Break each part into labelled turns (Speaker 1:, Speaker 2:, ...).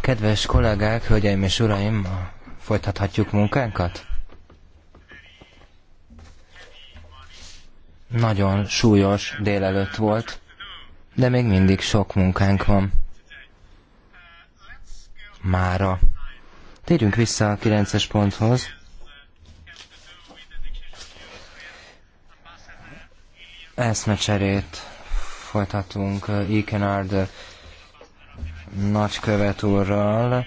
Speaker 1: Kedves kollégák, hölgyeim és uraim, folytathatjuk munkánkat? Nagyon súlyos délelőtt volt, de még mindig sok munkánk van. Mára. Térjünk vissza a 9-es ponthoz. Eszmecserét folytatunk Ikenard uh, nagykövet úrral,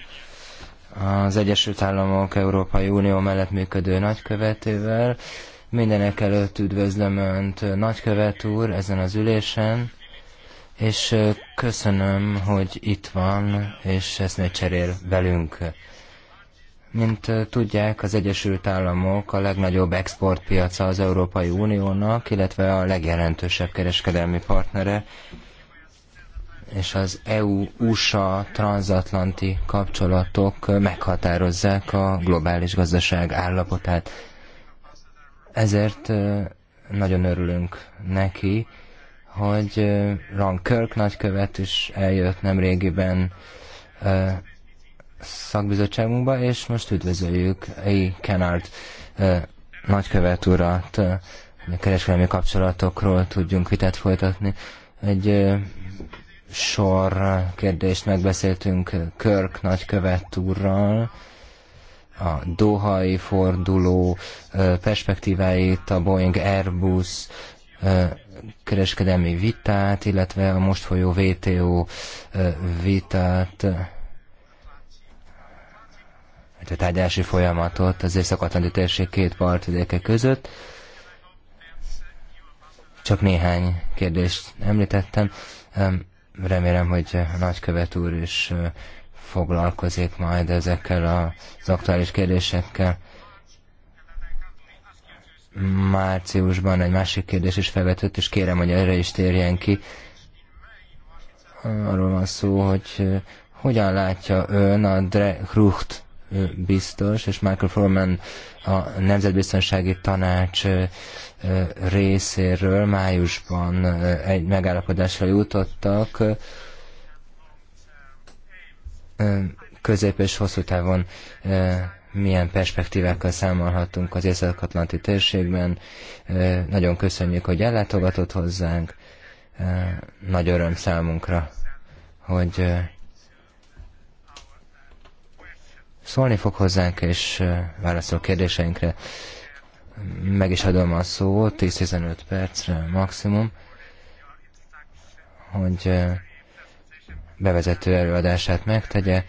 Speaker 1: az Egyesült Államok Európai Unió mellett működő nagykövetével. Mindenek előtt üdvözlöm Önt, nagykövet úr, ezen az ülésen, és uh, köszönöm, hogy itt van, és ezt ne cserél velünk. Mint tudják, az Egyesült Államok a legnagyobb exportpiaca az Európai Uniónak, illetve a legjelentősebb kereskedelmi partnere, és az EU-USA transatlanti kapcsolatok meghatározzák a globális gazdaság állapotát. Ezért nagyon örülünk neki, hogy Ron Kirk nagykövet is eljött nemrégiben szakbizottságunkba, és most üdvözöljük A. Kennard nagykövet urat, a kereskedelmi kapcsolatokról tudjunk vitát folytatni. Egy sor kérdést megbeszéltünk Körk nagykövet úrral, a Dohai forduló perspektíváit, a Boeing Airbus kereskedelmi vitát, illetve a most folyó VTO vitát a tárgyalási folyamatot az észak-atlanti térség két partvidéke között. Csak néhány kérdést említettem. Remélem, hogy a nagykövet úr is foglalkozik majd ezekkel az aktuális kérdésekkel. Márciusban egy másik kérdés is felvetett, és kérem, hogy erre is térjen ki. Arról van szó, hogy hogyan látja ön a Dre biztos, és Michael Forman a Nemzetbiztonsági Tanács részéről májusban egy megállapodásra jutottak közép és hosszú távon milyen perspektívákkal számolhatunk az Észak-Atlanti térségben. Nagyon köszönjük, hogy ellátogatott hozzánk. Nagy öröm számunkra, hogy szólni fog hozzánk, és válaszol kérdéseinkre. Meg is adom a szót, 10-15 percre maximum, hogy bevezető előadását megtegye.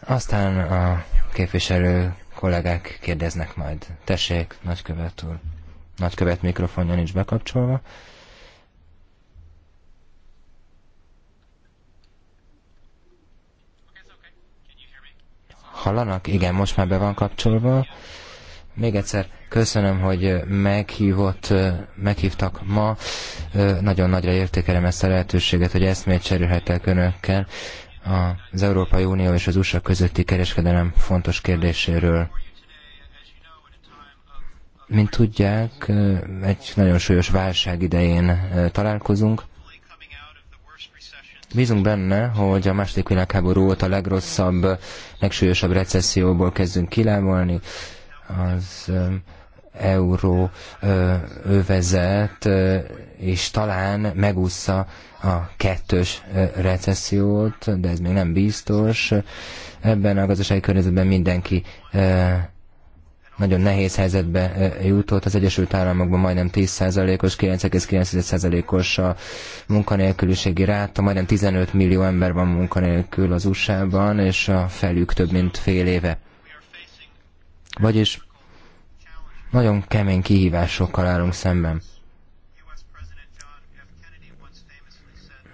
Speaker 1: Aztán a képviselő kollégák kérdeznek majd. Tessék, nagykövet úr. Nagykövet mikrofonja nincs bekapcsolva. Hallanak? Igen, most már be van kapcsolva. Még egyszer köszönöm, hogy meghívott, meghívtak ma. Nagyon nagyra értékelem ezt a lehetőséget, hogy eszmét cserélhetek önökkel az Európai Unió és az USA közötti kereskedelem fontos kérdéséről. Mint tudják, egy nagyon súlyos válság idején találkozunk. Bízunk benne, hogy a második világháború óta a legrosszabb, legsúlyosabb recesszióból kezdünk kilámolni. Az euró övezet, és talán megúszza a kettős recessziót, de ez még nem biztos. Ebben a gazdasági környezetben mindenki nagyon nehéz helyzetbe eh, jutott. Az Egyesült Államokban majdnem 10%-os, 9,9%-os a munkanélküliségi ráta, majdnem 15 millió ember van munkanélkül az USA-ban, és a felük több mint fél éve. Vagyis nagyon kemény kihívásokkal állunk szemben.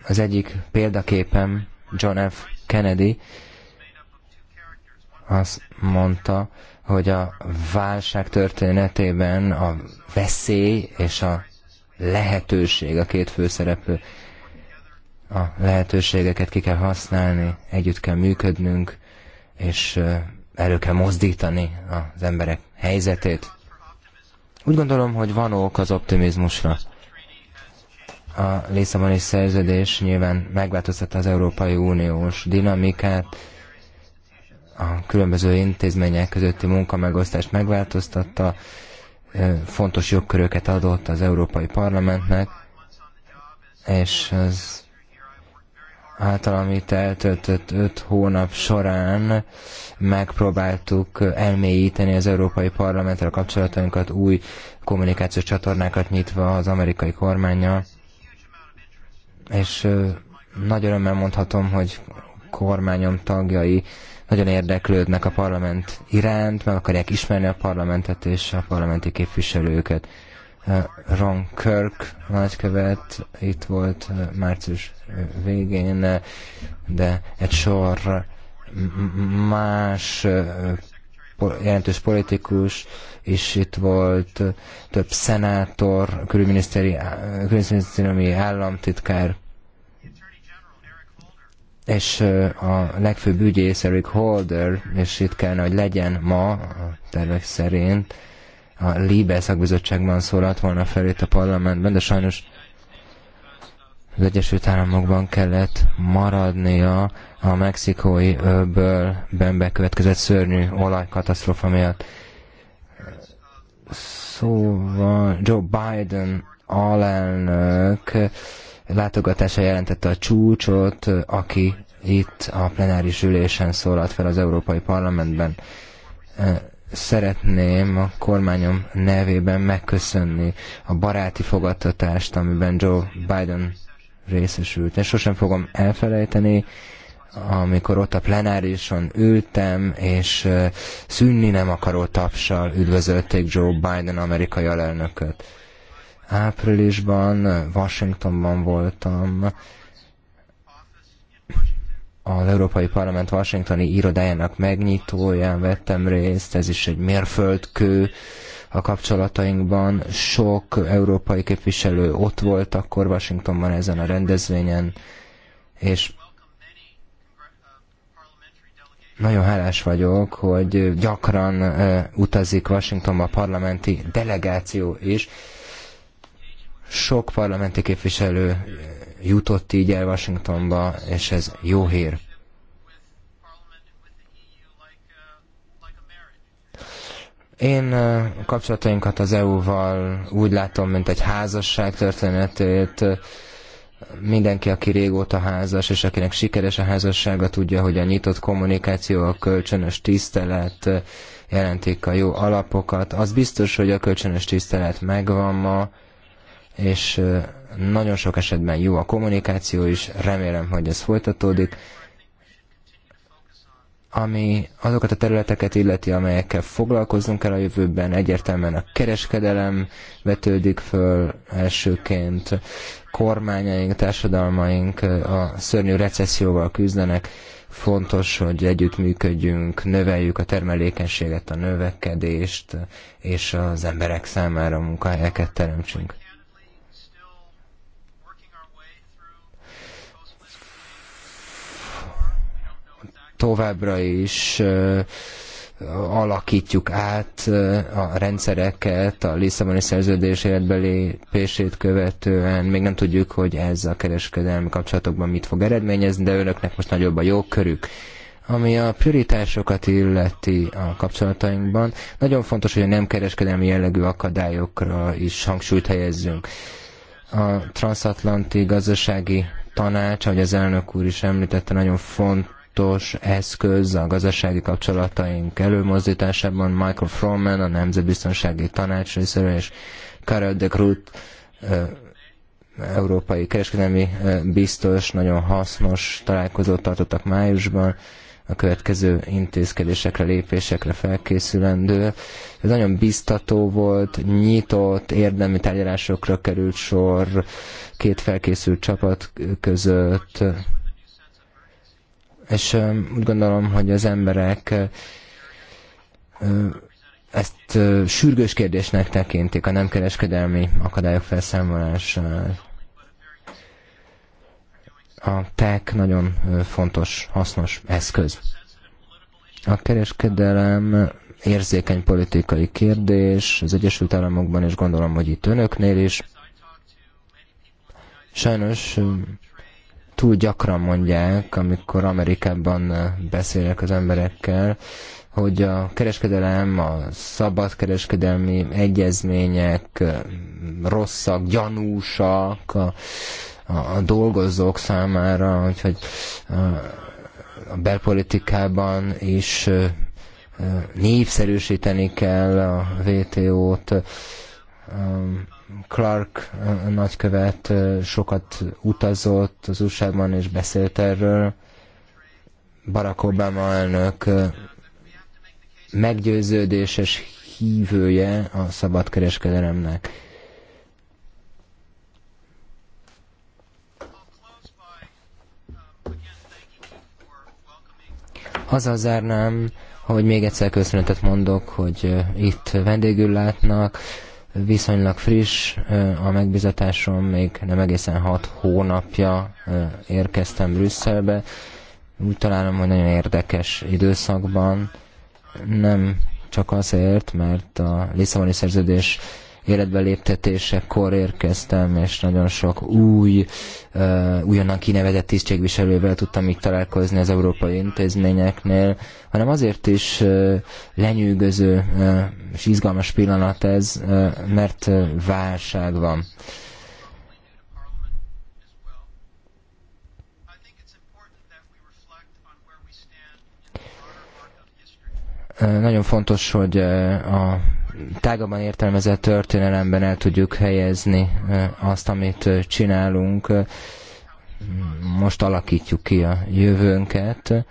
Speaker 1: Az egyik példaképem John F. Kennedy azt mondta, hogy a válság történetében a veszély és a lehetőség a két főszereplő. A lehetőségeket ki kell használni, együtt kell működnünk, és elő kell mozdítani az emberek helyzetét. Úgy gondolom, hogy van ok az optimizmusra. A Lisszaboni szerződés nyilván megváltoztatta az Európai Uniós dinamikát, a különböző intézmények közötti munkamegosztást megváltoztatta, fontos jogköröket adott az Európai Parlamentnek, és az általam itt eltöltött öt hónap során megpróbáltuk elmélyíteni az Európai Parlamenttel kapcsolatainkat, új kommunikációs csatornákat nyitva az amerikai kormányjal, és nagy örömmel mondhatom, hogy kormányom tagjai nagyon érdeklődnek a parlament iránt, meg akarják ismerni a parlamentet és a parlamenti képviselőket. Ron Kirk nagykövet itt volt március végén, de egy sor más jelentős politikus is itt volt, több szenátor, külügyminiszteri, külügyminiszteri államtitkár, és a legfőbb ügyész Eric Holder, és itt kellene, hogy legyen ma, a tervek szerint, a Libe szakbizottságban szólalt volna fel itt a parlamentben, de sajnos az Egyesült Államokban kellett maradnia a mexikói öbből bekövetkezett szörnyű olajkatasztrófa miatt. Szóval Joe Biden alelnök látogatása jelentette a csúcsot, aki itt a plenáris ülésen szólalt fel az Európai Parlamentben. Szeretném a kormányom nevében megköszönni a baráti fogadtatást, amiben Joe Biden részesült. És sosem fogom elfelejteni, amikor ott a plenárison ültem, és szűnni nem akaró tapsal üdvözölték Joe Biden amerikai alelnököt Áprilisban Washingtonban voltam, az Európai Parlament Washingtoni irodájának megnyitóján vettem részt, ez is egy mérföldkő a kapcsolatainkban. Sok európai képviselő ott volt akkor Washingtonban ezen a rendezvényen, és nagyon hálás vagyok, hogy gyakran eh, utazik Washingtonba a parlamenti delegáció is, sok parlamenti képviselő jutott így el Washingtonba, és ez jó hír. Én kapcsolatainkat az EU-val úgy látom, mint egy házasság történetét. Mindenki, aki régóta házas, és akinek sikeres a házassága, tudja, hogy a nyitott kommunikáció, a kölcsönös tisztelet jelentik a jó alapokat. Az biztos, hogy a kölcsönös tisztelet megvan ma, és nagyon sok esetben jó a kommunikáció is, remélem, hogy ez folytatódik, ami azokat a területeket illeti, amelyekkel foglalkoznunk kell a jövőben, egyértelműen a kereskedelem vetődik föl elsőként, kormányaink, társadalmaink a szörnyű recesszióval küzdenek, fontos, hogy együttműködjünk, növeljük a termelékenységet, a növekedést, és az emberek számára munkahelyeket teremtsünk. továbbra is alakítjuk át a rendszereket a Lisszaboni szerződés pését követően. Még nem tudjuk, hogy ez a kereskedelmi kapcsolatokban mit fog eredményezni, de önöknek most nagyobb a körük. Ami a prioritásokat illeti a kapcsolatainkban, nagyon fontos, hogy a nem kereskedelmi jellegű akadályokra is hangsúlyt helyezzünk. A transatlanti gazdasági tanács, ahogy az elnök úr is említette, nagyon fontos fontos eszköz a gazdasági kapcsolataink előmozdításában. Michael Froman, a Nemzetbiztonsági Tanács részéről, és Karel de Groot, európai kereskedelmi biztos, nagyon hasznos találkozót tartottak májusban a következő intézkedésekre, lépésekre felkészülendő. Ez nagyon biztató volt, nyitott, érdemi tárgyalásokra került sor két felkészült csapat között, és úgy gondolom, hogy az emberek ezt sürgős kérdésnek tekintik a nem kereskedelmi akadályok felszámolását. A tech nagyon fontos, hasznos eszköz. A kereskedelem érzékeny politikai kérdés az Egyesült Államokban, és gondolom, hogy itt önöknél is. Sajnos túl gyakran mondják, amikor Amerikában eh, beszélnek az emberekkel, hogy a kereskedelem, a kereskedelmi egyezmények eh, rosszak, gyanúsak a, a, a dolgozók számára, úgyhogy a, eh, a belpolitikában is népszerűsíteni kell a VTO-t, Um, Clark uh, nagykövet uh, sokat utazott az usa és beszélt erről. Barack Obama elnök uh, meggyőződéses hívője a szabadkereskedelemnek. Azzal zárnám, hogy még egyszer köszönetet mondok, hogy itt vendégül látnak viszonylag friss a megbizatásom, még nem egészen hat hónapja érkeztem Brüsszelbe. Úgy találom, hogy nagyon érdekes időszakban, nem csak azért, mert a Lisszaboni szerződés életbe léptetésekor érkeztem, és nagyon sok új, újonnan kinevezett tisztségviselővel tudtam így találkozni az európai intézményeknél, hanem azért is lenyűgöző és izgalmas pillanat ez, mert válság van. nagyon fontos, hogy a tágabban értelmezett történelemben el tudjuk helyezni azt, amit csinálunk. Most alakítjuk ki a jövőnket.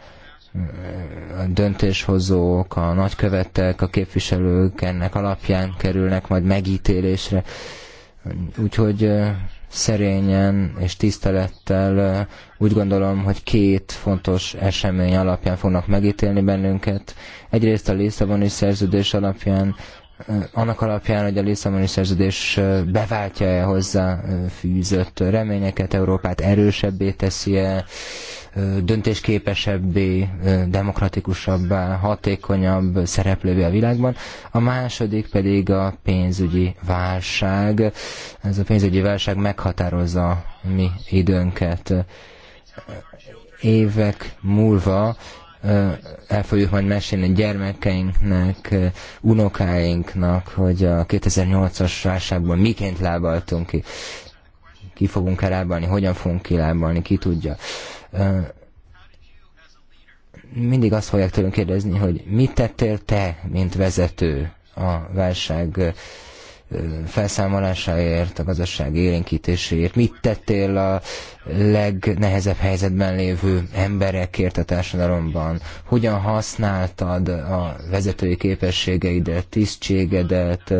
Speaker 1: A döntéshozók, a nagykövetek, a képviselők ennek alapján kerülnek majd megítélésre. Úgyhogy szerényen és tisztelettel úgy gondolom, hogy két fontos esemény alapján fognak megítélni bennünket. Egyrészt a Lisszaboni szerződés alapján, annak alapján, hogy a Lisszaboni szerződés beváltja-e hozzá fűzött reményeket, Európát erősebbé teszi-e, döntésképesebbé, demokratikusabbá, hatékonyabb szereplővé a világban. A második pedig a pénzügyi válság. Ez a pénzügyi válság meghatározza mi időnket évek múlva el fogjuk majd mesélni gyermekeinknek, unokáinknak, hogy a 2008-as válságból miként lábaltunk ki, ki fogunk elábalni, hogyan fogunk kilábalni, ki tudja. Mindig azt fogják tőlünk kérdezni, hogy mit tettél te, mint vezető a válság felszámolásáért, a gazdaság élénkítéséért? Mit tettél a legnehezebb helyzetben lévő emberekért a társadalomban? Hogyan használtad a vezetői képességeidet, tisztségedet,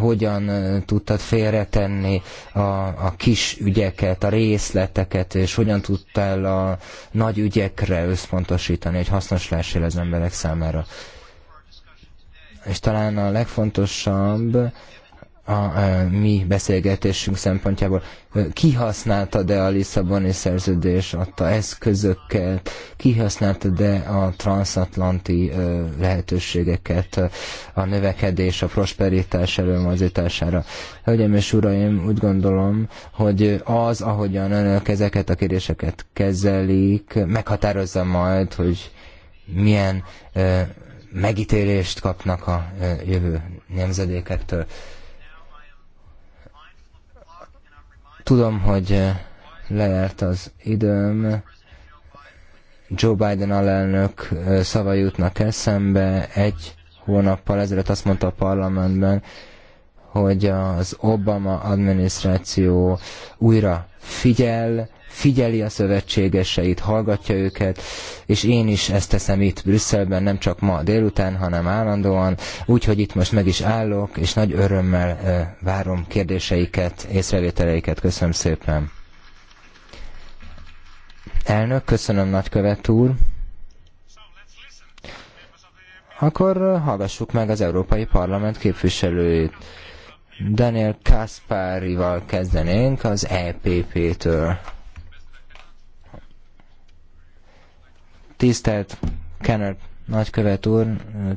Speaker 1: hogyan tudtad félretenni a, a kis ügyeket, a részleteket, és hogyan tudtál a nagy ügyekre összpontosítani, hogy hasznos lássél az emberek számára és talán a legfontosabb a, a e, mi beszélgetésünk szempontjából, kihasználta de a Lisszaboni szerződés adta eszközöket, kihasználta de a transatlanti e, lehetőségeket a növekedés, a prosperitás előmozítására. Hölgyeim és uraim, úgy gondolom, hogy az, ahogyan önök ezeket a kérdéseket kezelik, meghatározza majd, hogy milyen e, megítélést kapnak a jövő nemzedékektől. Tudom, hogy lejárt az időm, Joe Biden alelnök szava jutnak eszembe. Egy hónappal ezelőtt azt mondta a parlamentben, hogy az Obama adminisztráció újra figyel, figyeli a szövetségeseit, hallgatja őket, és én is ezt teszem itt Brüsszelben, nem csak ma délután, hanem állandóan, úgyhogy itt most meg is állok, és nagy örömmel várom kérdéseiket, észrevételeiket. Köszönöm szépen. Elnök, köszönöm nagykövet úr. Akkor hallgassuk meg az Európai Parlament képviselőjét. Daniel Kasparival kezdenénk az EPP-től. Tisztelt Kenner nagykövet úr,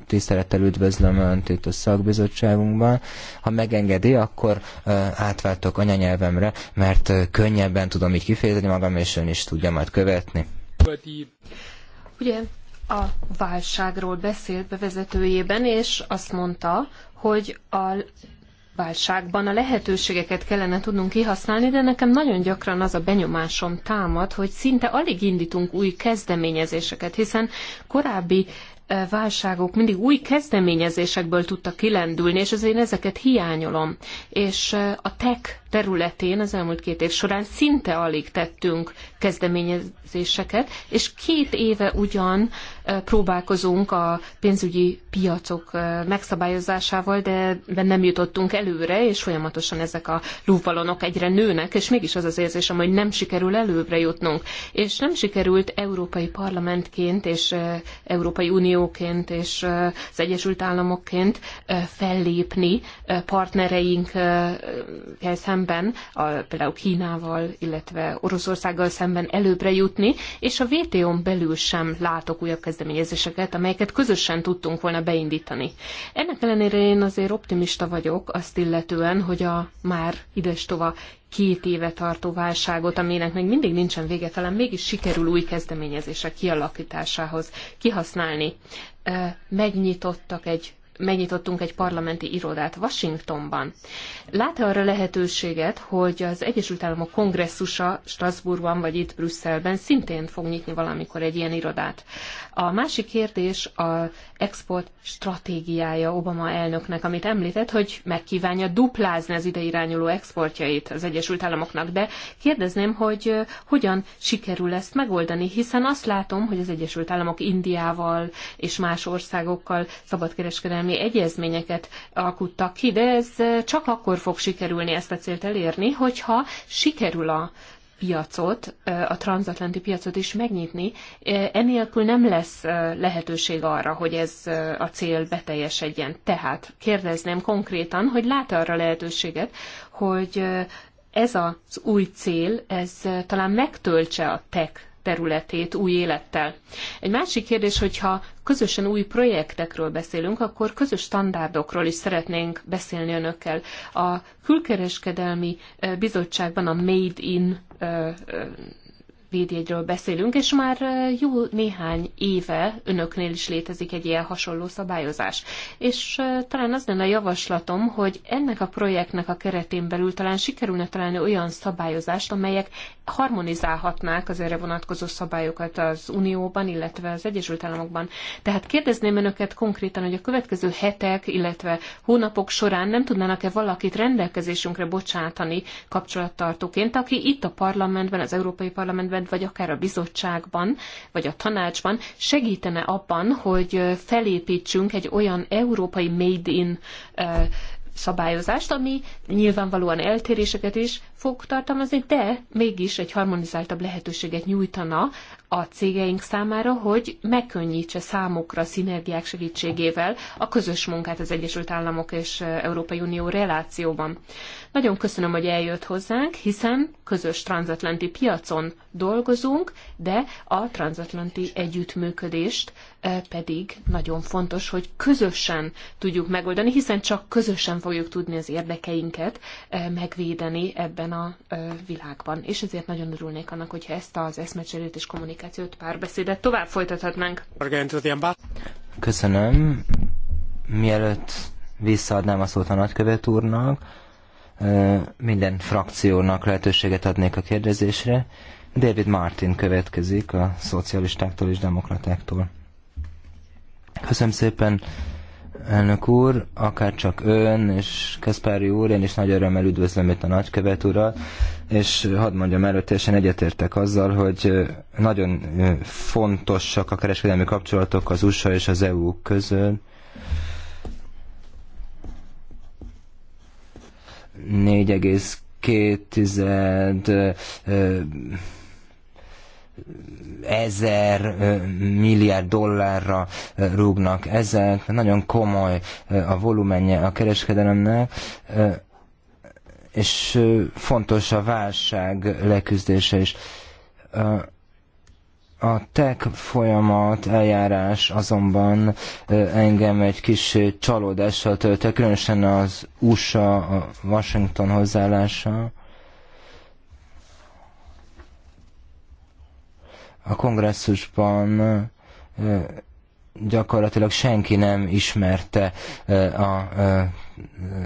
Speaker 1: tisztelettel üdvözlöm Önt itt a szakbizottságunkban. Ha megengedi, akkor átváltok anyanyelvemre, mert könnyebben tudom így kifejezni magam, és Ön is tudja majd követni.
Speaker 2: Ugye a válságról beszélt bevezetőjében, és azt mondta, hogy a válságban a lehetőségeket kellene tudnunk kihasználni, de nekem nagyon gyakran az a benyomásom támad, hogy szinte alig indítunk új kezdeményezéseket, hiszen korábbi eh, válságok mindig új kezdeményezésekből tudtak kilendülni, és azért én ezeket hiányolom. És eh, a tech területén az elmúlt két év során szinte alig tettünk kezdeményezéseket, és két éve ugyan próbálkozunk a pénzügyi piacok megszabályozásával, de nem jutottunk előre, és folyamatosan ezek a lúvbalonok egyre nőnek, és mégis az az érzésem, hogy nem sikerül előbbre jutnunk. És nem sikerült Európai Parlamentként, és Európai Unióként, és az Egyesült Államokként fellépni partnereinkkel szemben, szemben, a, például Kínával, illetve Oroszországgal szemben előbbre jutni, és a WTO-n belül sem látok újabb kezdeményezéseket, amelyeket közösen tudtunk volna beindítani. Ennek ellenére én azért optimista vagyok azt illetően, hogy a már idestova két éve tartó válságot, aminek még mindig nincsen vége, talán mégis sikerül új kezdeményezések kialakításához kihasználni. Megnyitottak egy megnyitottunk egy parlamenti irodát Washingtonban. lát -e arra lehetőséget, hogy az Egyesült Államok kongresszusa Strasbourgban vagy itt Brüsszelben szintén fog nyitni valamikor egy ilyen irodát? A másik kérdés a export stratégiája Obama elnöknek, amit említett, hogy megkívánja duplázni az ide irányuló exportjait az Egyesült Államoknak, de kérdezném, hogy hogyan sikerül ezt megoldani, hiszen azt látom, hogy az Egyesült Államok Indiával és más országokkal szabadkereskedelmi egyezményeket alkuttak ki, de ez csak akkor fog sikerülni ezt a célt elérni, hogyha sikerül a piacot, a transatlanti piacot is megnyitni. Enélkül nem lesz lehetőség arra, hogy ez a cél beteljesedjen. Tehát kérdezném konkrétan, hogy lát -e arra lehetőséget, hogy ez az új cél, ez talán megtöltse a tech területét új élettel. Egy másik kérdés, hogyha közösen új projektekről beszélünk, akkor közös standardokról is szeretnénk beszélni önökkel. A külkereskedelmi eh, bizottságban a Made in eh, eh, védjegyről beszélünk, és már jó néhány éve önöknél is létezik egy ilyen hasonló szabályozás. És talán az lenne a javaslatom, hogy ennek a projektnek a keretén belül talán sikerülne találni olyan szabályozást, amelyek harmonizálhatnák az erre vonatkozó szabályokat az Unióban, illetve az Egyesült Államokban. Tehát kérdezném önöket konkrétan, hogy a következő hetek, illetve hónapok során nem tudnának-e valakit rendelkezésünkre bocsátani kapcsolattartóként, aki itt a parlamentben, az Európai Parlamentben parlamentben, vagy akár a bizottságban, vagy a tanácsban segítene abban, hogy felépítsünk egy olyan európai made in szabályozást, ami nyilvánvalóan eltéréseket is fog tartalmazni, de mégis egy harmonizáltabb lehetőséget nyújtana a cégeink számára, hogy megkönnyítse számukra szinergiák segítségével a közös munkát az Egyesült Államok és Európai Unió relációban. Nagyon köszönöm, hogy eljött hozzánk, hiszen közös transatlanti piacon dolgozunk, de a transatlanti együttműködést pedig nagyon fontos, hogy közösen tudjuk megoldani, hiszen csak közösen fogjuk tudni az érdekeinket megvédeni ebben a világban. És ezért nagyon örülnék annak, hogyha ezt az eszmecserét és kommunikációt kommunikációt, párbeszédet tovább folytathatnánk.
Speaker 1: Köszönöm. Mielőtt visszaadnám a szót a nagykövet úrnak, minden frakciónak lehetőséget adnék a kérdezésre. David Martin következik a szocialistáktól és demokratáktól. Köszönöm szépen, Elnök úr, akár csak ön és Kaspári úr, én is nagy örömmel üdvözlöm itt a nagykövet urat, és hadd mondjam előtt, teljesen egyetértek azzal, hogy nagyon fontosak a kereskedelmi kapcsolatok az USA és az EU között. Négy egész két ezer milliárd dollárra rúgnak ezek, nagyon komoly a volumenje a kereskedelemnek, és fontos a válság leküzdése is. A tech folyamat, eljárás azonban engem egy kis csalódással tölt, különösen az USA, a Washington hozzáállása a kongresszusban gyakorlatilag senki nem ismerte a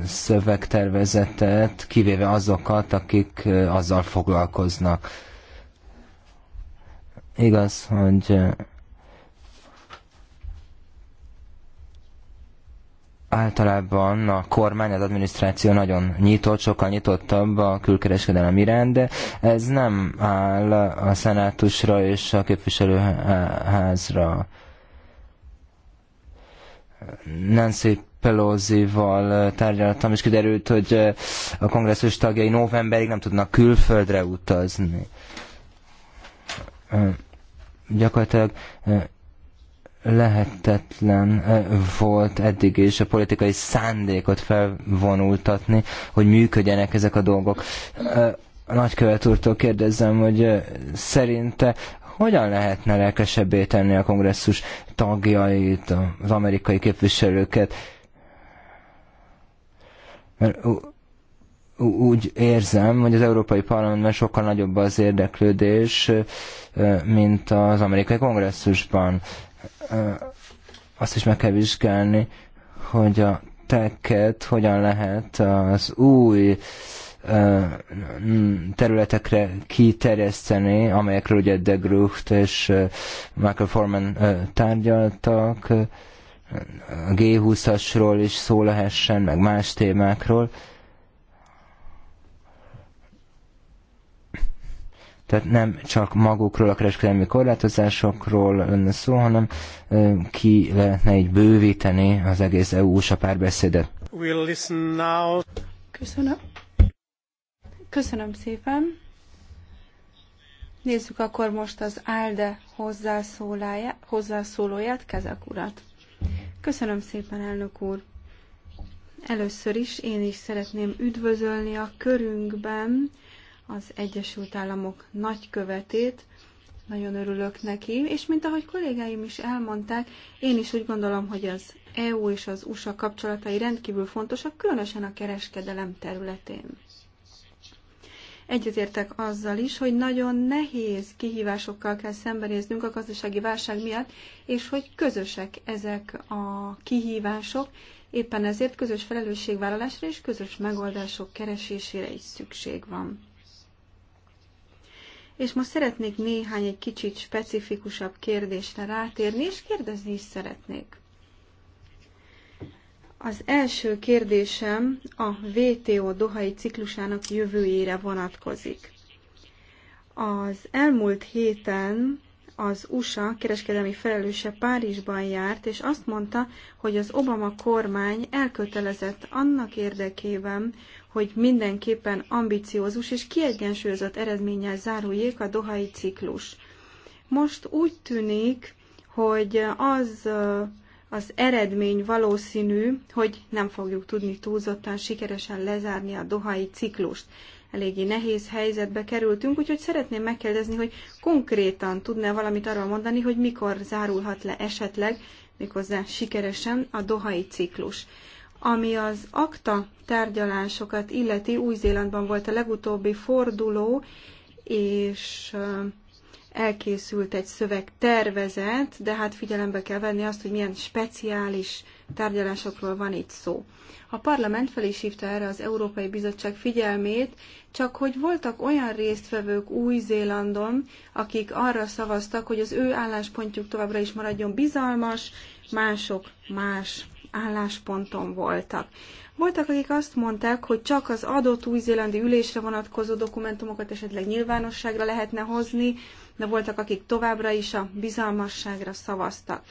Speaker 1: szövegtervezetet, kivéve azokat, akik azzal foglalkoznak. Igaz, hogy általában a kormány, az adminisztráció nagyon nyitott, sokkal nyitottabb a külkereskedelem iránt, de ez nem áll a szenátusra és a képviselőházra. Nancy Pelosi-val tárgyaltam, és kiderült, hogy a kongresszus tagjai novemberig nem tudnak külföldre utazni. Gyakorlatilag lehetetlen volt eddig is a politikai szándékot felvonultatni, hogy működjenek ezek a dolgok. A nagykövet úrtól kérdezem, hogy szerinte hogyan lehetne lelkesebbé tenni a kongresszus tagjait, az amerikai képviselőket? Mert úgy érzem, hogy az Európai Parlamentben sokkal nagyobb az érdeklődés, mint az amerikai kongresszusban azt is meg kell vizsgálni, hogy a teket hogyan lehet az új területekre kiterjeszteni, amelyekről ugye De Grucht és Michael Forman tárgyaltak, a G20-asról is szó lehessen, meg más témákról. Tehát nem csak magukról a kereskedelmi korlátozásokról lenne szó, hanem ki lehetne így bővíteni az egész EU-s a párbeszédet. We'll
Speaker 3: listen now. Köszönöm. Köszönöm szépen. Nézzük akkor most az ALDE hozzászólóját, Kezek urat. Köszönöm szépen, elnök úr. Először is én is szeretném üdvözölni a körünkben az Egyesült Államok nagykövetét, nagyon örülök neki, és mint ahogy kollégáim is elmondták, én is úgy gondolom, hogy az EU és az USA kapcsolatai rendkívül fontosak, különösen a kereskedelem területén. Egyetértek azzal is, hogy nagyon nehéz kihívásokkal kell szembenéznünk a gazdasági válság miatt, és hogy közösek ezek a kihívások, éppen ezért közös felelősségvállalásra és közös megoldások keresésére is szükség van. És most szeretnék néhány egy kicsit specifikusabb kérdésre rátérni, és kérdezni is szeretnék. Az első kérdésem a WTO dohai ciklusának jövőjére vonatkozik. Az elmúlt héten az USA kereskedelmi felelőse Párizsban járt, és azt mondta, hogy az Obama kormány elkötelezett annak érdekében, hogy mindenképpen ambiciózus és kiegyensúlyozott eredménnyel záruljék a dohai ciklus. Most úgy tűnik, hogy az az eredmény valószínű, hogy nem fogjuk tudni túlzottan sikeresen lezárni a dohai ciklust. Eléggé nehéz helyzetbe kerültünk, úgyhogy szeretném megkérdezni, hogy konkrétan tudná valamit arról mondani, hogy mikor zárulhat le esetleg, méghozzá sikeresen a dohai ciklus. Ami az akta tárgyalásokat illeti, Új-Zélandban volt a legutóbbi forduló, és elkészült egy szövegtervezet, de hát figyelembe kell venni azt, hogy milyen speciális tárgyalásokról van itt szó. A parlament fel is hívta erre az Európai Bizottság figyelmét, csak hogy voltak olyan résztvevők Új-Zélandon, akik arra szavaztak, hogy az ő álláspontjuk továbbra is maradjon bizalmas, mások más állásponton voltak. Voltak, akik azt mondták, hogy csak az adott új-zélandi ülésre vonatkozó dokumentumokat esetleg nyilvánosságra lehetne hozni, de voltak, akik továbbra is a bizalmasságra szavaztak.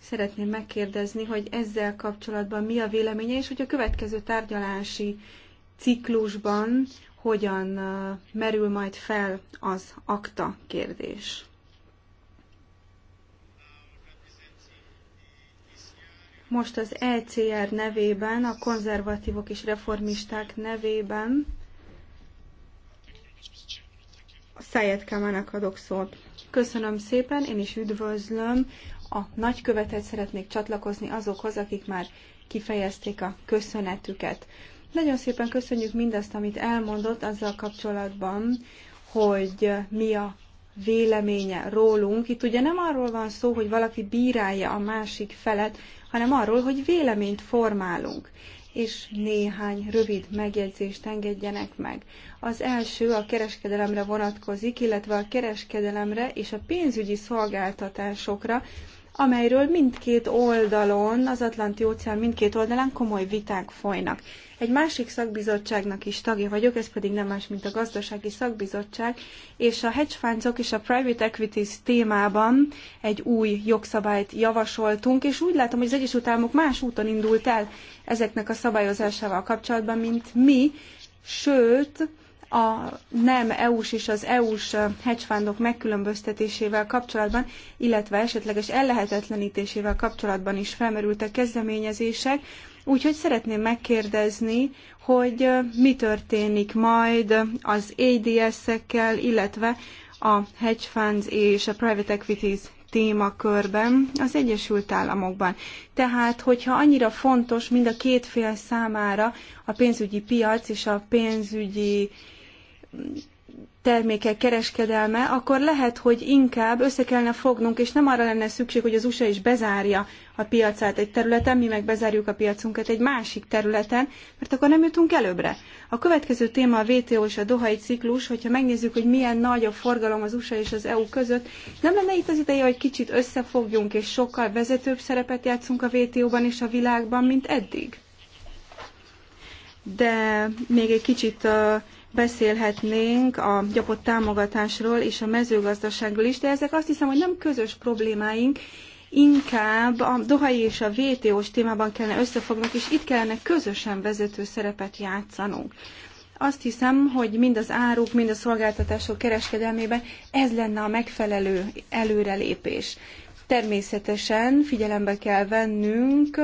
Speaker 3: Szeretném megkérdezni, hogy ezzel kapcsolatban mi a véleménye, és hogy a következő tárgyalási ciklusban hogyan merül majd fel az akta kérdés. Most az ECR nevében, a konzervatívok és reformisták nevében a Szájet Kamának adok szót. Köszönöm szépen, én is üdvözlöm. A nagykövetet szeretnék csatlakozni azokhoz, akik már kifejezték a köszönetüket. Nagyon szépen köszönjük mindazt, amit elmondott azzal kapcsolatban, hogy mi a véleménye rólunk. Itt ugye nem arról van szó, hogy valaki bírálja a másik felet, hanem arról, hogy véleményt formálunk. És néhány rövid megjegyzést engedjenek meg. Az első a kereskedelemre vonatkozik, illetve a kereskedelemre és a pénzügyi szolgáltatásokra, amelyről mindkét oldalon, az Atlanti óceán mindkét oldalán komoly viták folynak. Egy másik szakbizottságnak is tagja vagyok, ez pedig nem más, mint a gazdasági szakbizottság, és a hedge fundsok és a private equities témában egy új jogszabályt javasoltunk, és úgy látom, hogy az Egyesült Államok más úton indult el ezeknek a szabályozásával kapcsolatban, mint mi, sőt, a nem EU-s és az EU-s hedgefundok megkülönböztetésével kapcsolatban, illetve esetleges ellehetetlenítésével kapcsolatban is felmerültek kezdeményezések. Úgyhogy szeretném megkérdezni, hogy mi történik majd az ADS-ekkel, illetve a hedge funds és a private equities témakörben az Egyesült Államokban. Tehát, hogyha annyira fontos mind a két fél számára a pénzügyi piac és a pénzügyi termékek kereskedelme, akkor lehet, hogy inkább össze kellene fognunk, és nem arra lenne szükség, hogy az USA is bezárja a piacát egy területen, mi meg bezárjuk a piacunkat egy másik területen, mert akkor nem jutunk előbbre. A következő téma a WTO és a Dohai ciklus, hogyha megnézzük, hogy milyen nagy a forgalom az USA és az EU között, nem lenne itt az ideje, hogy kicsit összefogjunk, és sokkal vezetőbb szerepet játszunk a WTO-ban és a világban, mint eddig? De még egy kicsit uh, beszélhetnénk a gyapott támogatásról és a mezőgazdaságról is, de ezek azt hiszem, hogy nem közös problémáink, inkább a dohai és a VTO-s témában kellene összefognunk, és itt kellene közösen vezető szerepet játszanunk. Azt hiszem, hogy mind az áruk, mind a szolgáltatások kereskedelmében ez lenne a megfelelő előrelépés. Természetesen figyelembe kell vennünk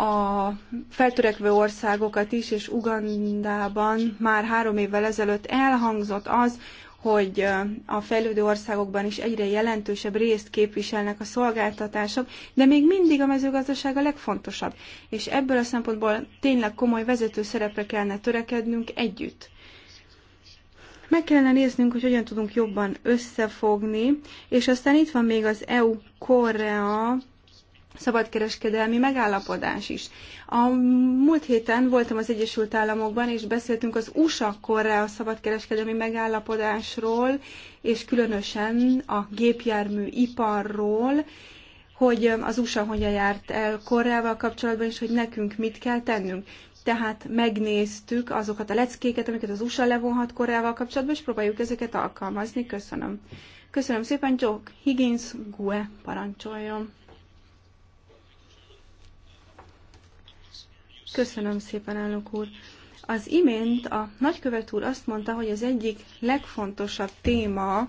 Speaker 3: a feltörekvő országokat is, és Ugandában már három évvel ezelőtt elhangzott az, hogy a fejlődő országokban is egyre jelentősebb részt képviselnek a szolgáltatások, de még mindig a mezőgazdaság a legfontosabb. És ebből a szempontból tényleg komoly vezető szerepre kellene törekednünk együtt. Meg kellene néznünk, hogy hogyan tudunk jobban összefogni, és aztán itt van még az EU-Korea szabadkereskedelmi megállapodás is. A múlt héten voltam az Egyesült Államokban, és beszéltünk az usa a szabadkereskedelmi megállapodásról, és különösen a gépjármű iparról, hogy az USA hogyan járt el korrával kapcsolatban, és hogy nekünk mit kell tennünk. Tehát megnéztük azokat a leckéket, amiket az USA levonhat korrával kapcsolatban, és próbáljuk ezeket alkalmazni. Köszönöm. Köszönöm szépen, Joe Higgins Gue parancsoljon. Köszönöm szépen, elnök úr. Az imént a nagykövet úr azt mondta, hogy az egyik legfontosabb téma,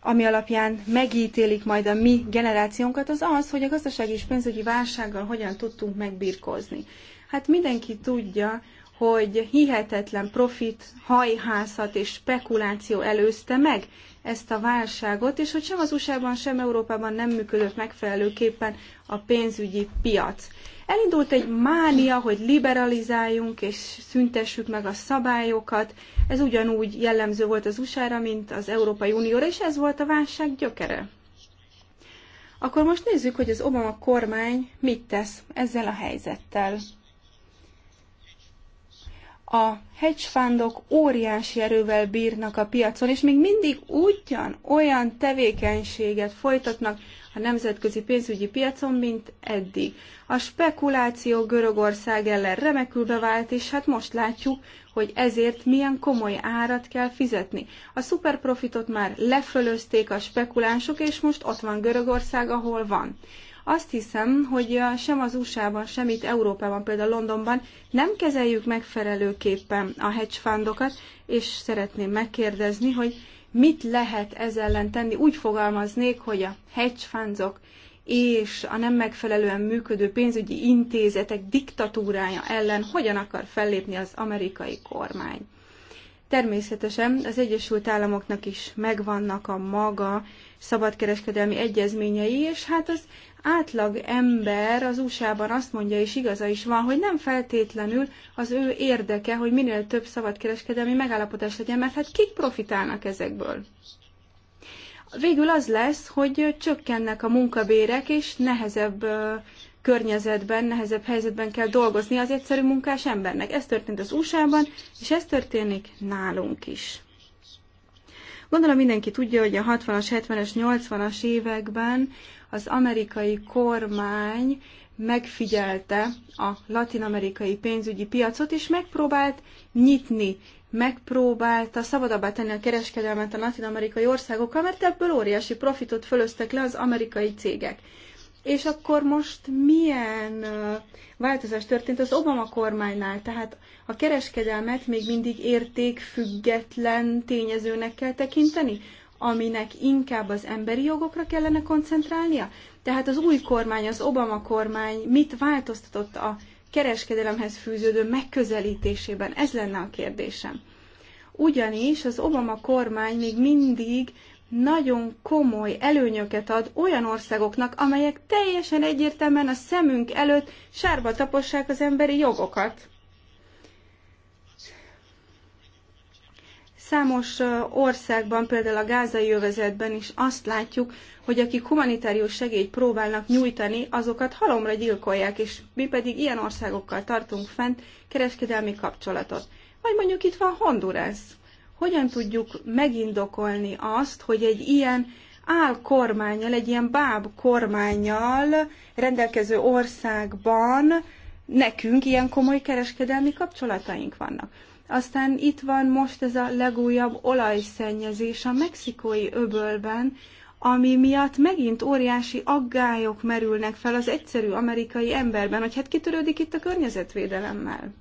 Speaker 3: ami alapján megítélik majd a mi generációnkat, az az, hogy a gazdasági és pénzügyi válsággal hogyan tudtunk megbirkózni. Hát mindenki tudja, hogy hihetetlen profit, hajhászat és spekuláció előzte meg ezt a válságot, és hogy sem az USA-ban, sem Európában nem működött megfelelőképpen a pénzügyi piac. Elindult egy mánia, hogy liberalizáljunk és szüntessük meg a szabályokat. Ez ugyanúgy jellemző volt az USA-ra, mint az Európai Unióra, és ez volt a válság gyökere. Akkor most nézzük, hogy az Obama kormány mit tesz ezzel a helyzettel a hedge fundok óriási erővel bírnak a piacon, és még mindig ugyan olyan tevékenységet folytatnak a nemzetközi pénzügyi piacon, mint eddig. A spekuláció Görögország ellen remekül bevált, és hát most látjuk, hogy ezért milyen komoly árat kell fizetni. A szuperprofitot már lefölözték a spekulánsok, és most ott van Görögország, ahol van. Azt hiszem, hogy sem az USA-ban, sem itt Európában, például Londonban nem kezeljük megfelelőképpen a hedge fundokat, és szeretném megkérdezni, hogy mit lehet ez ellen tenni. Úgy fogalmaznék, hogy a hedge fundok és a nem megfelelően működő pénzügyi intézetek diktatúrája ellen hogyan akar fellépni az amerikai kormány. Természetesen az Egyesült Államoknak is megvannak a maga szabadkereskedelmi egyezményei, és hát az átlag ember az USA-ban azt mondja, és igaza is van, hogy nem feltétlenül az ő érdeke, hogy minél több szabadkereskedelmi megállapodás legyen, mert hát kik profitálnak ezekből? Végül az lesz, hogy csökkennek a munkabérek, és nehezebb környezetben, nehezebb helyzetben kell dolgozni az egyszerű munkás embernek. Ez történt az USA-ban, és ez történik nálunk is. Gondolom mindenki tudja, hogy a 60-as, 70-es, 80-as években az amerikai kormány megfigyelte a latin-amerikai pénzügyi piacot, és megpróbált nyitni, megpróbálta szabadabbá tenni a kereskedelmet a latin-amerikai országokkal, mert ebből óriási profitot fölöztek le az amerikai cégek. És akkor most milyen változás történt az Obama kormánynál? Tehát a kereskedelmet még mindig értékfüggetlen tényezőnek kell tekinteni, aminek inkább az emberi jogokra kellene koncentrálnia? Tehát az új kormány, az Obama kormány mit változtatott a kereskedelemhez fűződő megközelítésében? Ez lenne a kérdésem. Ugyanis az Obama kormány még mindig nagyon komoly előnyöket ad olyan országoknak, amelyek teljesen egyértelműen a szemünk előtt sárba tapossák az emberi jogokat. Számos országban, például a gázai övezetben is azt látjuk, hogy akik humanitárius segélyt próbálnak nyújtani, azokat halomra gyilkolják, és mi pedig ilyen országokkal tartunk fent kereskedelmi kapcsolatot. Vagy mondjuk itt van Honduras hogyan tudjuk megindokolni azt, hogy egy ilyen álkormányjal, egy ilyen báb kormányjal rendelkező országban nekünk ilyen komoly kereskedelmi kapcsolataink vannak. Aztán itt van most ez a legújabb olajszennyezés a mexikói öbölben, ami miatt megint óriási aggályok merülnek fel az egyszerű amerikai emberben, hogy hát kitörődik itt a környezetvédelemmel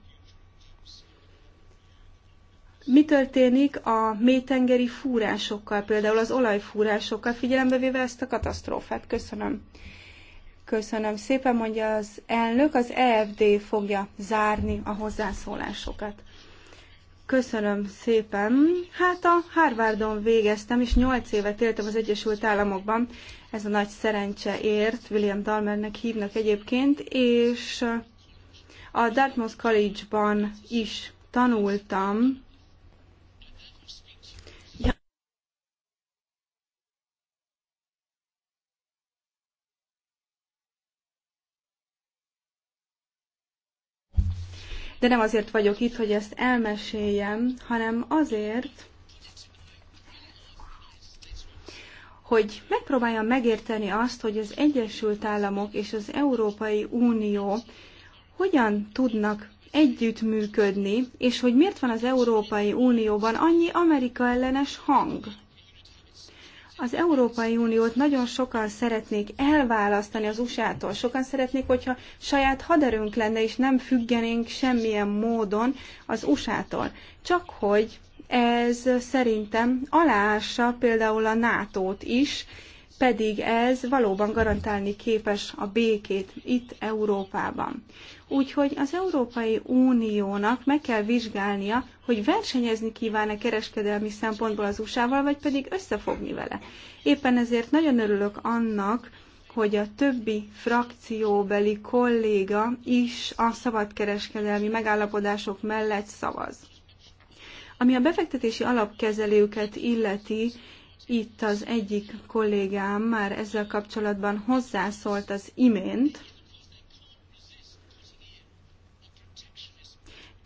Speaker 3: mi történik a mélytengeri fúrásokkal, például az olajfúrásokkal, figyelembe véve ezt a katasztrófát? Köszönöm. Köszönöm szépen, mondja az elnök. Az EFD fogja zárni a hozzászólásokat. Köszönöm szépen. Hát a Harvardon végeztem, és nyolc évet éltem az Egyesült Államokban. Ez a nagy szerencse ért, William Dalmernek hívnak egyébként, és a Dartmouth College-ban is tanultam de nem azért vagyok itt, hogy ezt elmeséljem, hanem azért, hogy megpróbáljam megérteni azt, hogy az Egyesült Államok és az Európai Unió hogyan tudnak együttműködni, és hogy miért van az Európai Unióban annyi amerika ellenes hang. Az Európai Uniót nagyon sokan szeretnék elválasztani az USA-tól. Sokan szeretnék, hogyha saját haderőnk lenne, és nem függenénk semmilyen módon az USA-tól. Csak hogy ez szerintem aláássa például a NATO-t is, pedig ez valóban garantálni képes a békét itt Európában. Úgyhogy az Európai Uniónak meg kell vizsgálnia, hogy versenyezni kíván-e kereskedelmi szempontból az USA-val, vagy pedig összefogni vele. Éppen ezért nagyon örülök annak, hogy a többi frakcióbeli kolléga is a szabadkereskedelmi megállapodások mellett szavaz. Ami a befektetési alapkezelőket illeti, itt az egyik kollégám már ezzel kapcsolatban hozzászólt az imént,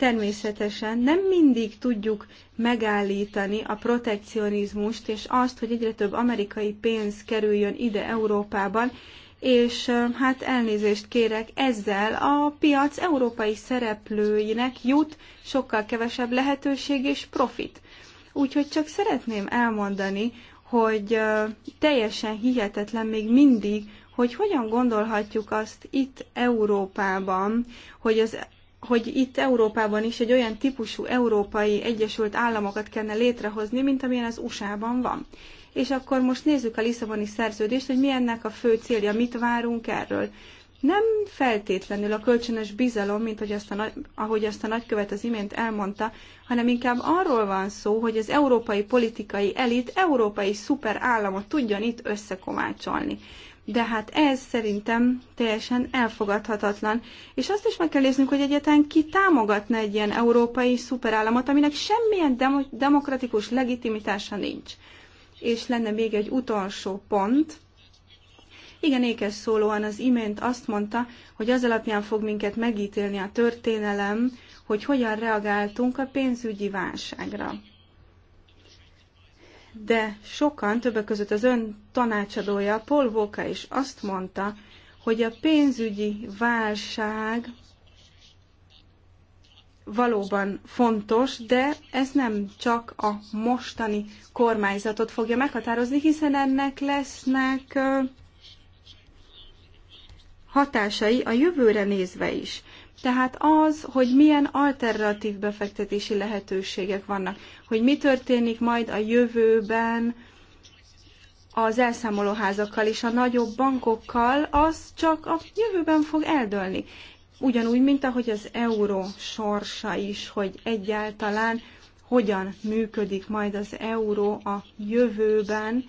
Speaker 3: Természetesen nem mindig tudjuk megállítani a protekcionizmust és azt, hogy egyre több amerikai pénz kerüljön ide Európában, és hát elnézést kérek, ezzel a piac európai szereplőinek jut sokkal kevesebb lehetőség és profit. Úgyhogy csak szeretném elmondani, hogy teljesen hihetetlen még mindig, hogy hogyan gondolhatjuk azt itt Európában, hogy az hogy itt Európában is egy olyan típusú európai Egyesült Államokat kellene létrehozni, mint amilyen az USA-ban van. És akkor most nézzük a Lisszaboni szerződést, hogy mi ennek a fő célja, mit várunk erről. Nem feltétlenül a kölcsönös bizalom, mint hogy azt a, ahogy azt a nagykövet az imént elmondta, hanem inkább arról van szó, hogy az európai politikai elit európai szuperállamot tudjon itt összekomácsolni de hát ez szerintem teljesen elfogadhatatlan. És azt is meg kell néznünk, hogy egyetlen ki támogatna egy ilyen európai szuperállamot, aminek semmilyen dem- demokratikus legitimitása nincs. És lenne még egy utolsó pont. Igen, ékes szólóan az imént azt mondta, hogy az alapján fog minket megítélni a történelem, hogy hogyan reagáltunk a pénzügyi válságra de sokan, többek között az ön tanácsadója, Paul Volka is azt mondta, hogy a pénzügyi válság valóban fontos, de ez nem csak a mostani kormányzatot fogja meghatározni, hiszen ennek lesznek hatásai a jövőre nézve is. Tehát az, hogy milyen alternatív befektetési lehetőségek vannak, hogy mi történik majd a jövőben az elszámolóházakkal és a nagyobb bankokkal, az csak a jövőben fog eldölni. Ugyanúgy, mint ahogy az euró sorsa is, hogy egyáltalán hogyan működik majd az euró a jövőben,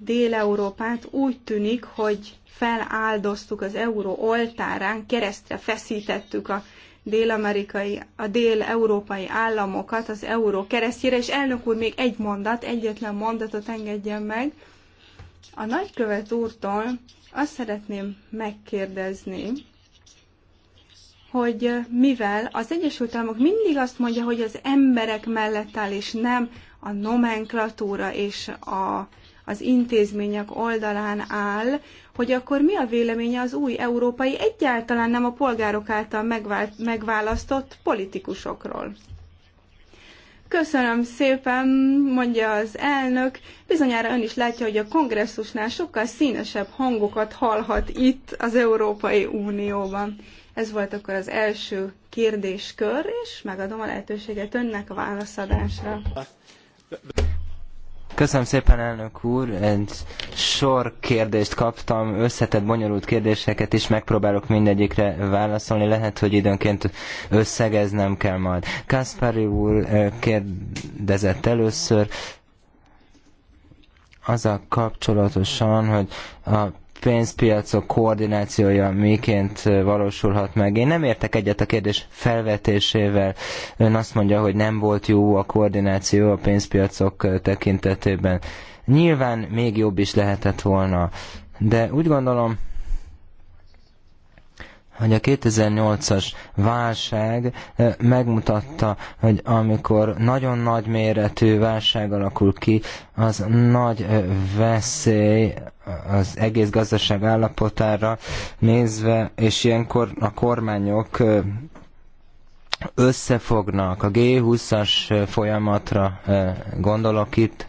Speaker 3: Dél-Európát úgy tűnik, hogy feláldoztuk az euró oltárán, keresztre feszítettük a dél-amerikai, a dél-európai államokat az euró keresztjére, és elnök úr még egy mondat, egyetlen mondatot engedjen meg. A nagykövet úrtól azt szeretném megkérdezni, hogy mivel az Egyesült Államok mindig azt mondja, hogy az emberek mellett áll, és nem a nomenklatúra és a az intézmények oldalán áll, hogy akkor mi a véleménye az új európai, egyáltalán nem a polgárok által megválasztott politikusokról. Köszönöm szépen, mondja az elnök. Bizonyára ön is látja, hogy a kongresszusnál sokkal színesebb hangokat hallhat itt az Európai Unióban. Ez volt akkor az első kérdéskör, és megadom a lehetőséget önnek a válaszadásra.
Speaker 1: Köszönöm szépen, elnök úr. Egy sor kérdést kaptam, összetett, bonyolult kérdéseket is, megpróbálok mindegyikre válaszolni. Lehet, hogy időnként összegeznem kell majd. Kaspari úr eh, kérdezett először, azzal kapcsolatosan, hogy a pénzpiacok koordinációja miként valósulhat meg. Én nem értek egyet a kérdés felvetésével. Ön azt mondja, hogy nem volt jó a koordináció a pénzpiacok tekintetében. Nyilván még jobb is lehetett volna. De úgy gondolom, hogy a 2008-as válság eh, megmutatta, hogy amikor nagyon nagy méretű válság alakul ki, az nagy eh, veszély az egész gazdaság állapotára nézve, és ilyenkor a kormányok eh, összefognak. A G20-as folyamatra gondolok itt,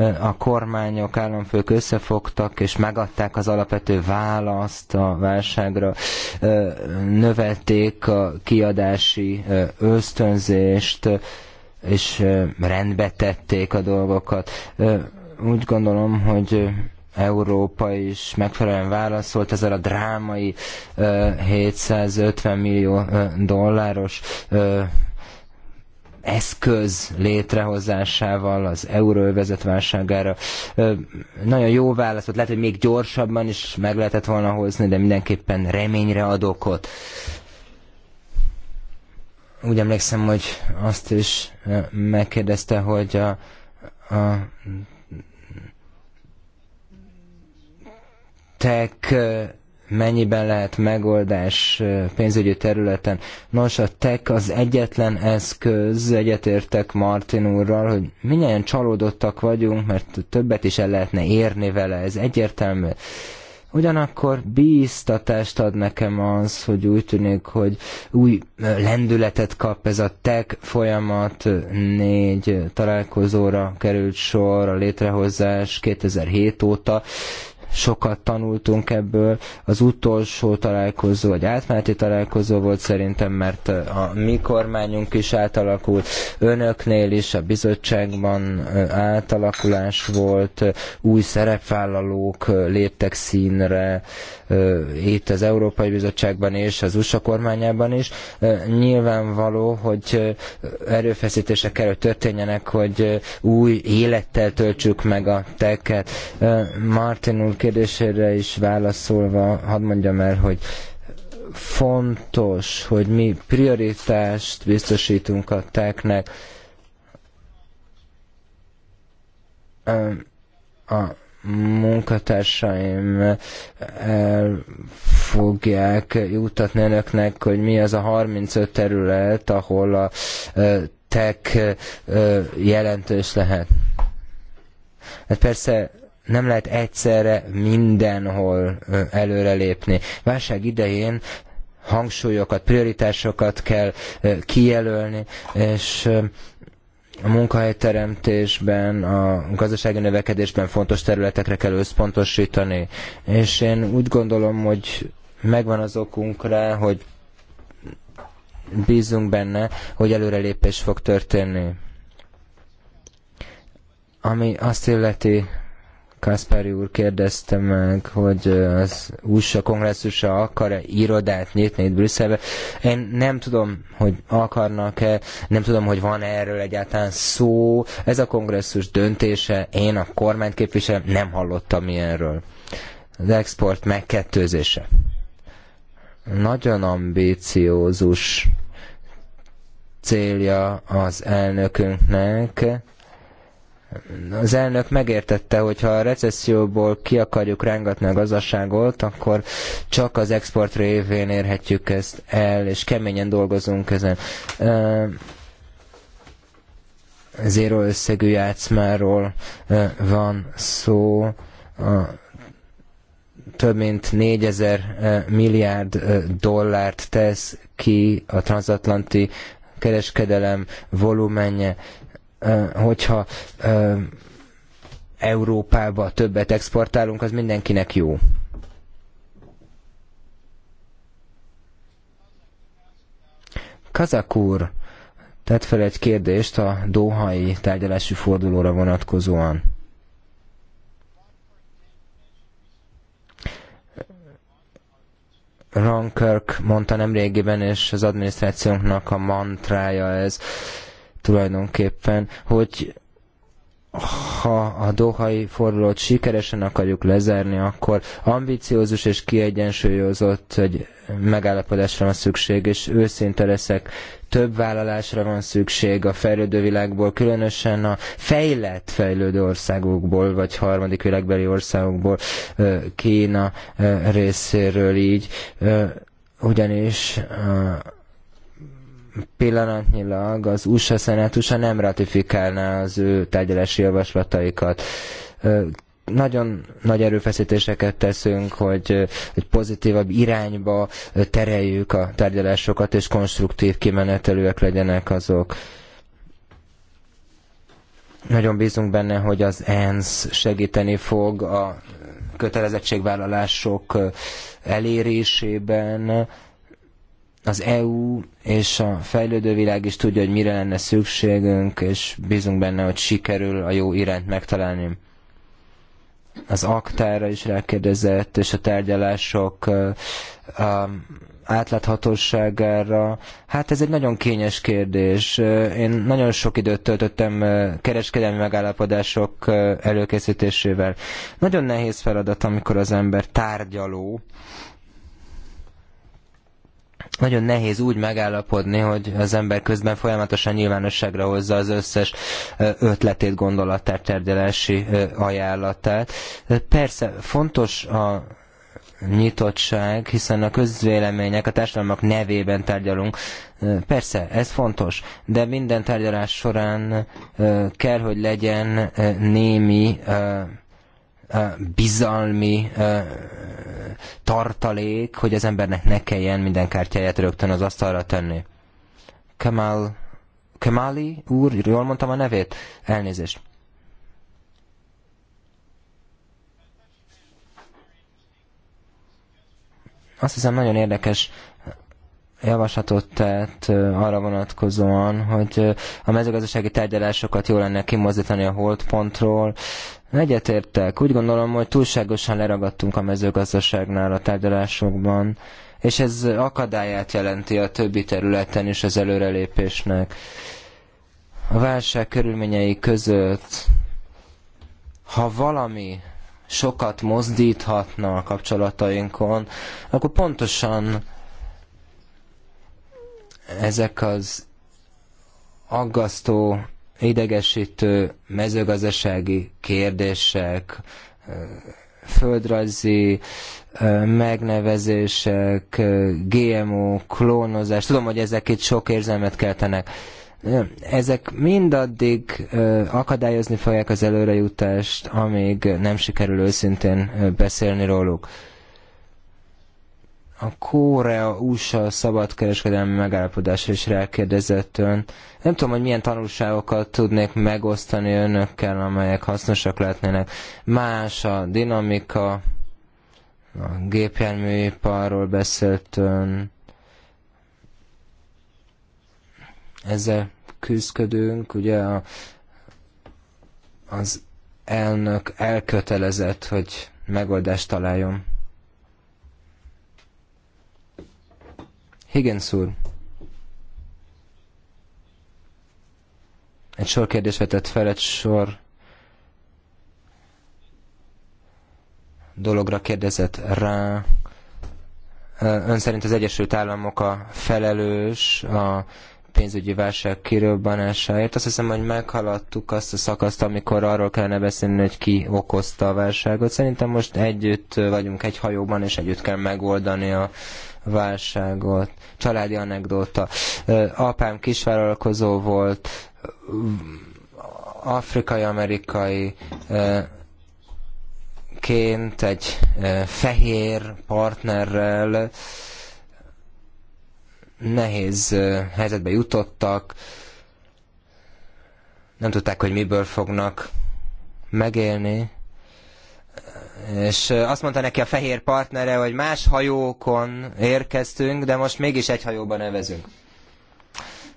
Speaker 1: Eh, a kormányok, államfők összefogtak, és megadták az alapvető választ a válságra, eh, növelték a kiadási eh, ösztönzést, és rendbe tették a dolgokat. Úgy gondolom, hogy Európa is megfelelően válaszolt ezzel a drámai 750 millió dolláros eszköz létrehozásával az euróövezet válságára. Nagyon jó válaszot, lehet, hogy még gyorsabban is meg lehetett volna hozni, de mindenképpen reményre adok ott. Úgy emlékszem, hogy azt is megkérdezte, hogy a, a tech mennyiben lehet megoldás pénzügyi területen. Nos, a tech az egyetlen eszköz, egyetértek Martin úrral, hogy minnyáján csalódottak vagyunk, mert többet is el lehetne érni vele, ez egyértelmű. Ugyanakkor bíztatást ad nekem az, hogy úgy tűnik, hogy új lendületet kap ez a tech folyamat. Négy találkozóra került sor a létrehozás 2007 óta, sokat tanultunk ebből. Az utolsó találkozó, vagy átmeneti találkozó volt szerintem, mert eh, a mi kormányunk is átalakult, önöknél is, a bizottságban eh, átalakulás volt, eh, új szerepvállalók léptek színre, itt az Európai Bizottságban és az USA kormányában is. Nyilvánvaló, hogy erőfeszítések kell, hogy történjenek, hogy új élettel töltsük meg a teket. Martin úr kérdésére is válaszolva, hadd mondjam el, hogy fontos, hogy mi prioritást biztosítunk a teknek a munkatársaim eh, el fogják jutatni önöknek, hogy mi az a 35 terület, ahol a eh, tek eh, jelentős lehet. Hát persze nem lehet egyszerre mindenhol előrelépni. Válság idején hangsúlyokat, prioritásokat kell kijelölni, és a munkahelyteremtésben, a gazdasági növekedésben fontos területekre kell összpontosítani. És én úgy gondolom, hogy megvan az okunk rá, hogy bízunk benne, hogy előrelépés fog történni. Ami azt illeti, Kaspari úr kérdezte meg, hogy az USA kongresszusa akar-e irodát nyitni itt Brüsszelbe. Én nem tudom, hogy akarnak-e, nem tudom, hogy van -e erről egyáltalán szó. Ez a kongresszus döntése, én a kormányt képviselem, nem hallottam ilyenről. Az export megkettőzése. Nagyon ambíciózus célja az elnökünknek az elnök megértette, hogy ha a recesszióból ki akarjuk rángatni a gazdaságot, akkor csak az export révén érhetjük ezt el, és keményen dolgozunk ezen. Zéro összegű játszmáról van szó. A több mint 4000 milliárd dollárt tesz ki a transatlanti kereskedelem volumenje hogyha Európába többet exportálunk, az mindenkinek jó. Kazak úr tett fel egy kérdést a Dohai tárgyalási fordulóra vonatkozóan. Ron Kirk mondta nemrégiben, és az adminisztrációnknak a mantrája ez, tulajdonképpen, hogy ha a dohai fordulót sikeresen akarjuk lezárni, akkor ambiciózus és kiegyensúlyozott egy megállapodásra van szükség, és őszinte leszek, több vállalásra van szükség a fejlődő világból, különösen a fejlett fejlődő országokból, vagy harmadik világbeli országokból, Kína részéről így, ugyanis pillanatnyilag az USA szenátusa nem ratifikálná az ő tárgyalási javaslataikat nagyon nagy erőfeszítéseket teszünk, hogy egy pozitívabb irányba tereljük a tárgyalásokat, és konstruktív kimenetelőek legyenek azok. Nagyon bízunk benne, hogy az ENSZ segíteni fog a kötelezettségvállalások elérésében, az EU és a fejlődő világ is tudja, hogy mire lenne szükségünk, és bízunk benne, hogy sikerül a jó irányt megtalálni. Az aktára is rákérdezett, és a tárgyalások a átláthatóságára. Hát ez egy nagyon kényes kérdés. Én nagyon sok időt töltöttem kereskedelmi megállapodások előkészítésével. Nagyon nehéz feladat, amikor az ember tárgyaló, nagyon nehéz úgy megállapodni, hogy az ember közben folyamatosan nyilvánosságra hozza az összes ötletét, gondolatát, tárgyalási ajánlatát. Persze fontos a nyitottság, hiszen a közvélemények, a társadalmak nevében tárgyalunk. Persze, ez fontos, de minden tárgyalás során kell, hogy legyen némi bizalmi tartalék, hogy az embernek ne kelljen minden kártyáját rögtön az asztalra tenni. Kemal, Kemali úr, jól mondtam a nevét? Elnézést. Azt hiszem nagyon érdekes javaslatot tett arra vonatkozóan, hogy a mezőgazdasági tárgyalásokat jól lenne kimozdítani a holdpontról, Egyetértek. Úgy gondolom, hogy túlságosan leragadtunk a mezőgazdaságnál a tárgyalásokban, és ez akadályát jelenti a többi területen is az előrelépésnek. A válság körülményei között, ha valami sokat mozdíthatna a kapcsolatainkon, akkor pontosan ezek az aggasztó idegesítő mezőgazdasági kérdések, földrajzi megnevezések, GMO, klónozás, tudom, hogy ezek itt sok érzelmet keltenek. Ezek mindaddig akadályozni fogják az előrejutást, amíg nem sikerül őszintén beszélni róluk a Korea-USA szabadkereskedelmi megállapodásra is rákérdezett ön. Nem tudom, hogy milyen tanulságokat tudnék megosztani önökkel, amelyek hasznosak lehetnének. Más a dinamika, a gépjárműiparról beszélt ön. Ezzel küzdködünk, ugye a, az elnök elkötelezett, hogy megoldást találjon. Higgins úr. Egy sor kérdés vetett fel, egy sor dologra kérdezett rá. Ön szerint az Egyesült Államok a felelős a pénzügyi válság kirobbanásáért. Azt hiszem, hogy meghaladtuk azt a szakaszt, amikor arról kellene beszélni, hogy ki okozta a válságot. Szerintem most együtt vagyunk egy hajóban, és együtt kell megoldani a válságot. Családi anekdóta. Apám kisvállalkozó volt, afrikai-amerikai ként egy fehér partnerrel nehéz helyzetbe jutottak, nem tudták, hogy miből fognak megélni, és azt mondta neki a fehér partnere, hogy más hajókon érkeztünk, de most mégis egy hajóban nevezünk.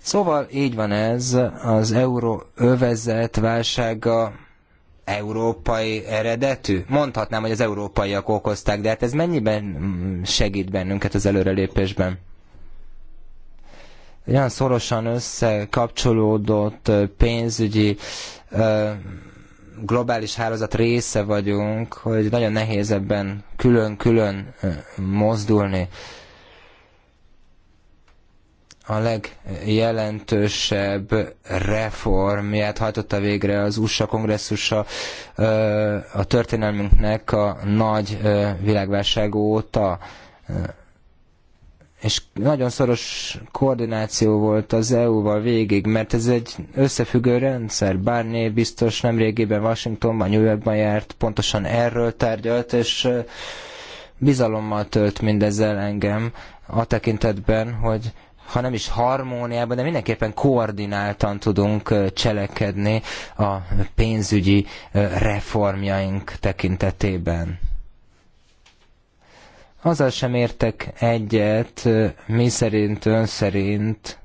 Speaker 1: Szóval így van ez, az euró övezet válsága európai eredetű? Mondhatnám, hogy az európaiak okozták, de hát ez mennyiben segít bennünket az előrelépésben? Olyan szorosan összekapcsolódott pénzügyi globális hálózat része vagyunk, hogy nagyon nehéz ebben külön-külön mozdulni. A legjelentősebb reformját hajtotta végre az USA kongresszusa a történelmünknek a nagy világválság óta és nagyon szoros koordináció volt az EU-val végig, mert ez egy összefüggő rendszer. Barnier biztos nemrégiben Washingtonban, New Yorkban járt, pontosan erről tárgyalt, és bizalommal tölt mindezzel engem a tekintetben, hogy ha nem is harmóniában, de mindenképpen koordináltan tudunk cselekedni a pénzügyi reformjaink tekintetében. Azzal sem értek egyet, mi szerint, ön szerint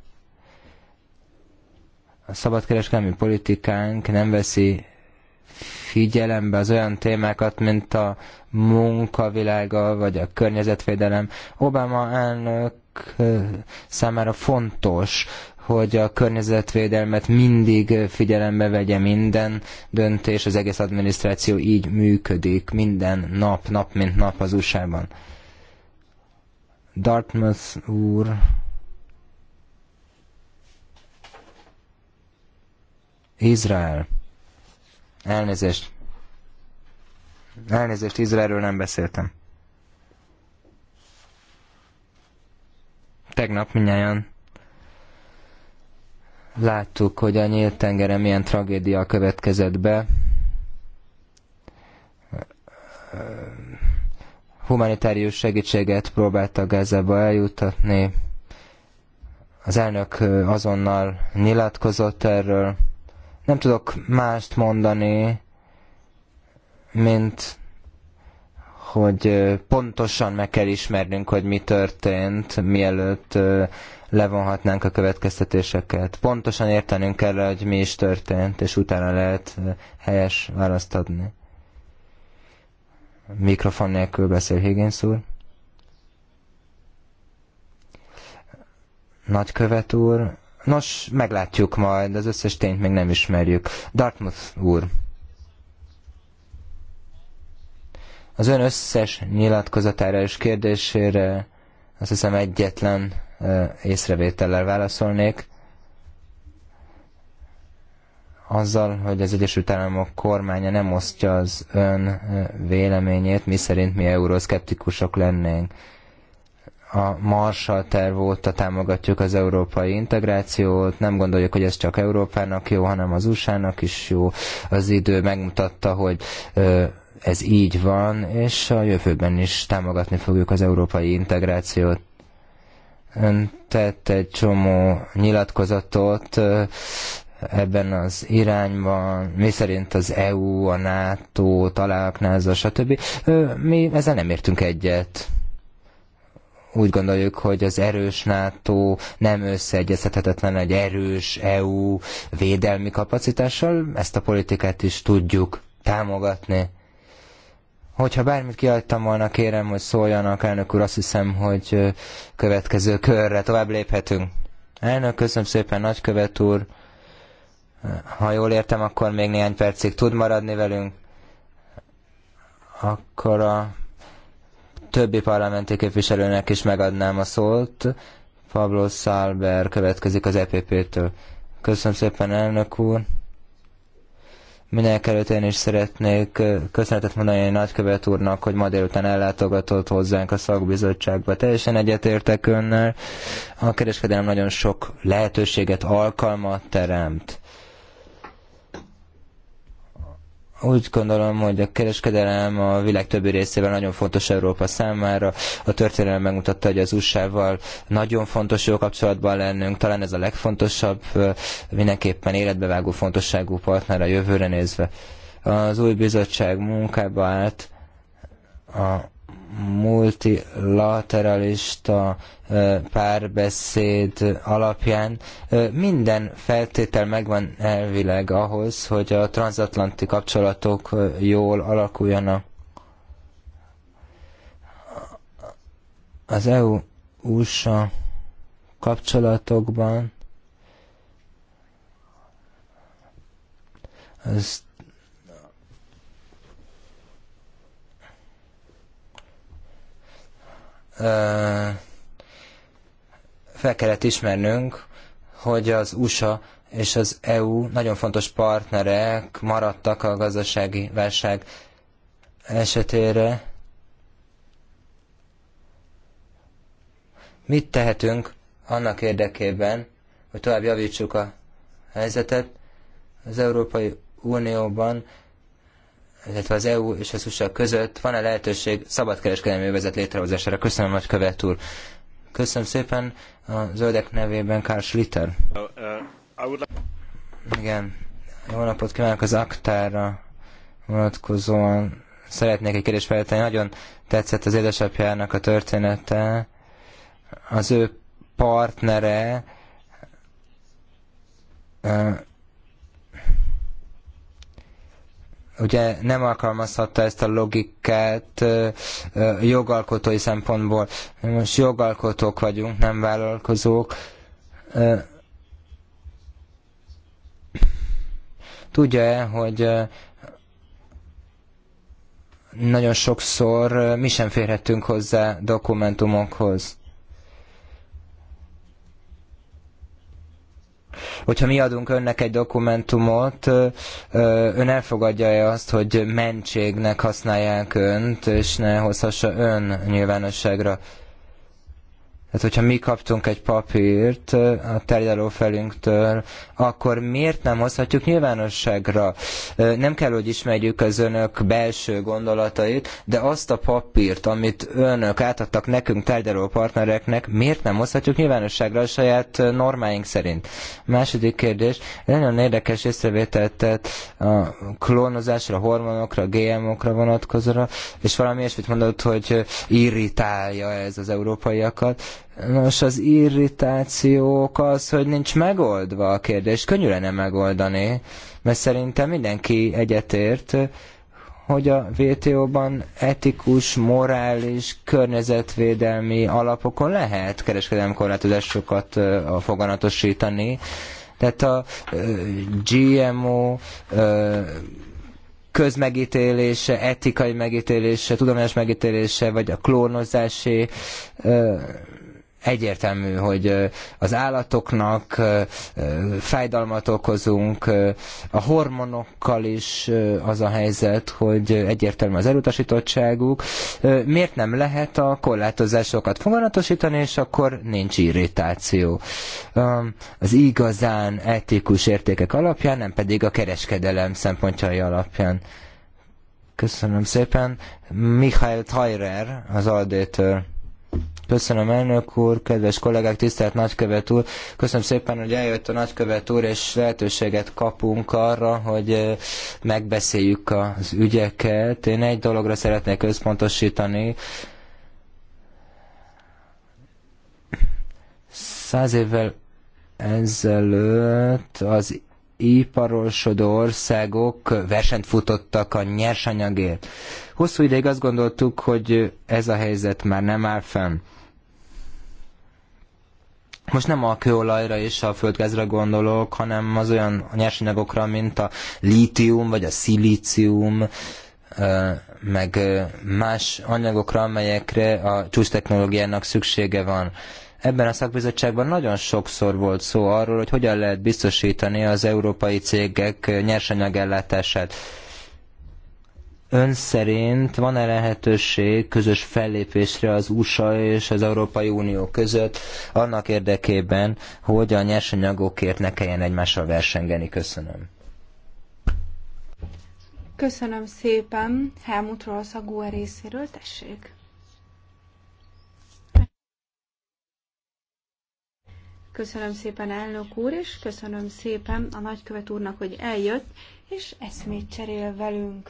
Speaker 1: a szabadkereskedelmi politikánk nem veszi figyelembe az olyan témákat, mint a munkavilága vagy a környezetvédelem. Obama elnök számára fontos, hogy a környezetvédelmet mindig figyelembe vegye minden döntés, az egész adminisztráció így működik minden nap, nap mint nap az USA-ban. Dartmouth úr Izrael. Elnézést. Elnézést, Izraelről nem beszéltem. Tegnap minnyáján láttuk, hogy a nyílt tengeren milyen tragédia következett be humanitárius segítséget próbáltak Gázába eljutatni. Az elnök azonnal nyilatkozott erről. Nem tudok mást mondani, mint hogy pontosan meg kell ismernünk, hogy mi történt, mielőtt levonhatnánk a következtetéseket. Pontosan értenünk kell, hogy mi is történt, és utána lehet helyes választ adni. Mikrofon nélkül beszél Higgins úr. Nagykövet úr. Nos, meglátjuk majd, az összes tényt még nem ismerjük. Dartmouth úr. Az ön összes nyilatkozatára és kérdésére azt hiszem egyetlen észrevétellel válaszolnék azzal, hogy az Egyesült Államok kormánya nem osztja az ön eh, véleményét, mi szerint mi euroszkeptikusok lennénk. A Marshall terv óta támogatjuk az európai integrációt, nem gondoljuk, hogy ez csak Európának jó, hanem az USA-nak is jó. Az idő megmutatta, hogy ez így van, és a jövőben is támogatni fogjuk az európai integrációt ön tett egy csomó nyilatkozatot ebben az irányban, mi szerint az EU, a NATO találkozna, stb. Mi ezzel nem értünk egyet. Úgy gondoljuk, hogy az erős NATO nem összeegyezhetetlen egy erős EU védelmi kapacitással, ezt a politikát is tudjuk támogatni. Hogyha bármit kiadtam volna, kérem, hogy szóljanak, elnök úr, azt hiszem, hogy következő körre tovább léphetünk. Elnök, köszönöm szépen, nagykövet úr. Ha jól értem, akkor még néhány percig tud maradni velünk. Akkor a többi parlamenti képviselőnek is megadnám a szót. Pablo Szálber következik az EPP-től. Köszönöm szépen, elnök úr! Mindenek előtt én is szeretnék köszönetet mondani egy nagykövet úrnak, hogy ma délután ellátogatott hozzánk a szakbizottságba. Teljesen egyetértek önnel. A kereskedelem nagyon sok lehetőséget, alkalmat teremt. úgy gondolom, hogy a kereskedelem a világ többi részével nagyon fontos Európa számára. A történelem megmutatta, hogy az USA-val nagyon fontos jó kapcsolatban lennünk. Talán ez a legfontosabb, mindenképpen életbevágó fontosságú partner a jövőre nézve. Az új bizottság munkába állt a multilateralista párbeszéd alapján minden feltétel megvan elvileg ahhoz, hogy a transatlanti kapcsolatok jól alakuljanak. Az EU-USA kapcsolatokban az fel kellett ismernünk, hogy az USA és az EU nagyon fontos partnerek maradtak a gazdasági válság esetére. Mit tehetünk annak érdekében, hogy tovább javítsuk a helyzetet? Az Európai Unióban illetve az EU és az USA között van-e lehetőség szabadkereskedelmi övezet létrehozására? Köszönöm, hogy követ úr. Köszönöm szépen a zöldek nevében Karl Schlitter. Igen, jó napot kívánok az aktára vonatkozóan. Szeretnék egy kérdést feltenni. Nagyon tetszett az édesapjának a története. Az ő partnere ugye nem alkalmazhatta ezt a logikát jogalkotói szempontból. Most jogalkotók vagyunk, nem vállalkozók. Tudja-e, hogy nagyon sokszor mi sem férhetünk hozzá dokumentumokhoz? Hogyha mi adunk önnek egy dokumentumot, ön elfogadja-e azt, hogy mentségnek használják önt, és ne hozhassa ön nyilvánosságra? Tehát, hogyha mi kaptunk egy papírt a tárgyaló felünktől, akkor miért nem hozhatjuk nyilvánosságra? Nem kell, hogy ismerjük az önök belső gondolatait, de azt a papírt, amit önök átadtak nekünk tárgyaló partnereknek, miért nem hozhatjuk nyilvánosságra a saját normáink szerint? Második kérdés, nagyon érdekes észrevételt tett a klónozásra, hormonokra, GMO-kra vonatkozóra, és valami ilyesmit mondott, hogy irritálja ez az európaiakat Nos, az irritációk az, hogy nincs megoldva a kérdés. Könnyű lenne megoldani, mert szerintem mindenki egyetért, hogy a WTO-ban etikus, morális, környezetvédelmi alapokon lehet kereskedelmi korlátozásokat foganatosítani. Tehát a GMO közmegítélése, etikai megítélése, tudományos megítélése, vagy a klónozási egyértelmű, hogy az állatoknak fájdalmat okozunk, a hormonokkal is az a helyzet, hogy egyértelmű az elutasítottságuk. Miért nem lehet a korlátozásokat foganatosítani, és akkor nincs irritáció? Az igazán etikus értékek alapján, nem pedig a kereskedelem szempontjai alapján. Köszönöm szépen. Michael Tajrer, az Aldétől. Köszönöm elnök úr, kedves kollégák, tisztelt nagykövet úr. Köszönöm szépen, hogy eljött a nagykövet úr, és lehetőséget kapunk arra, hogy megbeszéljük az ügyeket. Én egy dologra szeretnék összpontosítani. Száz évvel ezelőtt az iparosodó országok versenyt futottak a nyersanyagért. Hosszú ideig azt gondoltuk, hogy ez a helyzet már nem áll fenn. Most nem a kőolajra és a földgázra gondolok, hanem az olyan nyersanyagokra, mint a lítium vagy a szilícium, meg más anyagokra, amelyekre a csúcs technológiának szüksége van. Ebben a szakbizottságban nagyon sokszor volt szó arról, hogy hogyan lehet biztosítani az európai cégek nyersanyagellátását. Ön szerint van-e lehetőség közös fellépésre az USA és az Európai Unió között annak érdekében, hogy a nyersanyagokért ne kelljen egymással versengeni? Köszönöm.
Speaker 3: Köszönöm szépen Helmut Rolsz részéről, tessék. Köszönöm szépen elnök úr, és köszönöm szépen a nagykövet úrnak, hogy eljött, és eszmét cserél velünk.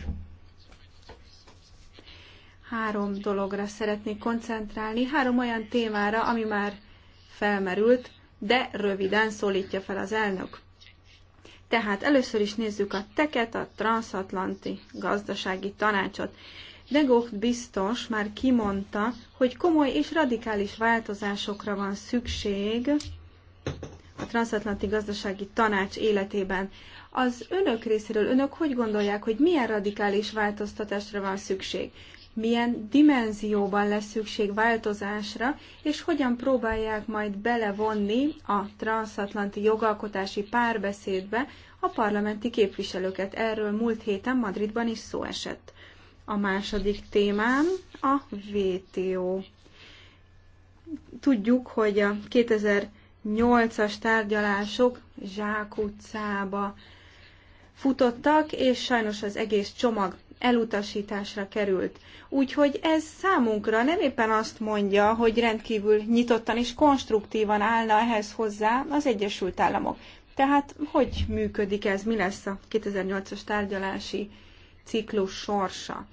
Speaker 3: Három dologra szeretnék koncentrálni, három olyan témára, ami már felmerült, de röviden szólítja fel az elnök. Tehát először is nézzük a teket, a transatlanti gazdasági tanácsot. De Gocht biztos már kimondta, hogy komoly és radikális változásokra van szükség a Transatlanti Gazdasági Tanács életében. Az önök részéről önök hogy gondolják, hogy milyen radikális változtatásra van szükség? Milyen dimenzióban lesz szükség változásra, és hogyan próbálják majd belevonni a transatlanti jogalkotási párbeszédbe a parlamenti képviselőket? Erről múlt héten Madridban is szó esett. A második témám a VTO. Tudjuk, hogy a 2000 nyolcas tárgyalások zsákutcába futottak, és sajnos az egész csomag elutasításra került. Úgyhogy ez számunkra nem éppen azt mondja, hogy rendkívül nyitottan és konstruktívan állna ehhez hozzá az Egyesült Államok. Tehát hogy működik ez, mi lesz a 2008-as tárgyalási ciklus sorsa?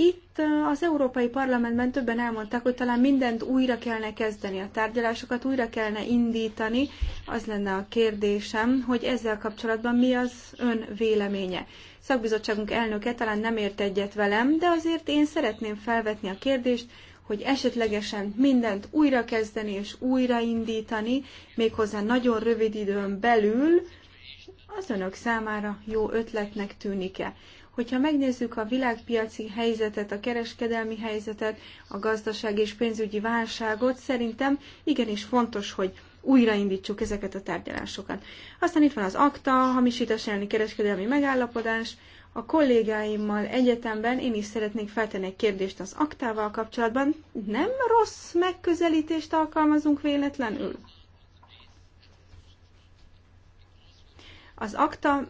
Speaker 3: Itt az Európai Parlamentben többen elmondták, hogy talán mindent újra kellene kezdeni, a tárgyalásokat újra kellene indítani. Az lenne a kérdésem, hogy ezzel kapcsolatban mi az ön véleménye. Szakbizottságunk elnöke talán nem ért egyet velem, de azért én szeretném felvetni a kérdést, hogy esetlegesen mindent újra kezdeni és újraindítani, méghozzá nagyon rövid időn belül, az önök számára jó ötletnek tűnik-e? Hogyha megnézzük a világpiaci helyzetet, a kereskedelmi helyzetet, a gazdaság és pénzügyi válságot, szerintem igenis fontos, hogy újraindítsuk ezeket a tárgyalásokat. Aztán itt van az akta, hamisítás elleni kereskedelmi megállapodás, a kollégáimmal egyetemben én is szeretnék feltenni egy kérdést az aktával kapcsolatban. Nem rossz megközelítést alkalmazunk véletlenül? Az akta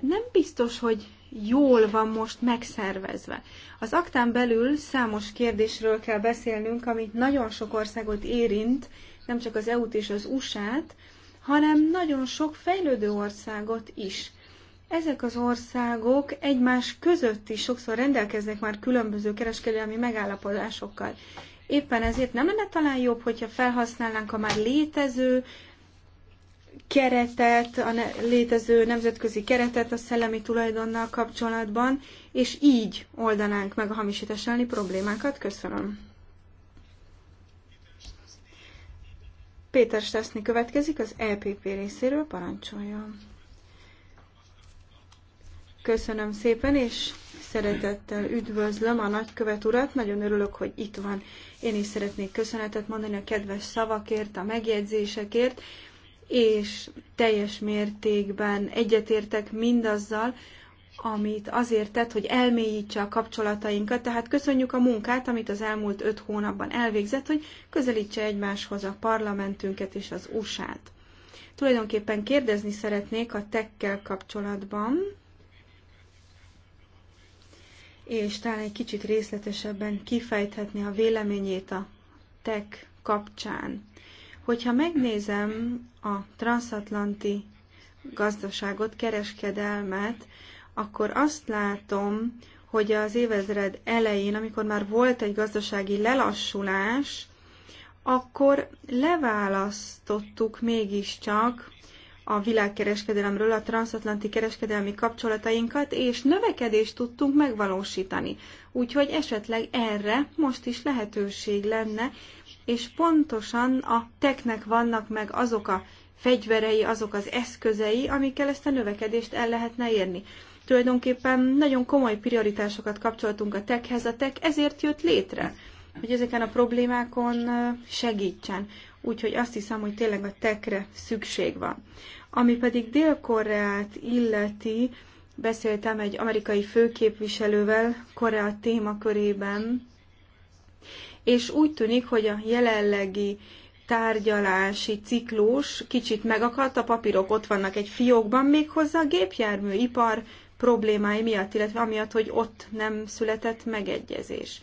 Speaker 3: nem biztos, hogy jól van most megszervezve. Az aktán belül számos kérdésről kell beszélnünk, amit nagyon sok országot érint, nem csak az EU-t és az USA-t, hanem nagyon sok fejlődő országot is. Ezek az országok egymás között is sokszor rendelkeznek már különböző kereskedelmi megállapodásokkal. Éppen ezért nem lenne talán jobb, hogyha felhasználnánk a már létező keretet, a létező nemzetközi keretet a szellemi tulajdonnal kapcsolatban, és így oldanánk meg a hamisítás elleni problémákat. Köszönöm. Péter Staszny következik az EPP részéről, parancsoljon. Köszönöm szépen, és szeretettel üdvözlöm a nagykövet urat, nagyon örülök, hogy itt van. Én is szeretnék köszönetet mondani a kedves szavakért, a megjegyzésekért, és teljes mértékben egyetértek mindazzal, amit azért tett, hogy elmélyítse a kapcsolatainkat. Tehát köszönjük a munkát, amit az elmúlt öt hónapban elvégzett, hogy közelítse egymáshoz a parlamentünket és az USA-t. Tulajdonképpen kérdezni szeretnék a tekkel kapcsolatban, és talán egy kicsit részletesebben kifejthetni a véleményét a tek kapcsán. Hogyha megnézem a transatlanti gazdaságot, kereskedelmet, akkor azt látom, hogy az évezred elején, amikor már volt egy gazdasági lelassulás, akkor leválasztottuk mégiscsak a világkereskedelemről a transatlanti kereskedelmi kapcsolatainkat, és növekedést tudtunk megvalósítani. Úgyhogy esetleg erre most is lehetőség lenne, és pontosan a teknek vannak meg azok a fegyverei, azok az eszközei, amikkel ezt a növekedést el lehetne érni. Tulajdonképpen nagyon komoly prioritásokat kapcsoltunk a tekhez, a tek ezért jött létre, hogy ezeken a problémákon segítsen. Úgyhogy azt hiszem, hogy tényleg a tekre szükség van. Ami pedig Dél-Koreát illeti, beszéltem egy amerikai főképviselővel Korea témakörében, és úgy tűnik, hogy a jelenlegi tárgyalási ciklus kicsit megakadt, a papírok ott vannak egy fiókban, méghozzá a gépjárműipar problémái miatt, illetve amiatt, hogy ott nem született megegyezés.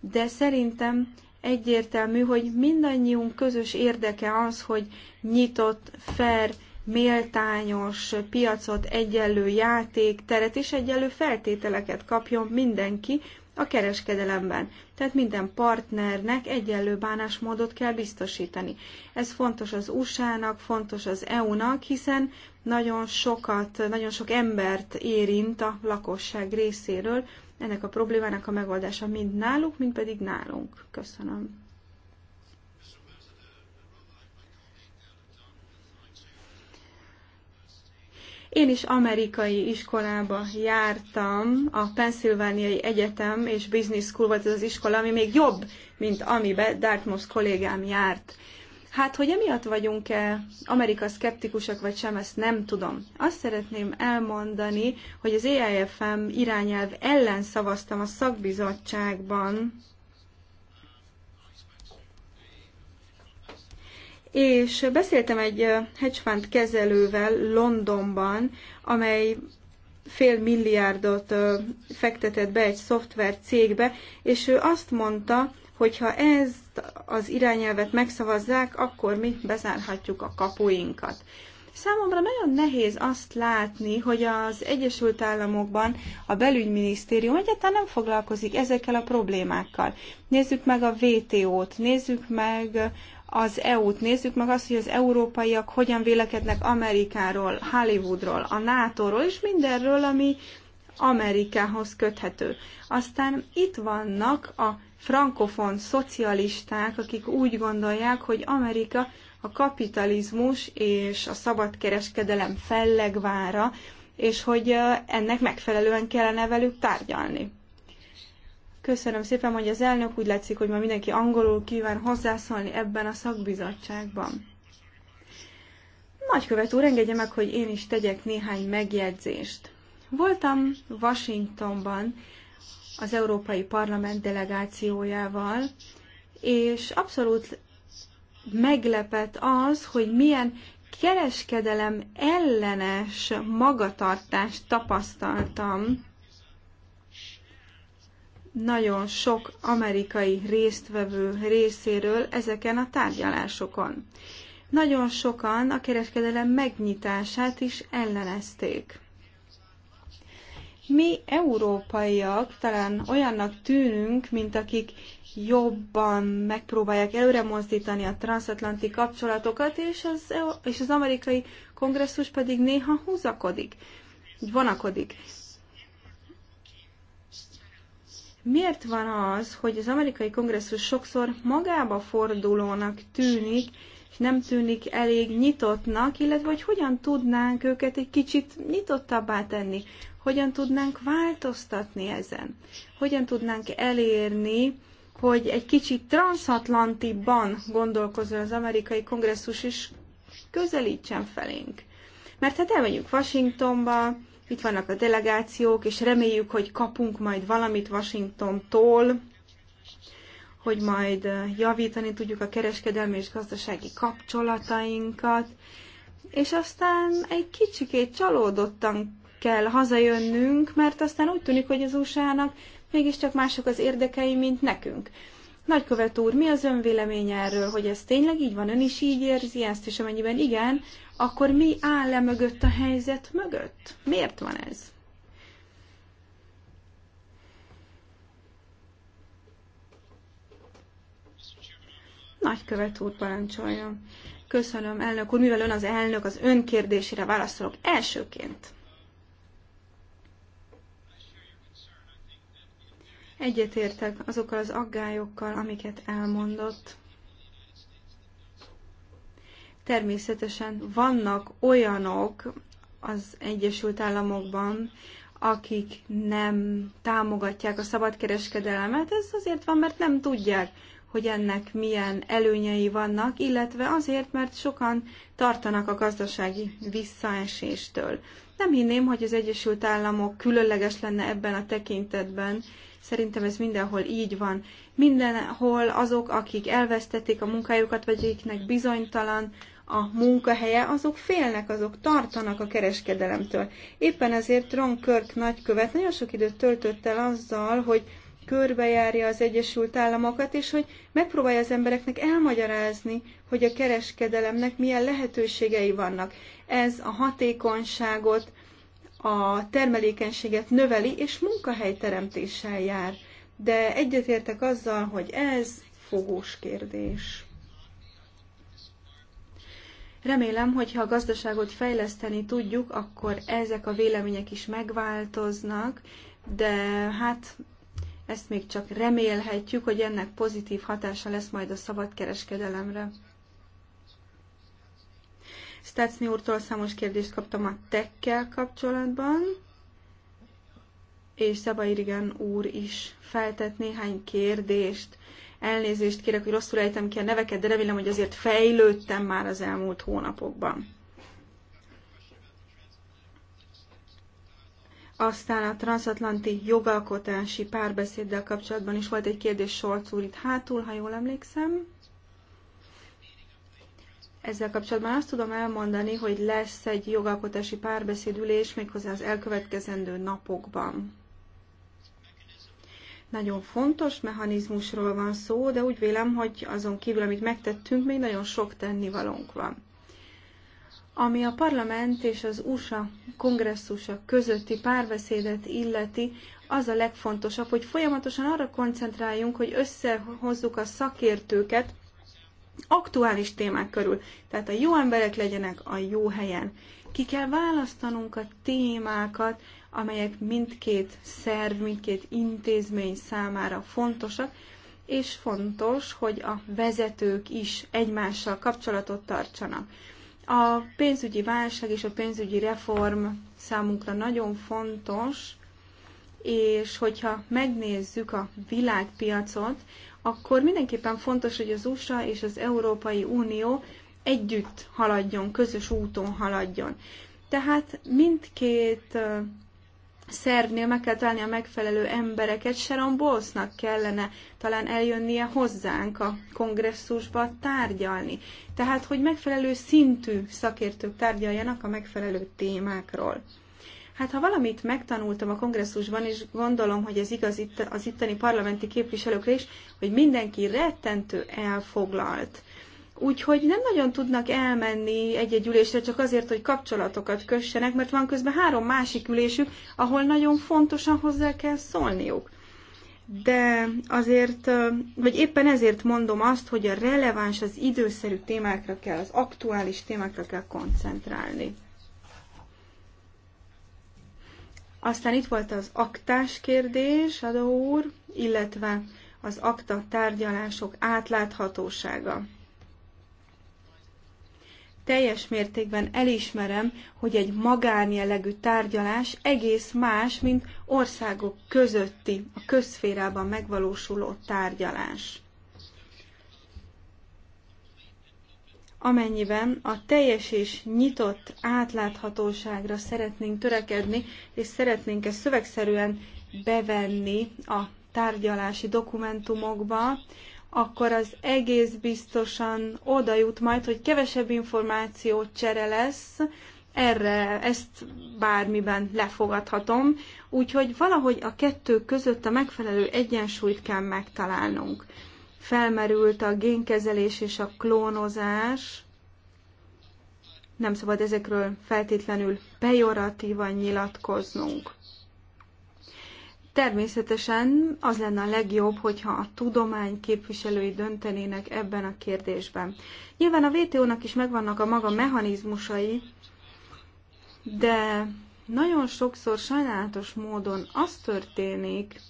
Speaker 3: De szerintem egyértelmű, hogy mindannyiunk közös érdeke az, hogy nyitott, fair, méltányos piacot, egyenlő játék, teret és egyenlő feltételeket kapjon mindenki a kereskedelemben tehát minden partnernek egyenlő bánásmódot kell biztosítani. Ez fontos az USA-nak, fontos az EU-nak, hiszen nagyon sokat, nagyon sok embert érint a lakosság részéről ennek a problémának a megoldása mind náluk, mind pedig nálunk. Köszönöm. Én is amerikai iskolába jártam, a Pennsylvániai Egyetem és Business School volt az iskola, ami még jobb, mint amibe Dartmouth kollégám járt. Hát, hogy emiatt vagyunk-e Amerika szkeptikusak vagy sem, ezt nem tudom. Azt szeretném elmondani, hogy az EIFM irányelv ellen szavaztam a szakbizottságban, és beszéltem egy hedge fund kezelővel Londonban, amely fél milliárdot fektetett be egy szoftver cégbe, és ő azt mondta, hogy ha ezt az irányelvet megszavazzák, akkor mi bezárhatjuk a kapuinkat. Számomra nagyon nehéz azt látni, hogy az Egyesült Államokban a belügyminisztérium egyáltalán nem foglalkozik ezekkel a problémákkal. Nézzük meg a vto t nézzük meg az EU-t. Nézzük meg azt, hogy az európaiak hogyan vélekednek Amerikáról, Hollywoodról, a NATO-ról, és mindenről, ami Amerikához köthető. Aztán itt vannak a frankofon szocialisták, akik úgy gondolják, hogy Amerika a kapitalizmus és a szabadkereskedelem fellegvára, és hogy ennek megfelelően kellene velük tárgyalni. Köszönöm szépen, hogy az elnök úgy látszik, hogy ma mindenki angolul kíván hozzászólni ebben a szakbizottságban. Nagykövet úr, engedje meg, hogy én is tegyek néhány megjegyzést. Voltam Washingtonban az Európai Parlament delegációjával, és abszolút meglepett az, hogy milyen kereskedelem ellenes magatartást tapasztaltam nagyon sok amerikai résztvevő részéről ezeken a tárgyalásokon. Nagyon sokan a kereskedelem megnyitását is ellenezték. Mi európaiak talán olyannak tűnünk, mint akik jobban megpróbálják előre mozdítani a transatlanti kapcsolatokat, és az, e és az amerikai kongresszus pedig néha húzakodik, vonakodik. Miért van az, hogy az amerikai kongresszus sokszor magába fordulónak tűnik, és nem tűnik elég nyitottnak, illetve hogy hogyan tudnánk őket egy kicsit nyitottabbá tenni, hogyan tudnánk változtatni ezen, hogyan tudnánk elérni, hogy egy kicsit transatlantiban gondolkozó az amerikai kongresszus is közelítsen felénk. Mert hát elmegyünk Washingtonba, itt vannak a delegációk, és reméljük, hogy kapunk majd valamit Washingtontól, hogy majd eh, javítani tudjuk a kereskedelmi és gazdasági kapcsolatainkat, és aztán egy kicsikét csalódottan kell hazajönnünk, mert aztán úgy tűnik, hogy az USA-nak mégiscsak mások az érdekei, mint nekünk. Nagykövet úr, mi az ön véleménye erről, hogy ez tényleg így van? Ön is így érzi ezt, és amennyiben igen, akkor mi áll le mögött a helyzet mögött? Miért van ez? Nagykövet úr parancsolja. Köszönöm, elnök úr, mivel ön az elnök, az ön kérdésére válaszolok elsőként. Egyetértek azokkal az aggályokkal, amiket elmondott. Természetesen vannak olyanok az Egyesült Államokban, akik nem támogatják a szabadkereskedelmet, ez azért van, mert nem tudják, hogy ennek milyen előnyei vannak, illetve azért, mert sokan tartanak a gazdasági visszaeséstől. Nem hinném, hogy az Egyesült Államok különleges lenne ebben a tekintetben. Szerintem ez mindenhol így van. Mindenhol azok, akik elvesztették a munkájukat, vagy akiknek bizonytalan a munkahelye, azok félnek, azok tartanak a kereskedelemtől. Éppen ezért Ron Kirk nagykövet nagyon sok időt töltött el azzal, hogy körbejárja az Egyesült Államokat, és hogy megpróbálja az embereknek elmagyarázni, hogy a kereskedelemnek milyen lehetőségei vannak. Ez a hatékonyságot, a termelékenységet növeli, és munkahelyteremtéssel jár. De egyetértek azzal, hogy ez fogós kérdés. Remélem, hogy ha a gazdaságot fejleszteni tudjuk, akkor ezek a vélemények is megváltoznak, de hát ezt még csak remélhetjük, hogy ennek pozitív hatása lesz majd a kereskedelemre. Stácni úrtól számos kérdést kaptam a tekkel kapcsolatban, és Szabairigán úr is feltett néhány kérdést Elnézést kérek, hogy rosszul ejtem ki a neveket, de remélem, hogy azért fejlődtem már az elmúlt hónapokban. Aztán a transatlanti jogalkotási párbeszéddel kapcsolatban is volt egy kérdés Solc úr itt hátul, ha jól emlékszem. Ezzel kapcsolatban azt tudom elmondani, hogy lesz egy jogalkotási párbeszédülés méghozzá az elkövetkezendő napokban. Nagyon fontos mechanizmusról van szó, de úgy vélem, hogy azon kívül, amit megtettünk, még nagyon sok tennivalónk van. Ami a parlament és az USA kongresszusa közötti párbeszédet illeti, az a legfontosabb, hogy folyamatosan arra koncentráljunk, hogy összehozzuk a szakértőket aktuális témák körül. Tehát a jó emberek legyenek a jó helyen. Ki kell választanunk a témákat, amelyek mindkét szerv, mindkét intézmény számára fontosak, és fontos, hogy a vezetők is egymással kapcsolatot tartsanak. A pénzügyi válság és a pénzügyi reform számunkra nagyon fontos, és hogyha megnézzük a világpiacot, akkor mindenképpen fontos, hogy az USA és az Európai Unió együtt haladjon, közös úton haladjon. Tehát mindkét szervnél meg kell találni a megfelelő embereket. Sharon Bowlesnak kellene talán eljönnie hozzánk a kongresszusba tárgyalni. Tehát, hogy megfelelő szintű szakértők tárgyaljanak a megfelelő témákról. Hát ha valamit megtanultam a kongresszusban, és gondolom, hogy ez igaz itt, az itteni parlamenti képviselőkre is, hogy mindenki rettentő elfoglalt úgyhogy nem nagyon tudnak elmenni egy-egy ülésre csak azért, hogy kapcsolatokat kössenek, mert van közben három másik ülésük, ahol nagyon fontosan hozzá kell szólniuk. De azért, vagy éppen ezért mondom azt, hogy a releváns, az időszerű témákra kell, az aktuális témákra kell koncentrálni. Aztán itt volt az aktás kérdés, Adó úr, illetve az akta tárgyalások átláthatósága teljes mértékben elismerem, hogy egy magánjellegű tárgyalás egész más, mint országok közötti, a közszférában megvalósuló tárgyalás. Amennyiben a teljes és nyitott átláthatóságra szeretnénk törekedni, és szeretnénk ezt szövegszerűen bevenni a tárgyalási dokumentumokba, akkor az egész biztosan oda jut majd, hogy kevesebb információ csere lesz, erre ezt bármiben lefogadhatom, úgyhogy valahogy a kettő között a megfelelő egyensúlyt kell megtalálnunk. Felmerült a génkezelés és a klónozás, nem szabad ezekről feltétlenül pejoratívan nyilatkoznunk. Természetesen az lenne a legjobb, hogyha a tudomány képviselői döntenének ebben a kérdésben. Nyilván a WTO-nak is megvannak a maga mechanizmusai, de nagyon sokszor sajnálatos módon az történik,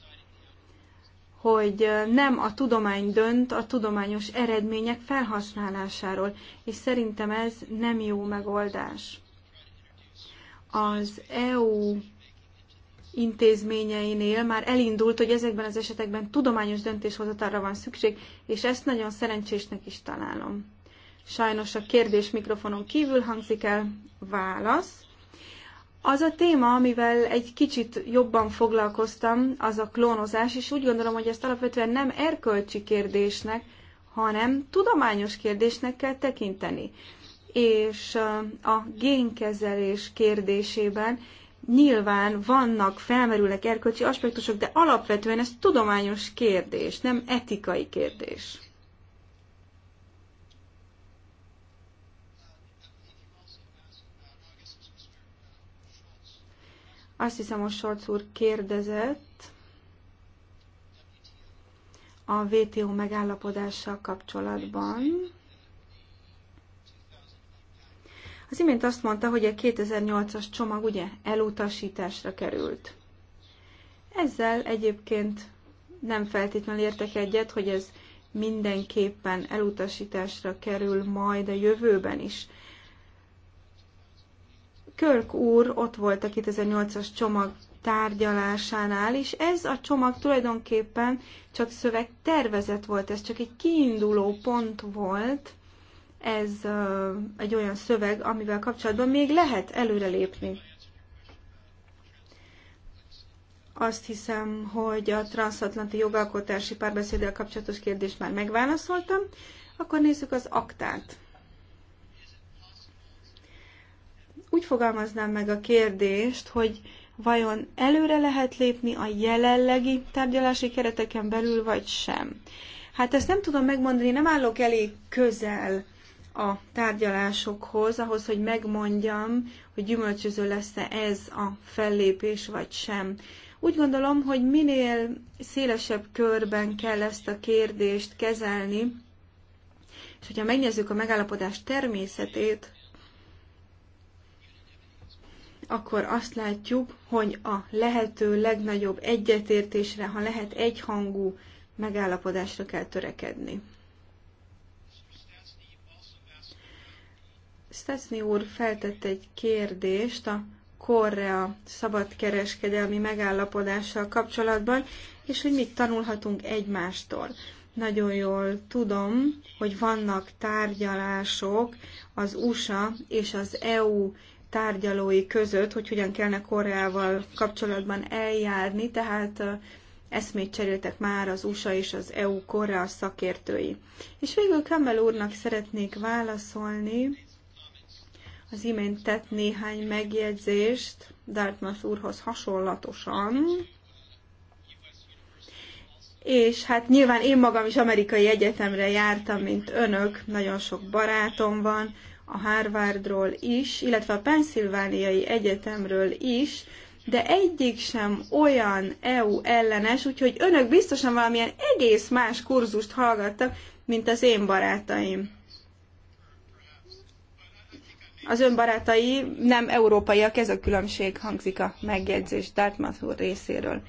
Speaker 3: hogy nem a tudomány dönt a tudományos eredmények felhasználásáról, és szerintem ez nem jó megoldás. Az EU intézményeinél már elindult, hogy ezekben az esetekben tudományos döntéshozatalra van szükség, és ezt nagyon szerencsésnek is találom. Sajnos a kérdés mikrofonon kívül hangzik el válasz. Az a téma, amivel egy kicsit jobban foglalkoztam, az a klónozás, és úgy gondolom, hogy ezt alapvetően nem erkölcsi kérdésnek, hanem tudományos kérdésnek kell tekinteni. És a génkezelés kérdésében Nyilván vannak, felmerülnek erkölcsi aspektusok, de alapvetően ez tudományos kérdés, nem etikai kérdés. Azt hiszem, most Sorc úr kérdezett a WTO megállapodással kapcsolatban. Az imént azt mondta, hogy a 2008-as csomag ugye elutasításra került. Ezzel egyébként nem feltétlenül értek egyet, hogy ez mindenképpen elutasításra kerül majd a jövőben is. Körk úr ott volt a 2008-as csomag tárgyalásánál is. Ez a csomag tulajdonképpen csak szöveg volt, ez csak egy kiinduló pont volt, ez egy olyan szöveg, amivel kapcsolatban még lehet előrelépni. Azt hiszem, hogy a transatlanti jogalkotási párbeszéddel kapcsolatos kérdést már megválaszoltam. Akkor nézzük az aktát. Úgy fogalmaznám meg a kérdést, hogy vajon előre lehet lépni a jelenlegi tárgyalási kereteken belül, vagy sem. Hát ezt nem tudom megmondani, nem állok elég közel a tárgyalásokhoz, ahhoz, hogy megmondjam, hogy gyümölcsöző lesz-e ez a fellépés, vagy sem. Úgy gondolom, hogy minél szélesebb körben kell ezt a kérdést kezelni, és hogyha megnézzük a megállapodás természetét, akkor azt látjuk, hogy a lehető legnagyobb egyetértésre, ha lehet egyhangú megállapodásra kell törekedni. Steszni úr feltett egy kérdést a Korea szabadkereskedelmi megállapodással kapcsolatban, és hogy mit tanulhatunk egymástól. Nagyon jól tudom, hogy vannak tárgyalások az USA és az EU tárgyalói között, hogy hogyan kellene Koreával kapcsolatban eljárni, tehát eszmét cseréltek már az USA és az EU Korea szakértői. És végül Kemmel úrnak szeretnék válaszolni, az imént tett néhány megjegyzést Dartmouth úrhoz hasonlatosan. És hát nyilván én magam is amerikai egyetemre jártam, mint önök, nagyon sok barátom van, a Harvardról is, illetve a Pennsylvániai Egyetemről is, de egyik sem olyan EU ellenes, úgyhogy önök biztosan valamilyen egész más kurzust hallgattak, mint az én barátaim az ön barátai nem európaiak, ez a különbség hangzik a megjegyzés Dartmouth úr részéről.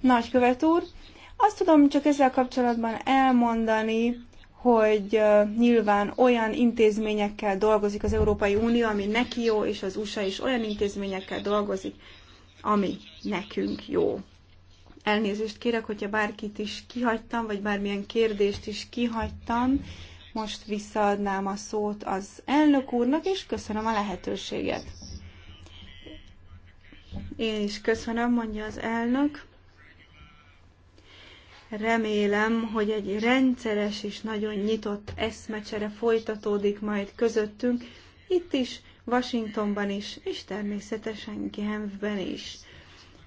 Speaker 3: Nagykövet úr, azt tudom csak ezzel kapcsolatban elmondani, hogy nyilván olyan intézményekkel dolgozik az Európai Unió, ami neki jó, és az USA is olyan intézményekkel dolgozik, ami nekünk jó. Elnézést kérek, hogyha bárkit is kihagytam, vagy bármilyen kérdést is kihagytam, most visszaadnám a szót az elnök úrnak, és köszönöm a lehetőséget. Én is köszönöm, mondja az elnök. Remélem, hogy egy rendszeres és nagyon nyitott eszmecsere folytatódik majd közöttünk, itt is, Washingtonban is, és természetesen Genfben is.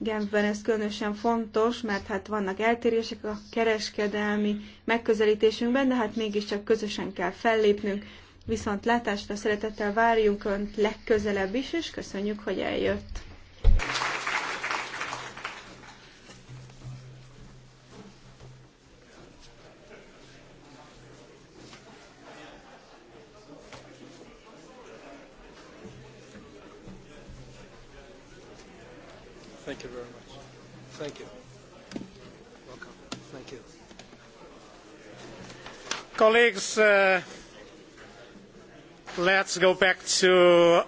Speaker 3: Genfben ez különösen fontos, mert hát vannak eltérések a kereskedelmi megközelítésünkben, de hát mégiscsak közösen kell fellépnünk. Viszont látásra szeretettel várjunk Önt legközelebb is, és köszönjük, hogy eljött. Thank you very much. Thank you. Welcome. Thank you.
Speaker 1: Colleagues, uh, let's go back to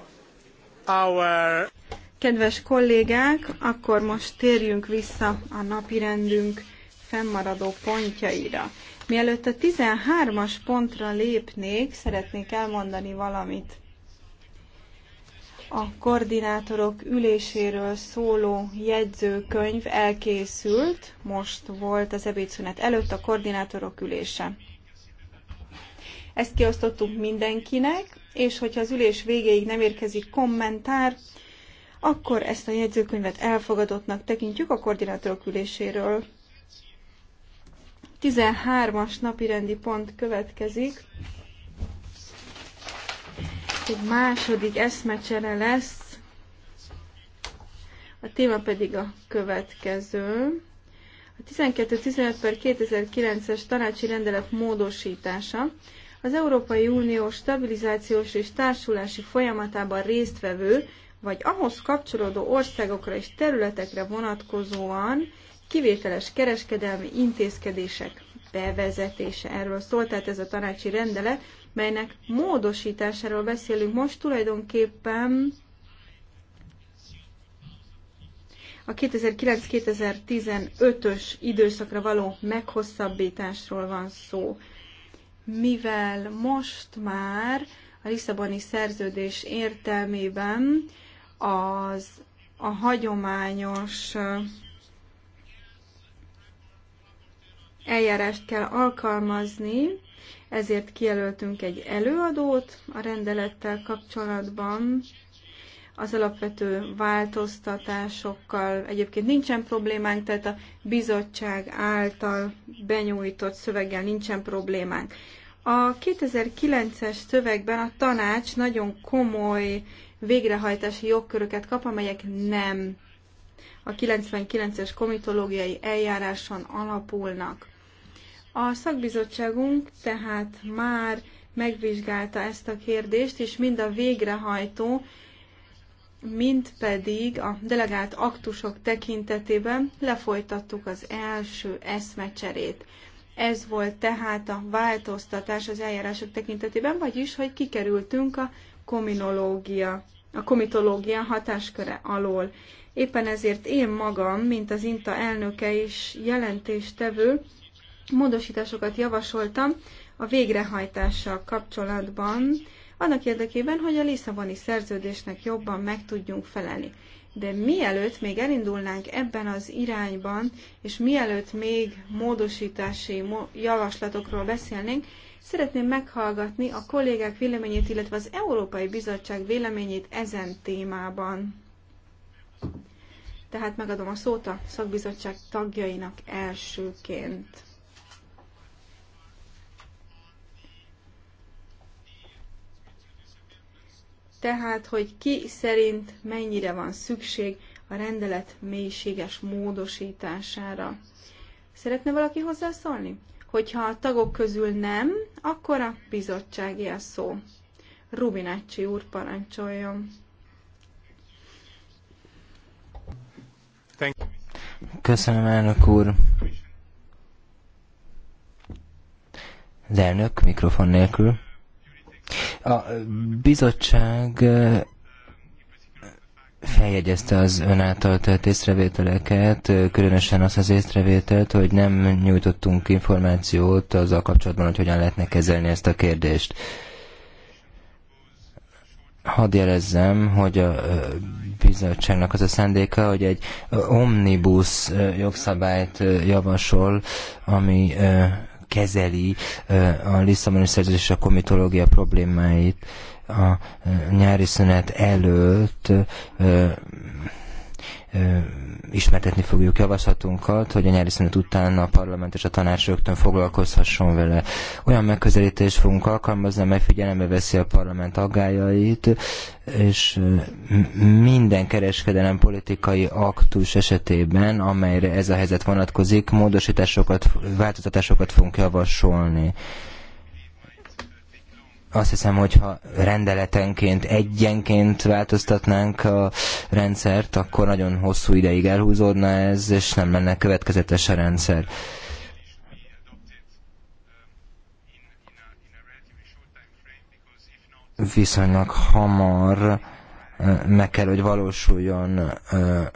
Speaker 1: our...
Speaker 3: Kedves kollégák, akkor most térjünk vissza a napirendünk fennmaradó pontjaira. Mielőtt a 13-as pontra lépnék, szeretnék elmondani valamit a koordinátorok üléséről szóló jegyzőkönyv elkészült, most volt az ebédszünet előtt a koordinátorok ülése. Ezt kiosztottuk mindenkinek, és hogyha az ülés végéig nem érkezik kommentár, akkor ezt a jegyzőkönyvet elfogadottnak tekintjük a koordinátorok üléséről. 13-as napirendi pont következik most egy második eszmecsere lesz, a téma pedig a következő. A 12-15 per 2009-es tanácsi rendelet módosítása az Európai Unió stabilizációs és társulási folyamatában résztvevő, vagy ahhoz kapcsolódó országokra és területekre vonatkozóan kivételes kereskedelmi intézkedések bevezetése. Erről szól, tehát ez a tanácsi rendelet melynek módosításáról beszélünk most tulajdonképpen a 2009-2015-ös időszakra való meghosszabbításról van szó. Mivel most már a Lisszaboni szerződés értelmében az a hagyományos uh, eljárást kell alkalmazni, ezért kijelöltünk egy előadót a rendelettel kapcsolatban. Az alapvető változtatásokkal egyébként nincsen problémánk, tehát a bizottság által benyújtott szöveggel nincsen problémánk. A 2009-es szövegben a tanács nagyon komoly végrehajtási jogköröket kap, amelyek nem a 99-es komitológiai eljáráson alapulnak. A szakbizottságunk tehát már megvizsgálta ezt a kérdést, és mind a végrehajtó, mind pedig a delegált aktusok tekintetében lefolytattuk az első eszmecserét. Ez volt tehát a változtatás az eljárások tekintetében, vagyis, hogy kikerültünk a kominológia, a komitológia hatásköre alól. Éppen ezért én magam, mint az INTA elnöke is jelentéstevő, módosításokat javasoltam a végrehajtással kapcsolatban, annak érdekében, hogy a Lisszaboni szerződésnek jobban meg tudjunk felelni. De mielőtt még elindulnánk ebben az irányban, és mielőtt még módosítási javaslatokról beszélnénk, szeretném meghallgatni a kollégák véleményét, illetve az Európai Bizottság véleményét ezen témában. Tehát megadom a szót a szakbizottság tagjainak elsőként. tehát hogy ki szerint mennyire van szükség a rendelet mélységes módosítására. Szeretne valaki hozzászólni? Hogyha a tagok közül nem, akkor a bizottsági a szó. Rubinácsi úr parancsoljon.
Speaker 1: Köszönöm, elnök úr. Az elnök mikrofon nélkül. A bizottság feljegyezte az ön által tett észrevételeket, különösen azt az észrevételt, hogy nem nyújtottunk információt azzal kapcsolatban, hogy hogyan lehetne kezelni ezt a kérdést. Hadd jelezzem, hogy a bizottságnak az a szándéka, hogy egy omnibus jogszabályt javasol, ami kezeli a Lisszaboni szerződés a komitológia problémáit a nyári szünet előtt ismertetni fogjuk javaslatunkat, hogy a nyári szünet után a parlament és a tanács rögtön foglalkozhasson vele. Olyan megközelítést fogunk alkalmazni, amely figyelembe veszi a parlament aggájait, és minden kereskedelem politikai aktus esetében, amelyre ez a helyzet vonatkozik, módosításokat, változtatásokat fogunk javasolni azt hiszem, hogy ha rendeletenként, egyenként változtatnánk a rendszert, akkor nagyon hosszú ideig elhúzódna ez, és nem lenne következetes a rendszer. Viszonylag hamar eh, meg kell, hogy valósuljon eh,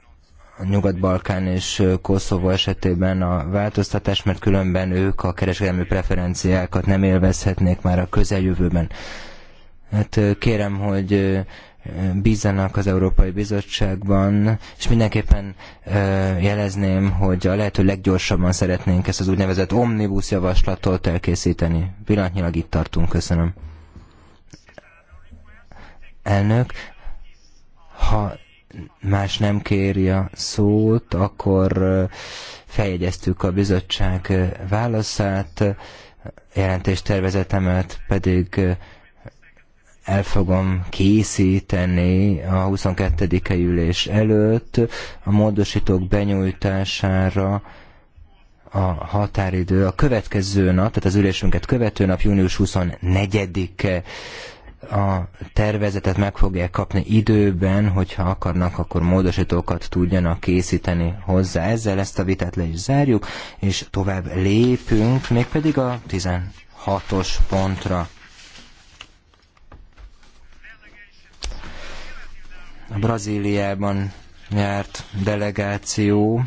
Speaker 1: a Nyugat-Balkán és Koszovó esetében a változtatás, mert különben ők a kereskedelmi preferenciákat nem élvezhetnék már a közeljövőben. Hát kérem, hogy bízzanak az Európai Bizottságban, és mindenképpen jelezném, hogy a lehető leggyorsabban szeretnénk ezt az úgynevezett omnibus javaslatot elkészíteni. Pillanatnyilag itt tartunk, köszönöm. Elnök, ha más nem kéri a szót, akkor feljegyeztük a bizottság válaszát, tervezetemet pedig el fogom készíteni a 22. ülés előtt a módosítók benyújtására a határidő a következő nap, tehát az ülésünket követő nap, június 24-e a tervezetet meg fogják kapni időben, hogyha akarnak, akkor módosítókat tudjanak készíteni hozzá. Ezzel ezt a vitát le is zárjuk, és tovább lépünk, mégpedig a 16-os pontra. A Brazíliában járt delegáció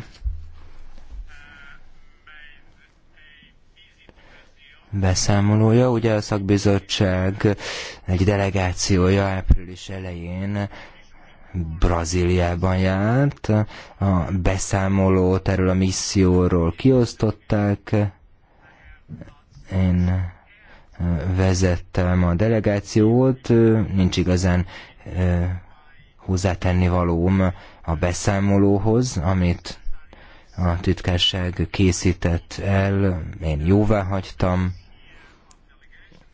Speaker 1: beszámolója. Ugye a szakbizottság egy delegációja április elején Brazíliában járt, a beszámolót erről a misszióról kiosztották, én vezettem a delegációt, nincs igazán hozzátenni valóm a beszámolóhoz, amit a titkárság készített el, én jóvá hagytam,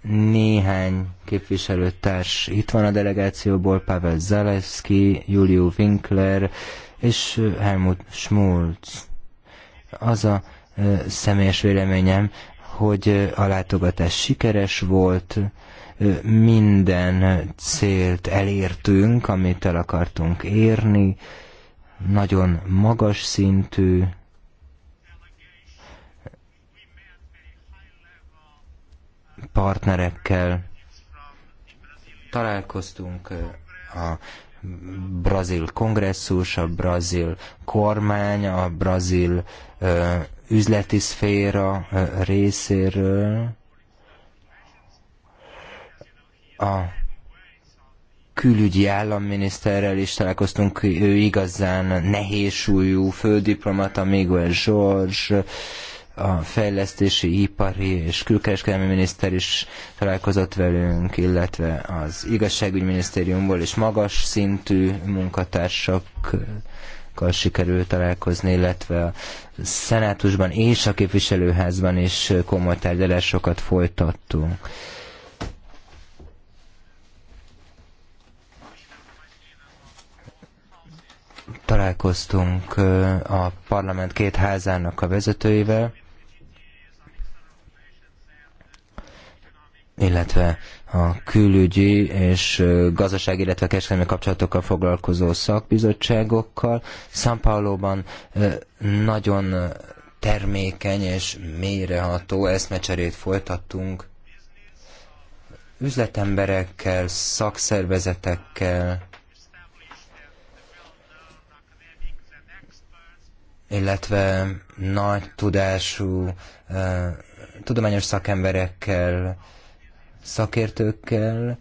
Speaker 1: néhány képviselőtárs itt van a delegációból, Pavel Zalewski, Julio Winkler és Helmut Schmulz. Az a személyes véleményem, hogy a látogatás sikeres volt, minden célt elértünk, amit el akartunk érni, nagyon magas szintű partnerekkel találkoztunk a brazil kongresszus, a brazil kormány, a brazil üzleti szféra részéről. A külügyi államminiszterrel is találkoztunk, ő igazán nehézsúlyú fődiplomata, Miguel George, a fejlesztési, ipari és külkereskedelmi miniszter is találkozott velünk, illetve az igazságügyminisztériumból is magas szintű munkatársakkal sikerült találkozni, illetve a szenátusban és a képviselőházban is komoly tárgyalásokat folytattunk. találkoztunk a parlament két házának a vezetőivel, illetve a külügyi és gazdaság, illetve kereskedelmi kapcsolatokkal foglalkozó szakbizottságokkal. São Paulo-ban nagyon termékeny és mélyreható eszmecserét folytattunk üzletemberekkel, szakszervezetekkel, illetve nagy tudású, tudományos szakemberekkel, szakértőkkel,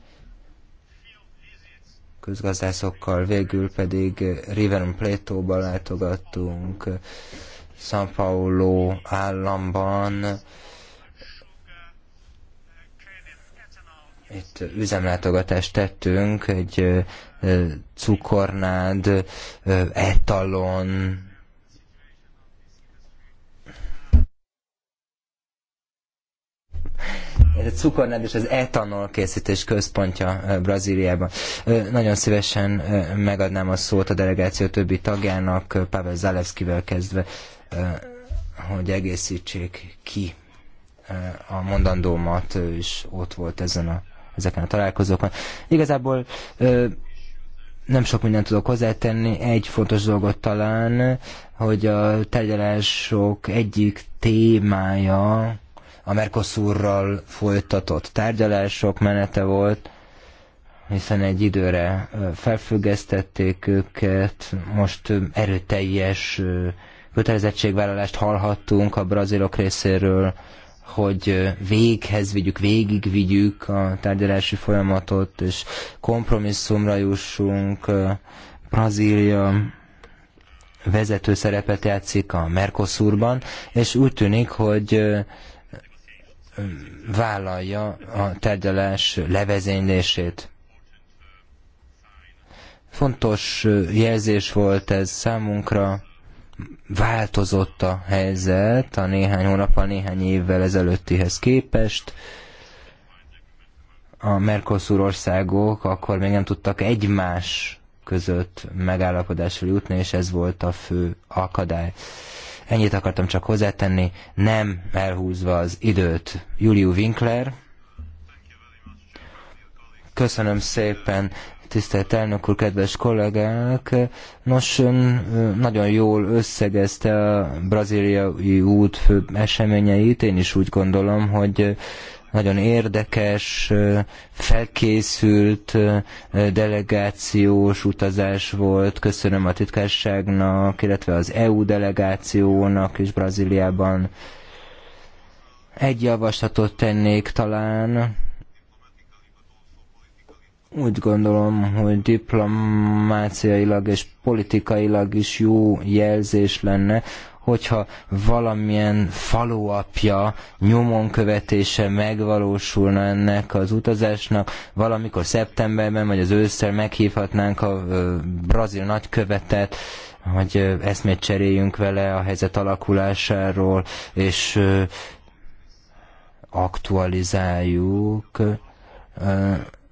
Speaker 1: közgazdászokkal, végül pedig River Plate ba látogattunk, São Paulo államban, itt üzemlátogatást tettünk, egy cukornád, etalon ez a cukornád és az etanol készítés központja Brazíliában. Nagyon szívesen megadnám a szót a delegáció többi tagjának, Pavel Zalewskivel kezdve, hogy egészítsék ki a mondandómat, ő is ott volt ezen a, ezeken a találkozókon. Igazából nem sok mindent tudok hozzátenni, egy fontos dolgot talán, hogy a tárgyalások egyik témája a Mercosurral folytatott tárgyalások menete volt, hiszen egy időre felfüggesztették őket, most erőteljes kötelezettségvállalást hallhattunk a brazilok részéről, hogy véghez vigyük, vigyük a tárgyalási folyamatot, és kompromisszumra jussunk. Brazília vezető szerepet játszik a Mercosurban, és úgy tűnik, hogy vállalja a tárgyalás levezénylését. Fontos jelzés volt ez számunkra, változott a helyzet a néhány hónappal, néhány évvel ezelőttihez képest. A Mercosur országok akkor még nem tudtak egymás között megállapodásra jutni, és ez volt a fő akadály. Ennyit akartam csak hozzátenni, nem elhúzva az időt. Juliu Winkler. Köszönöm szépen, tisztelt elnök úr, kedves kollégák. Nos, ön nagyon jól összegezte a braziliai út fő eseményeit. Én is úgy gondolom, hogy nagyon érdekes, felkészült delegációs utazás volt. Köszönöm a titkárságnak, illetve az EU delegációnak is Brazíliában. Egy javaslatot tennék talán, úgy gondolom, hogy diplomáciailag és politikailag is jó jelzés lenne, hogyha valamilyen faluapja nyomon követése megvalósulna ennek az utazásnak, valamikor szeptemberben vagy az ősszel meghívhatnánk a brazil nagykövetet, hogy eszmét cseréljünk vele a helyzet alakulásáról, és aktualizáljuk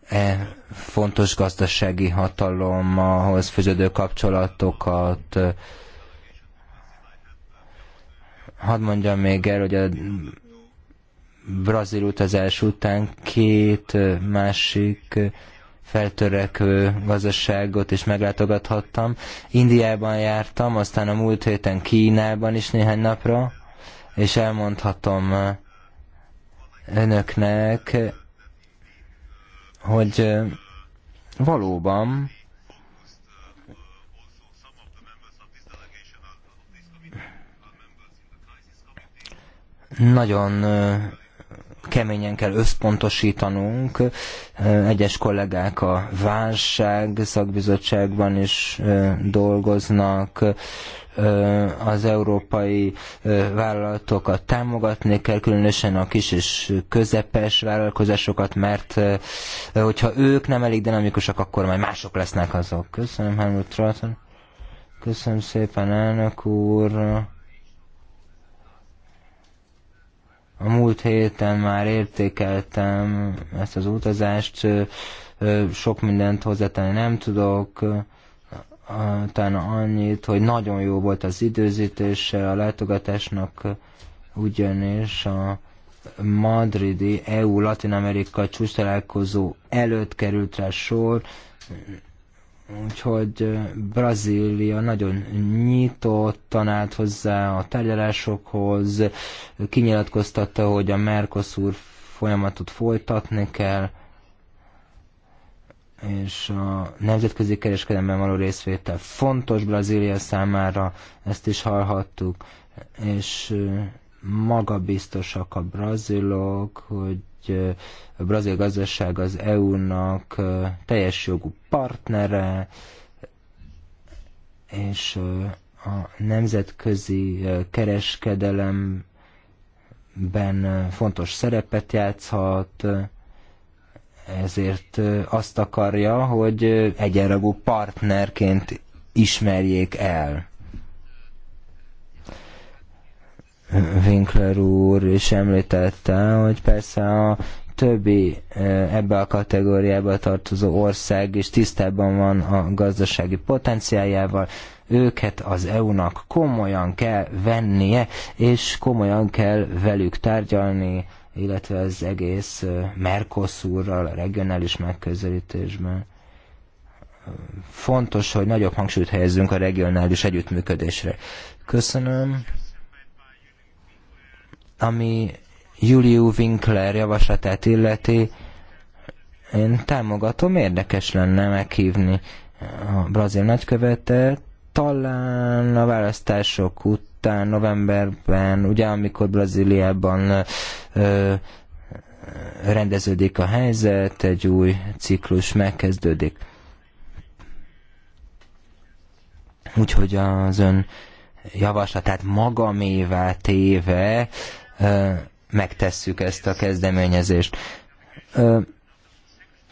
Speaker 1: e fontos gazdasági hatalomhoz fűződő kapcsolatokat, hadd mondjam még el, hogy a brazil utazás után két másik feltörekvő gazdaságot is meglátogathattam. Indiában jártam, aztán a múlt héten Kínában is néhány napra, és elmondhatom önöknek, hogy valóban Nagyon keményen kell összpontosítanunk. Egyes kollégák a válság szakbizottságban is dolgoznak, az európai vállalatokat támogatni kell, különösen a kis és közepes vállalkozásokat, mert hogyha ők nem elég dinamikusak, akkor majd mások lesznek azok. Köszönöm, Helmut Köszönöm szépen, elnök úr A múlt héten már értékeltem ezt az utazást, sok mindent hozzátenni nem tudok, talán annyit, hogy nagyon jó volt az időzítése a látogatásnak, ugyanis a madridi EU-Latin Amerika csúcs találkozó előtt került rá sor, Úgyhogy Brazília nagyon nyitottan tanált hozzá a tárgyalásokhoz, kinyilatkoztatta, hogy a Mercosur folyamatot folytatni kell, és a nemzetközi kereskedelemben való részvétel fontos Brazília számára, ezt is hallhattuk, és magabiztosak a brazilok, hogy a brazil gazdaság az EU-nak teljes jogú partnere, és a nemzetközi kereskedelemben fontos szerepet játszhat, ezért azt akarja, hogy egyenragú partnerként ismerjék el. Winkler úr is említette, hogy persze a többi e, ebbe a kategóriába tartozó ország is tisztában van a gazdasági potenciáljával, őket az EU-nak komolyan kell vennie, és komolyan kell velük tárgyalni, illetve az egész e, Mercosurral, a regionális megközelítésben. Fontos, hogy nagyobb hangsúlyt helyezzünk a regionális együttműködésre. Köszönöm. Ami Juliu Winkler javaslatát illeti, én támogatom, érdekes lenne meghívni a brazil nagykövetet, talán a választások után, novemberben, ugye amikor Brazíliában ö, rendeződik a helyzet, egy új ciklus megkezdődik. Úgyhogy az ön javaslatát magamévá téve ö, megtesszük ezt a kezdeményezést.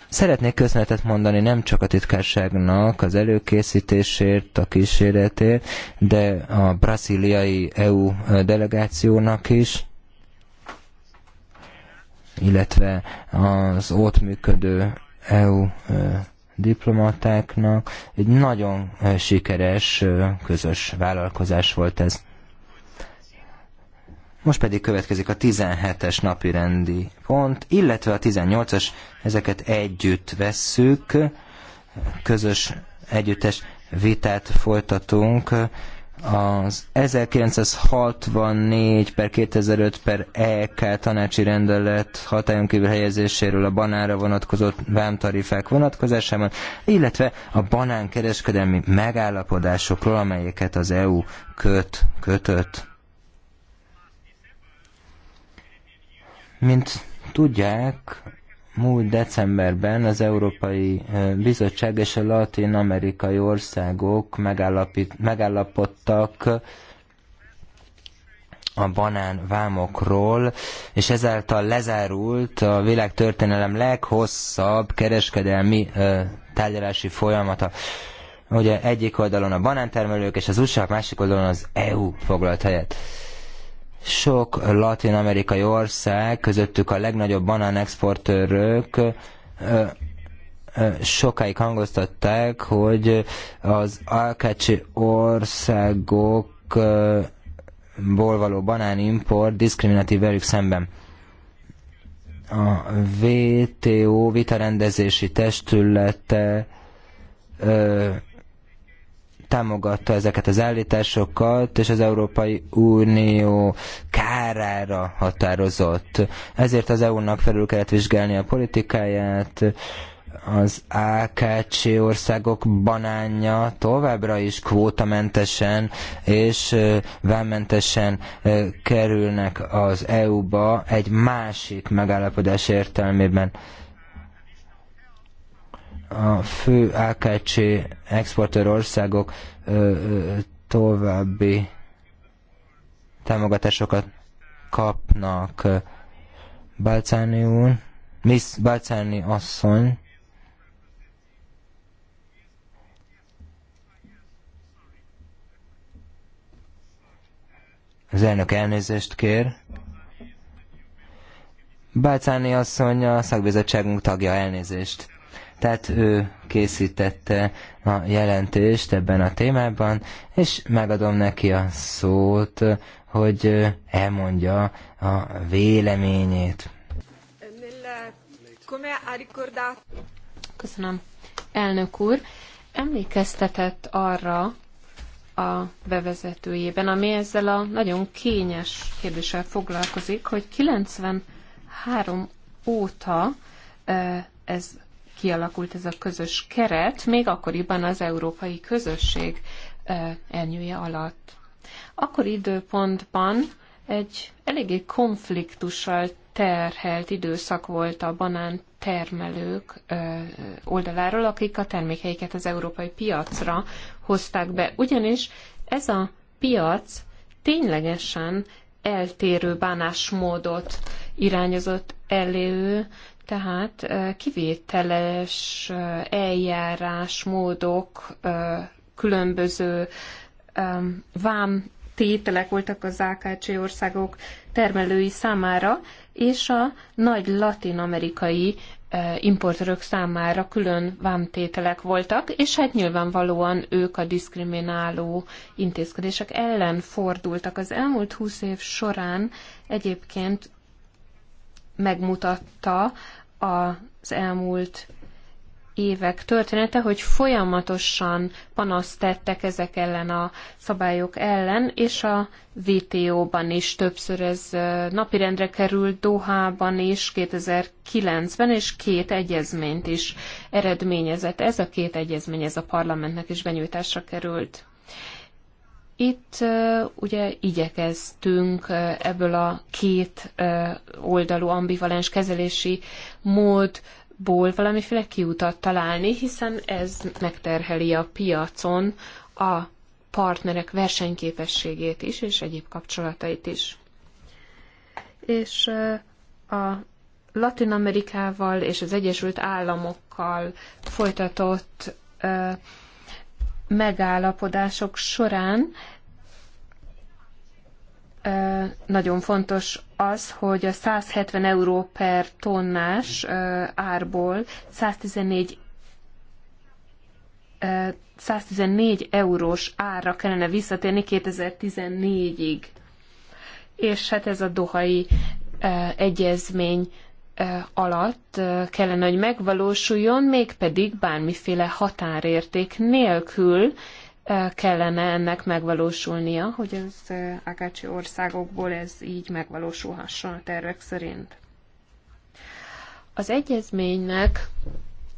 Speaker 1: Szeretnék köszönetet mondani nem csak a titkárságnak az előkészítésért, a kísérletért, de a braziliai EU delegációnak is, illetve az ott működő EU diplomatáknak. Egy nagyon sikeres közös vállalkozás volt ez. Most pedig következik a 17-es napi rendi pont, illetve a 18-as, ezeket együtt vesszük, közös együttes vitát folytatunk az 1964 per 2005 per EK tanácsi rendelet hatályon kívül helyezéséről a banára vonatkozó vámtarifák vonatkozásában, illetve a banán kereskedelmi megállapodásokról, amelyeket az EU köt, kötött. Mint tudják, múlt decemberben az Európai Bizottság és a latin-amerikai országok megállapodtak a banánvámokról, és ezáltal lezárult a világtörténelem leghosszabb kereskedelmi tárgyalási folyamata. Ugye egyik oldalon a banántermelők, és az USA, másik oldalon az EU foglalt helyet. Sok latin-amerikai ország, közöttük a legnagyobb banánexportőrök sokáig hangoztatták, hogy az alkácsi országokból való banánimport diszkriminatív velük szemben a VTO vitarendezési testülete ö, támogatta ezeket az állításokat, és az Európai Unió kárára határozott. Ezért az EU-nak felül kellett vizsgálni a politikáját, az AKC országok banánja továbbra is kvótamentesen és vámmentesen kerülnek az EU-ba egy másik megállapodás értelmében a fő AKC exportőr országok további támogatásokat kapnak Balcáni úr, Miss Balcáni asszony, Az elnök elnézést kér. Bácáni asszony a szakbizottságunk tagja elnézést. Tehát ő készítette a jelentést ebben a témában, és megadom neki a szót, hogy elmondja a véleményét.
Speaker 2: Köszönöm. Elnök úr, emlékeztetett arra a bevezetőjében, ami ezzel a nagyon kényes kérdéssel foglalkozik, hogy 93 óta eh, ez kialakult ez a közös keret, még akkoriban az európai közösség elnyője alatt. Akkor időpontban egy eléggé konfliktussal terhelt időszak volt a banán termelők oldaláról, akik a termékeiket az európai piacra hozták be. Ugyanis ez a piac ténylegesen eltérő bánásmódot irányozott elő tehát kivételes módok, különböző vám tételek voltak az AKC országok termelői számára, és a nagy latin-amerikai importőrök számára külön vámtételek voltak, és hát nyilvánvalóan ők a diszkrimináló intézkedések ellen fordultak. Az elmúlt húsz év során egyébként megmutatta az elmúlt évek története, hogy folyamatosan panaszt tettek ezek ellen a szabályok ellen, és a VTO-ban is többször ez napirendre került, Dohában is 2009-ben, és két egyezményt is eredményezett. Ez a két egyezmény, ez a parlamentnek is benyújtásra került. Itt ugye igyekeztünk ebből a két oldalú ambivalens kezelési ból valamiféle kiutat találni, hiszen ez megterheli a piacon a partnerek versenyképességét is, és egyéb kapcsolatait is. És a Latin Amerikával és az Egyesült Államokkal folytatott megállapodások során nagyon fontos az, hogy a 170 euró per tonnás árból 114 114 eurós árra kellene visszatérni 2014-ig. És hát ez a dohai egyezmény alatt kellene, hogy megvalósuljon, mégpedig bármiféle határérték nélkül, kellene ennek megvalósulnia, hogy az Akácsi országokból ez így megvalósulhasson a tervek szerint. Az egyezménynek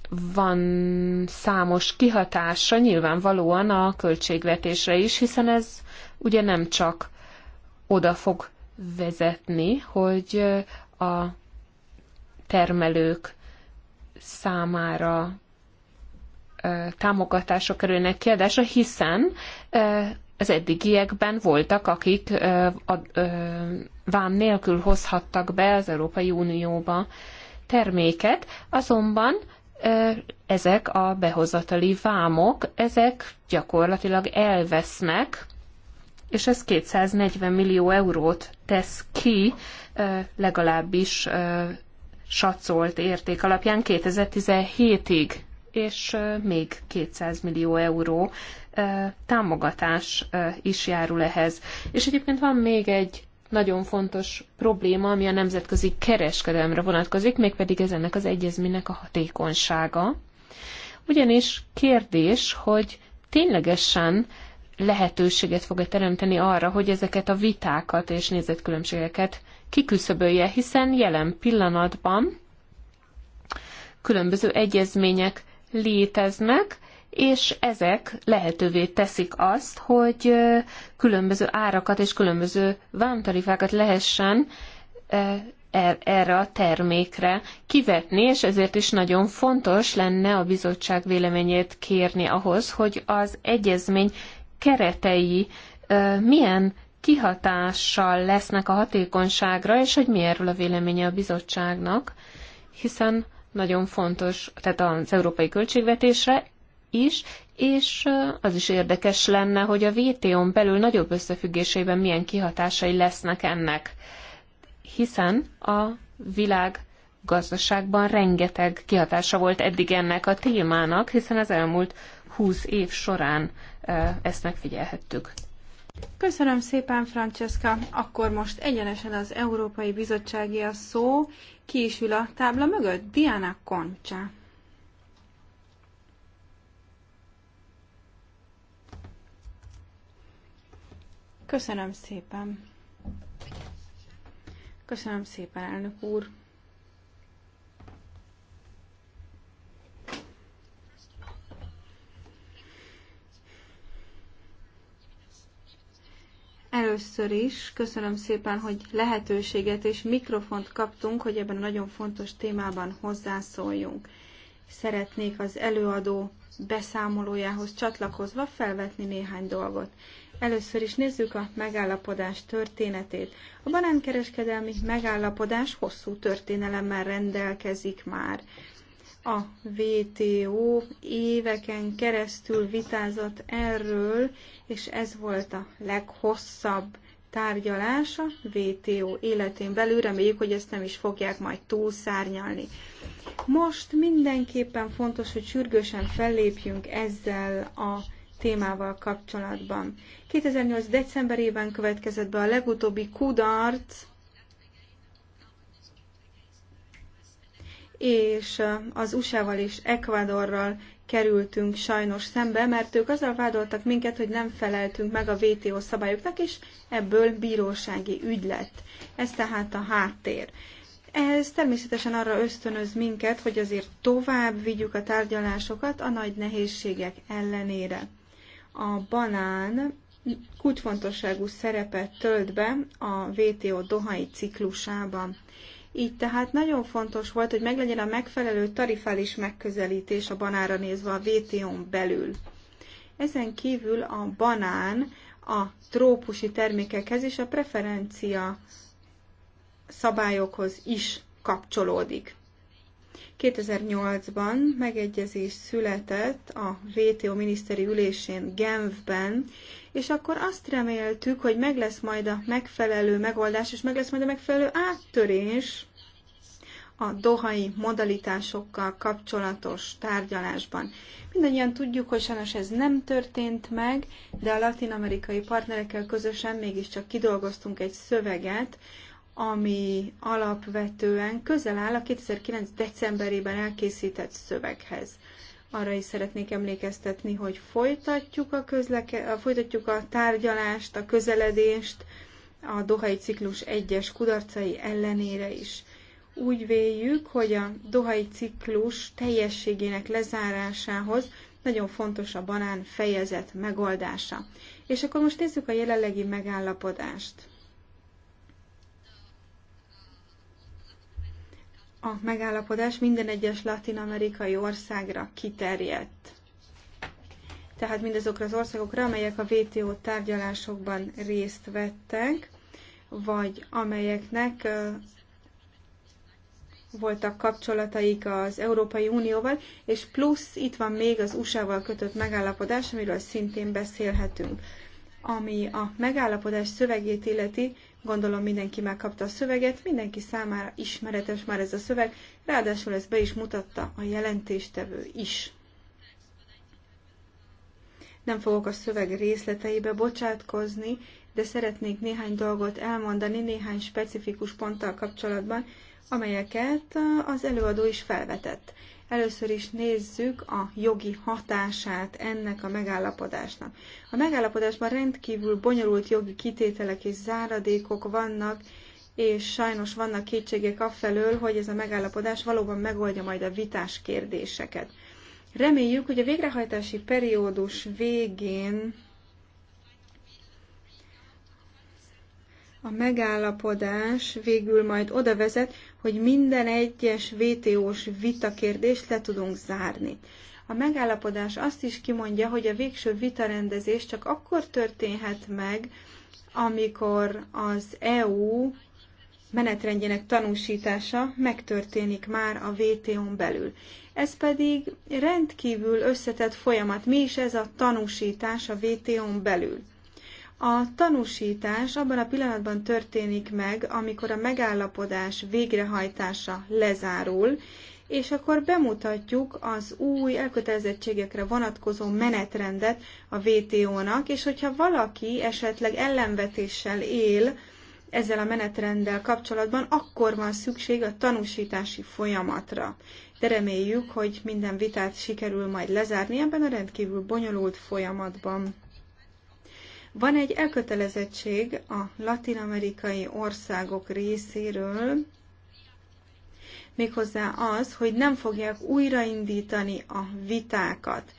Speaker 2: van számos kihatása nyilvánvalóan a költségvetésre is, hiszen ez ugye nem csak oda fog vezetni, hogy a termelők számára támogatások kerülnek kiadásra, hiszen az eddigiekben voltak, akik a vám nélkül hozhattak be az Európai Unióba terméket, azonban ezek a behozatali vámok, ezek gyakorlatilag elvesznek, és ez 240 millió eurót tesz ki, legalábbis satszolt érték alapján 2017-ig és még 200 millió euró támogatás is járul ehhez. És egyébként van még egy nagyon fontos probléma, ami a nemzetközi kereskedelemre vonatkozik, mégpedig ez ennek az egyezménynek a hatékonysága. Ugyanis kérdés, hogy ténylegesen lehetőséget fog-e teremteni arra, hogy ezeket a vitákat és nézetkülönbségeket kiküszöbölje, hiszen jelen pillanatban különböző egyezmények léteznek, és ezek lehetővé teszik azt, hogy különböző árakat és különböző vámtarifákat lehessen er-, erre a termékre kivetni, és ezért is nagyon fontos lenne a bizottság véleményét kérni ahhoz, hogy az egyezmény keretei milyen kihatással lesznek a hatékonyságra, és hogy mi erről a véleménye a bizottságnak, hiszen nagyon fontos, tehát az európai költségvetésre is, és az is érdekes lenne, hogy a VTO-n belül nagyobb összefüggésében milyen kihatásai lesznek ennek, hiszen a világ gazdaságban rengeteg kihatása volt eddig ennek a témának, hiszen az elmúlt 20 év során ezt megfigyelhettük.
Speaker 3: Köszönöm szépen, Francesca. Akkor most egyenesen az Európai Bizottsági a szó, ki is ül a tábla mögött? Diana Concha. Köszönöm szépen. Köszönöm szépen, elnök úr. Először is köszönöm szépen, hogy lehetőséget és mikrofont kaptunk, hogy ebben a nagyon fontos témában hozzászóljunk. Szeretnék az előadó beszámolójához csatlakozva felvetni néhány dolgot. Először is nézzük a megállapodás történetét. A banánkereskedelmi megállapodás hosszú történelemmel rendelkezik már. A VTO éveken keresztül vitázott erről, és ez volt a leghosszabb tárgyalása VTO életén belül. Reméljük, hogy ezt nem is fogják majd túlszárnyalni. Most mindenképpen fontos, hogy sürgősen fellépjünk ezzel a témával kapcsolatban. 2008. decemberében következett be a legutóbbi kudarc, és az USA-val és Ecuadorral kerültünk sajnos szembe, mert ők azzal vádoltak minket, hogy nem feleltünk meg a WTO szabályoknak, és ebből bírósági ügy lett. Ez tehát a háttér. Ez természetesen arra ösztönöz minket, hogy azért tovább vigyük a tárgyalásokat a nagy nehézségek ellenére. A banán kulcsfontosságú szerepet tölt be a WTO dohai ciklusában. Így tehát nagyon fontos volt, hogy meglegyen a megfelelő tarifális megközelítés a banára nézve a WTO-n belül. Ezen kívül a banán a trópusi termékekhez és a preferencia szabályokhoz is kapcsolódik. 2008-ban megegyezés született a WTO miniszteri ülésén Genfben, és akkor azt reméltük, hogy meg lesz majd a megfelelő megoldás, és meg lesz majd a megfelelő áttörés a dohai modalitásokkal kapcsolatos tárgyalásban. Mindannyian tudjuk, hogy sajnos ez nem történt meg, de a latin-amerikai partnerekkel közösen mégiscsak kidolgoztunk egy szöveget, ami alapvetően közel áll a 2009. decemberében elkészített szöveghez. Arra is szeretnék emlékeztetni, hogy folytatjuk a, közleke, folytatjuk a tárgyalást, a közeledést a Dohai ciklus egyes kudarcai ellenére is. Úgy véljük, hogy a Dohai ciklus teljességének lezárásához nagyon fontos a banán fejezet megoldása. És akkor most nézzük a jelenlegi megállapodást. a megállapodás minden egyes latin-amerikai országra kiterjedt. Tehát mindazokra az országokra, amelyek a WTO tárgyalásokban részt vettek, vagy amelyeknek voltak kapcsolataik az Európai Unióval, és plusz itt van még az USA-val kötött megállapodás, amiről szintén beszélhetünk. Ami a megállapodás szövegét illeti, Gondolom mindenki megkapta a szöveget, mindenki számára ismeretes már ez a szöveg, ráadásul ezt be is mutatta a jelentéstevő is. Nem fogok a szöveg részleteibe bocsátkozni, de szeretnék néhány dolgot elmondani, néhány specifikus ponttal kapcsolatban, amelyeket az előadó is felvetett. Először is nézzük a jogi hatását ennek a megállapodásnak. A megállapodásban rendkívül bonyolult jogi kitételek és záradékok vannak, és sajnos vannak kétségek afelől, hogy ez a megállapodás valóban megoldja majd a vitás kérdéseket. Reméljük, hogy a végrehajtási periódus végén a megállapodás végül majd oda vezet, hogy minden egyes VTO-s vitakérdést le tudunk zárni. A megállapodás azt is kimondja, hogy a végső vitarendezés csak akkor történhet meg, amikor az EU menetrendjének tanúsítása megtörténik már a VTO-n belül. Ez pedig rendkívül összetett folyamat. Mi is ez a tanúsítás a VTO-n belül? A tanúsítás abban a pillanatban történik meg, amikor a megállapodás végrehajtása lezárul, és akkor bemutatjuk az új elkötelezettségekre vonatkozó menetrendet a VTO-nak, és hogyha valaki esetleg ellenvetéssel él ezzel a menetrenddel kapcsolatban, akkor van szükség a tanúsítási folyamatra. De reméljük, hogy minden vitát sikerül majd lezárni ebben a rendkívül bonyolult folyamatban. Van egy elkötelezettség a latinamerikai országok részéről, méghozzá az, hogy nem fogják újraindítani a vitákat.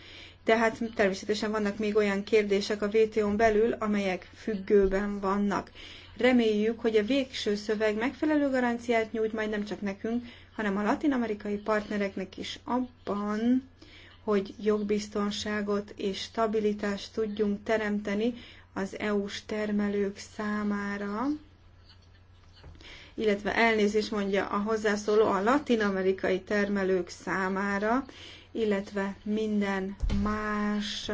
Speaker 3: Tehát természetesen vannak még olyan kérdések a WTO-n belül, amelyek függőben vannak. Reméljük, hogy a végső szöveg megfelelő garanciát nyújt majd nem csak nekünk, hanem a latin-amerikai partnereknek is abban, hogy jogbiztonságot és stabilitást tudjunk teremteni az EU-s termelők számára, illetve elnézést mondja a hozzászóló a latinamerikai termelők számára, illetve minden más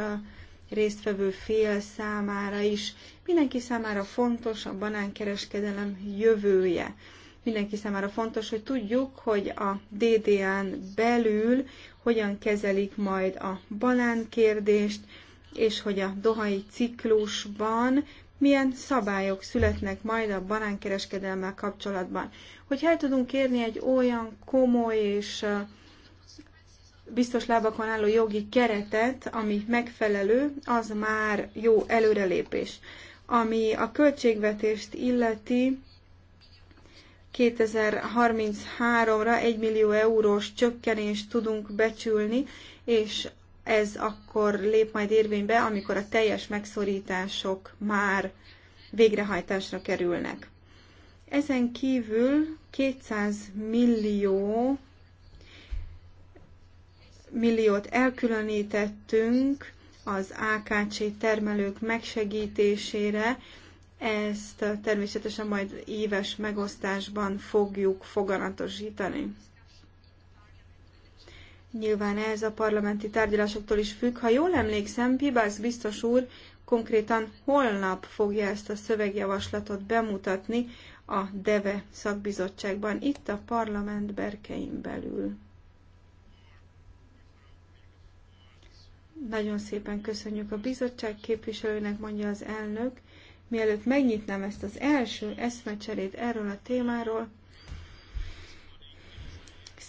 Speaker 3: résztvevő fél számára is. Mindenki számára fontos a banánkereskedelem jövője. Mindenki számára fontos, hogy tudjuk, hogy a DDN n belül hogyan kezelik majd a banánkérdést, kérdést, és hogy a dohai ciklusban milyen szabályok születnek majd a banánkereskedelmel kapcsolatban. Hogy el tudunk kérni egy olyan komoly és biztos lábakon álló jogi keretet, ami megfelelő, az már jó előrelépés. Ami a költségvetést illeti, 2033-ra 1 millió eurós csökkenést tudunk becsülni, és ez akkor lép majd érvénybe, amikor a teljes megszorítások már végrehajtásra kerülnek. Ezen kívül 200 millió milliót elkülönítettünk az AKC termelők megsegítésére, ezt természetesen majd éves megosztásban fogjuk foganatosítani. Nyilván ez a parlamenti tárgyalásoktól is függ. Ha jól emlékszem, Pibász biztos úr konkrétan holnap fogja ezt a szövegjavaslatot bemutatni a DEVE szakbizottságban, itt a parlament berkein belül. Nagyon szépen köszönjük a bizottság képviselőnek, mondja az elnök. Mielőtt megnyitnám ezt az első eszmecserét erről a témáról,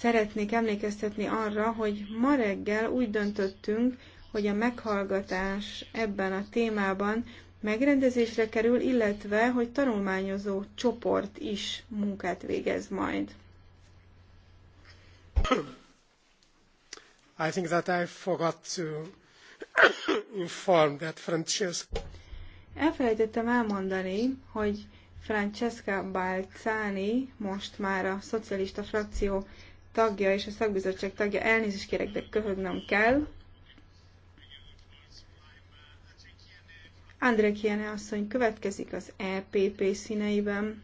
Speaker 3: Szeretnék emlékeztetni arra, hogy ma reggel úgy döntöttünk, hogy a meghallgatás ebben a témában megrendezésre kerül, illetve hogy tanulmányozó csoport is munkát végez majd. I think that I forgot to inform that Francesca. Elfelejtettem elmondani, hogy Francesca Balzani most már a szocialista frakció tagja és a szakbizottság tagja. Elnézést kérek, de köhögnöm kell. André Kiene asszony következik az EPP színeiben.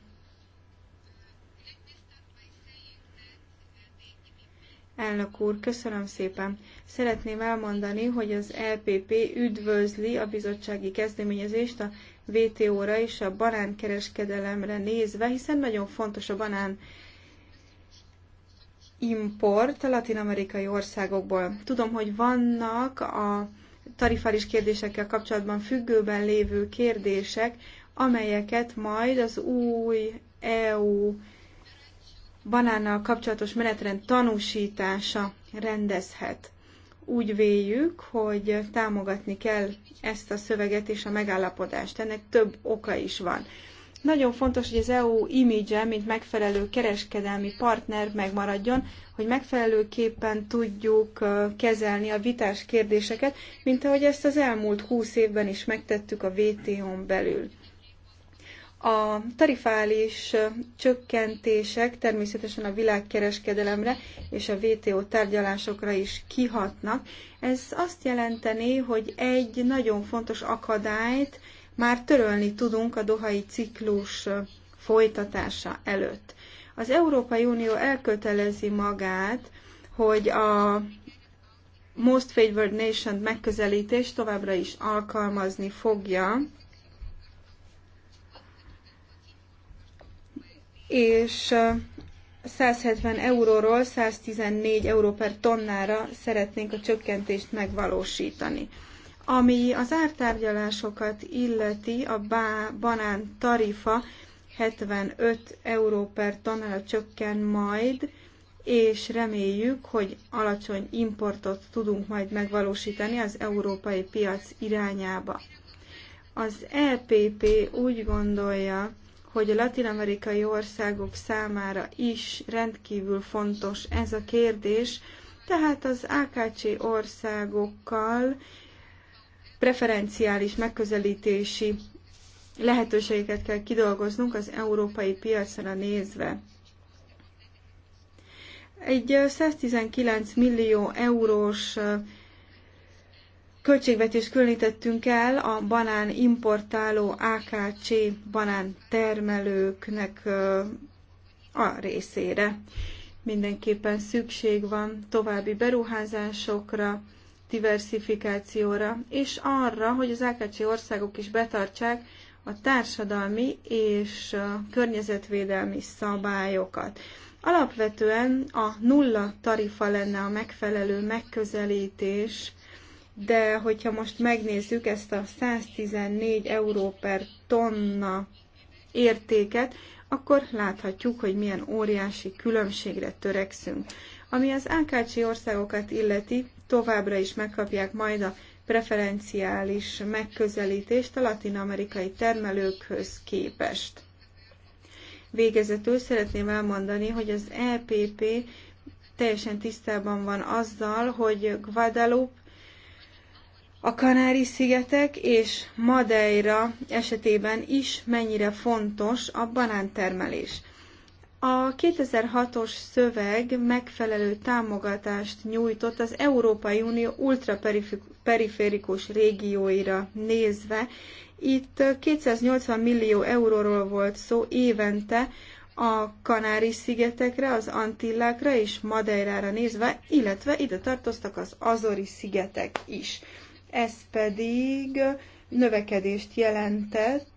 Speaker 3: Elnök úr, köszönöm szépen. Szeretném elmondani, hogy az LPP e üdvözli a bizottsági kezdeményezést a WTO-ra és a banánkereskedelemre nézve, hiszen nagyon fontos a banán import a latin-amerikai országokból. Tudom, hogy vannak a tarifális kérdésekkel kapcsolatban függőben lévő kérdések, amelyeket majd az új EU banánnal kapcsolatos menetrend tanúsítása rendezhet. Úgy véljük, hogy támogatni kell ezt a szöveget és a megállapodást. Ennek több oka is van. Nagyon fontos, hogy az EU imidzse, mint megfelelő kereskedelmi partner megmaradjon, hogy megfelelőképpen tudjuk kezelni a vitás kérdéseket, mint ahogy ezt az elmúlt húsz évben is megtettük a WTO-n belül. A tarifális csökkentések természetesen a világkereskedelemre és a WTO tárgyalásokra is kihatnak. Ez azt jelenteni, hogy egy nagyon fontos akadályt már törölni tudunk a dohai ciklus folytatása előtt. Az Európai Unió elkötelezi magát, hogy a Most Favored Nation megközelítést továbbra is alkalmazni fogja, és 170 euróról 114 euró per tonnára szeretnénk a csökkentést megvalósítani. Ami az ártárgyalásokat illeti, a bá, banán tarifa 75 euró per tonnára csökken majd, és reméljük, hogy alacsony importot tudunk majd megvalósítani az európai piac irányába. Az EPP úgy gondolja, hogy a latin-amerikai országok számára is rendkívül fontos ez a kérdés, tehát az AKC országokkal preferenciális megközelítési lehetőségeket kell kidolgoznunk az európai piacra nézve. Egy 119 millió eurós költségvetést különítettünk el a banán importáló AKC banán termelőknek a részére. Mindenképpen szükség van további beruházásokra, diversifikációra, és arra, hogy az AKC országok is betartsák a társadalmi és környezetvédelmi szabályokat. Alapvetően a nulla tarifa lenne a megfelelő megközelítés, de hogyha most megnézzük ezt a 114 euró per tonna értéket, akkor láthatjuk, hogy milyen óriási különbségre törekszünk. Ami az AKC országokat illeti, továbbra is megkapják majd a preferenciális megközelítést a latin-amerikai termelőkhöz képest. Végezetül szeretném elmondani, hogy az EPP teljesen tisztában van azzal, hogy Guadalupe, a Kanári-szigetek és Madeira esetében is mennyire fontos a banántermelés. A 2006-os szöveg megfelelő támogatást nyújtott az Európai Unió ultraperiférikus régióira nézve. Itt 280 millió euróról volt szó évente a Kanári-szigetekre, az Antillákra és Madeirára nézve, illetve ide tartoztak az Azori-szigetek is. Ez pedig növekedést jelentett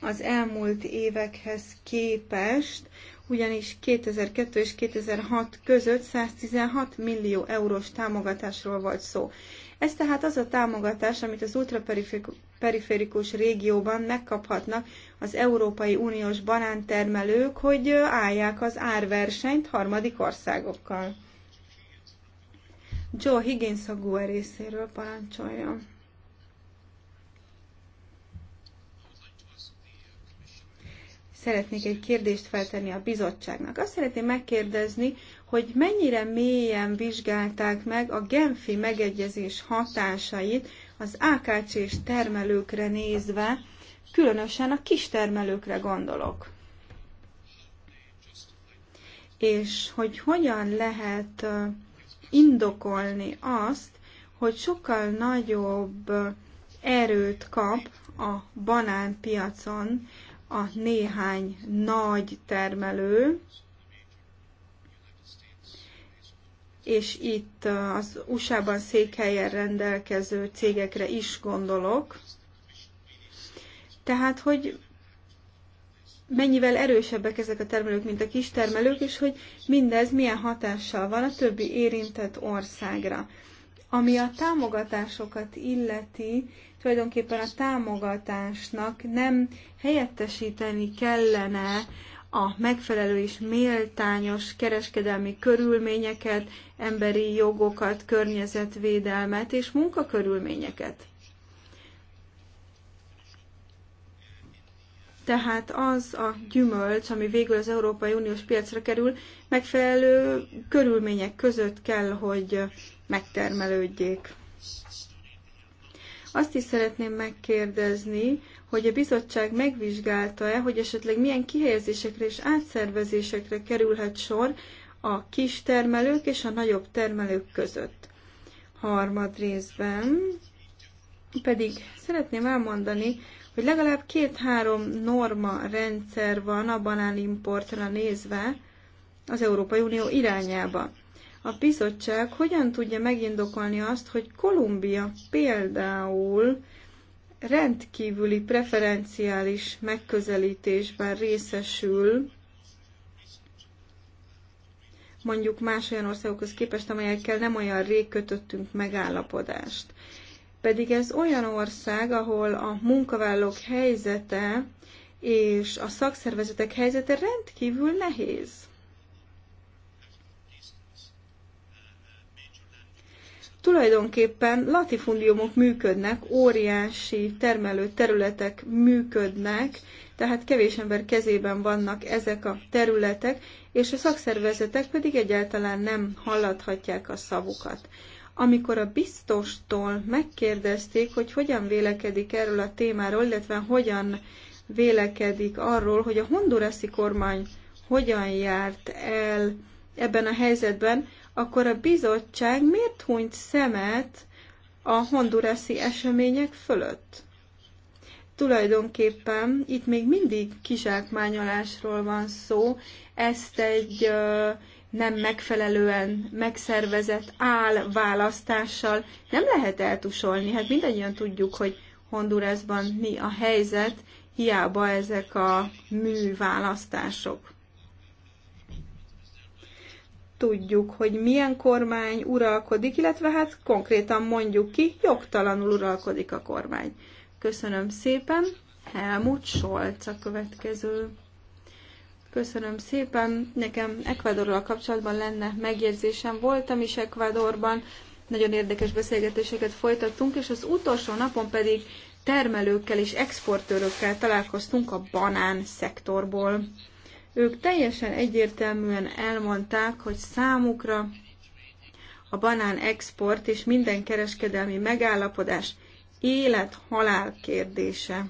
Speaker 3: az elmúlt évekhez képest, ugyanis 2002 és 2006 között 116 millió eurós támogatásról volt szó. Ez tehát az a támogatás, amit az ultraperiférikus régióban megkaphatnak az Európai Uniós banántermelők, hogy állják az árversenyt harmadik országokkal. Joe Higgins a GUE részéről parancsoljon. szeretnék egy kérdést feltenni a bizottságnak. Azt szeretném megkérdezni, hogy mennyire mélyen vizsgálták meg a Genfi megegyezés hatásait az akc és termelőkre nézve, különösen a kistermelőkre gondolok. És hogy hogyan lehet indokolni azt, hogy sokkal nagyobb erőt kap a banánpiacon a néhány nagy termelő, és itt az USA-ban székhelyen rendelkező cégekre is gondolok. Tehát, hogy mennyivel erősebbek ezek a termelők, mint a kis termelők és hogy mindez milyen hatással van a többi érintett országra. Ami a támogatásokat illeti, tulajdonképpen a támogatásnak nem helyettesíteni kellene a megfelelő és méltányos kereskedelmi körülményeket, emberi jogokat, környezetvédelmet és munkakörülményeket. Tehát az a gyümölcs, ami végül az Európai Uniós piacra kerül, megfelelő körülmények között kell, hogy megtermelődjék. Azt is szeretném megkérdezni, hogy a bizottság megvizsgálta-e, hogy esetleg milyen kihelyezésekre és átszervezésekre kerülhet sor a kis termelők és a nagyobb termelők között. Harmad részben pedig szeretném elmondani, hogy legalább két-három norma rendszer van a banánimportra nézve az Európai Unió irányába a bizottság hogyan tudja megindokolni azt, hogy Kolumbia például rendkívüli preferenciális megközelítésben részesül, mondjuk más olyan országokhoz képest, amelyekkel nem olyan rég kötöttünk megállapodást. Pedig ez olyan ország, ahol a munkavállalók helyzete és a szakszervezetek helyzete rendkívül nehéz. Tulajdonképpen latifundiumok működnek, óriási termelő területek működnek, tehát kevés ember kezében vannak ezek a területek, és a szakszervezetek pedig egyáltalán nem hallathatják a szavukat. Amikor a biztostól megkérdezték, hogy hogyan vélekedik erről a témáról, illetve hogyan vélekedik arról, hogy a honduraszi kormány hogyan járt el ebben a helyzetben, akkor a bizottság miért hunyt szemet a hondurászi események fölött? Tulajdonképpen itt még mindig kizsákmányolásról van szó, ezt egy nem megfelelően megszervezett állválasztással nem lehet eltusolni. Hát mindannyian tudjuk, hogy Hondurasban mi a helyzet, hiába ezek a műválasztások tudjuk, hogy milyen kormány uralkodik, illetve hát konkrétan mondjuk ki, jogtalanul uralkodik a kormány. Köszönöm szépen. Helmut Scholz a következő. Köszönöm szépen. Nekem Ecuadorral kapcsolatban lenne megjegyzésem. Voltam is Ekvadorban, nagyon érdekes beszélgetéseket folytattunk, és az utolsó napon pedig termelőkkel és exportőrökkel találkoztunk a banán szektorból. Ők teljesen egyértelműen elmondták, hogy számukra a banán export és minden kereskedelmi megállapodás élet-halál kérdése.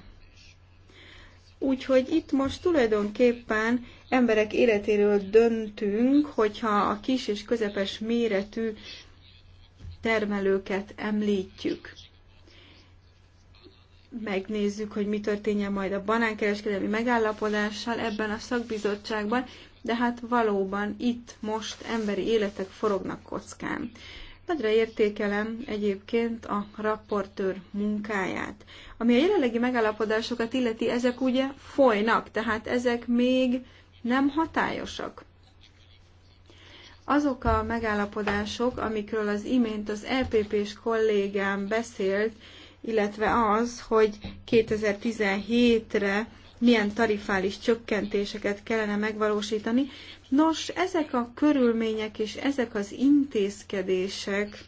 Speaker 3: Úgyhogy itt most tulajdonképpen emberek életéről döntünk, hogyha a kis és közepes méretű termelőket említjük megnézzük, hogy mi történjen majd a banánkereskedelmi megállapodással ebben a szakbizottságban, de hát valóban itt most emberi életek forognak kockán. Nagyra értékelem egyébként a rapportőr munkáját. Ami a jelenlegi megállapodásokat illeti, ezek ugye folynak, tehát ezek még nem hatályosak. Azok a megállapodások, amikről az imént az EPP-s kollégám beszélt, illetve az, hogy 2017-re milyen tarifális csökkentéseket kellene megvalósítani. Nos, ezek a körülmények és ezek az intézkedések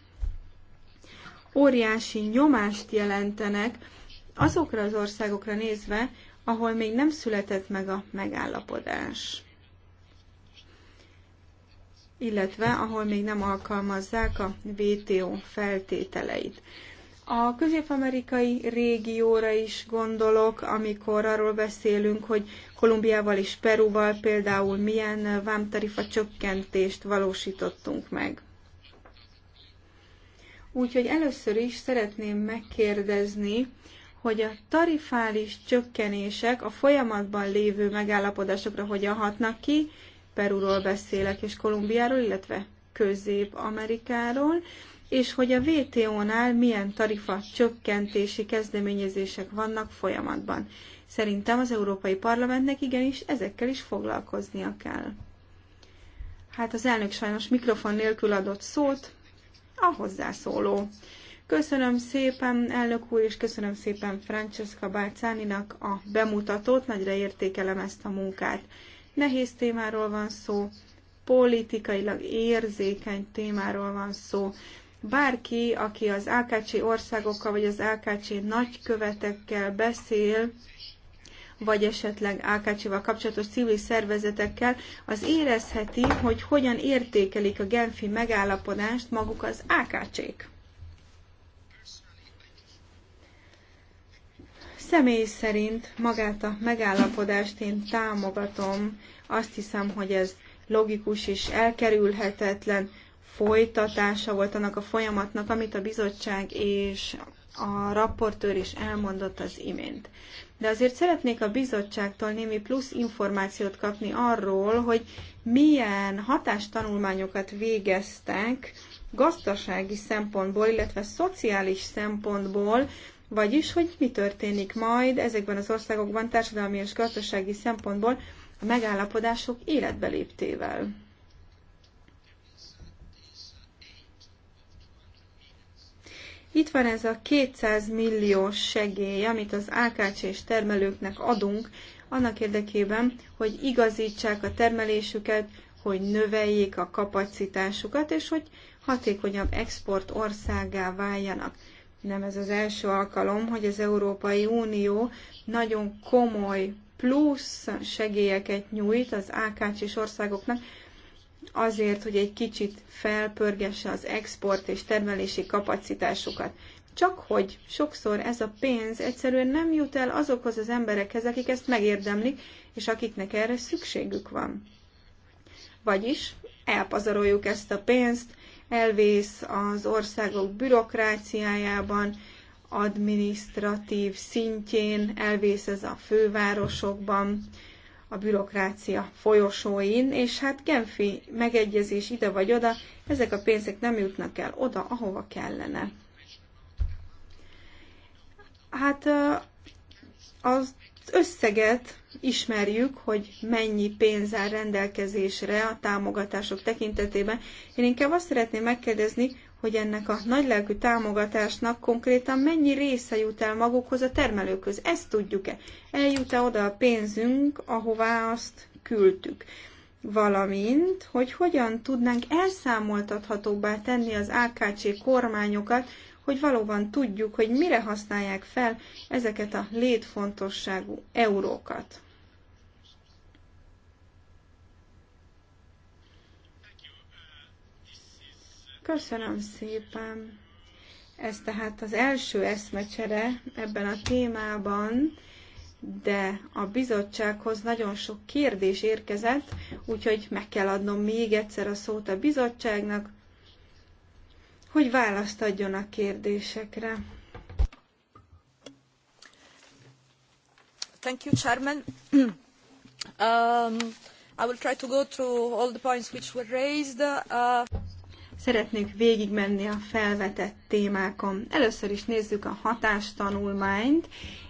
Speaker 3: óriási nyomást jelentenek azokra az országokra nézve, ahol még nem született meg a megállapodás, illetve ahol még nem alkalmazzák a WTO feltételeit. A közép-amerikai régióra is gondolok, amikor arról beszélünk, hogy Kolumbiával és Peruval például milyen vámtarifa csökkentést valósítottunk meg. Úgyhogy először is szeretném megkérdezni, hogy a tarifális csökkenések a folyamatban lévő megállapodásokra hogyan hatnak ki, Perúról beszélek és Kolumbiáról, illetve Közép-Amerikáról, és hogy a WTO-nál milyen tarifa csökkentési kezdeményezések vannak folyamatban. Szerintem az Európai Parlamentnek igenis ezekkel is foglalkoznia kell. Hát az elnök sajnos mikrofon nélkül adott szót a hozzászóló. Köszönöm szépen, elnök úr, és köszönöm szépen Francesca Bárcáninak a bemutatót, nagyra értékelem ezt a munkát. Nehéz témáról van szó, politikailag érzékeny témáról van szó. Bárki, aki az AKC országokkal vagy az AKC nagykövetekkel beszél, vagy esetleg AKC-val kapcsolatos civil szervezetekkel, az érezheti, hogy hogyan értékelik a Genfi megállapodást maguk az AKC-k. Személy szerint magát a megállapodást én támogatom. Azt hiszem, hogy ez logikus és elkerülhetetlen folytatása volt annak a folyamatnak, amit a bizottság és a raportőr is elmondott az imént. De azért szeretnék a bizottságtól némi plusz információt kapni arról, hogy milyen hatástanulmányokat végeztek gazdasági szempontból, illetve szociális szempontból, vagyis, hogy mi történik majd ezekben az országokban társadalmi és gazdasági szempontból a megállapodások életbeléptével. Itt van ez a 200 milliós segély, amit az akc és termelőknek adunk, annak érdekében, hogy igazítsák a termelésüket, hogy növeljék a kapacitásukat, és hogy hatékonyabb export országá váljanak. Nem ez az első alkalom, hogy az Európai Unió nagyon komoly plusz segélyeket nyújt az AKC-s országoknak, azért, hogy egy kicsit felpörgesse az export és termelési kapacitásukat. Csak hogy sokszor ez a pénz egyszerűen nem jut el azokhoz az emberekhez, akik ezt megérdemlik, és akiknek erre szükségük van. Vagyis elpazaroljuk ezt a pénzt, elvész az országok bürokráciájában, adminisztratív szintjén, elvész ez a fővárosokban, a bürokrácia folyosóin, és hát Genfi megegyezés ide vagy oda, ezek a pénzek nem jutnak el oda, ahova kellene. Hát az összeget ismerjük, hogy mennyi pénz áll rendelkezésre a támogatások tekintetében. Én inkább azt szeretném megkérdezni, hogy ennek a nagylelkű támogatásnak konkrétan mennyi része jut el magukhoz a termelőkhöz. Ezt tudjuk-e? Eljut-e oda a pénzünk, ahová azt küldtük? Valamint, hogy hogyan tudnánk elszámoltathatóbbá tenni az AKC kormányokat, hogy valóban tudjuk, hogy mire használják fel ezeket a létfontosságú eurókat. Köszönöm szépen! Ez tehát az első eszmecsere ebben a témában, de a bizottsághoz nagyon sok kérdés érkezett, úgyhogy meg kell adnom még egyszer a szót a bizottságnak, hogy választ adjon a kérdésekre. Thank you, Chairman. um, I will try to go through all the points which were raised. Uh... Szeretnék végigmenni a felvetett témákon. Először is nézzük a hatástanulmányt,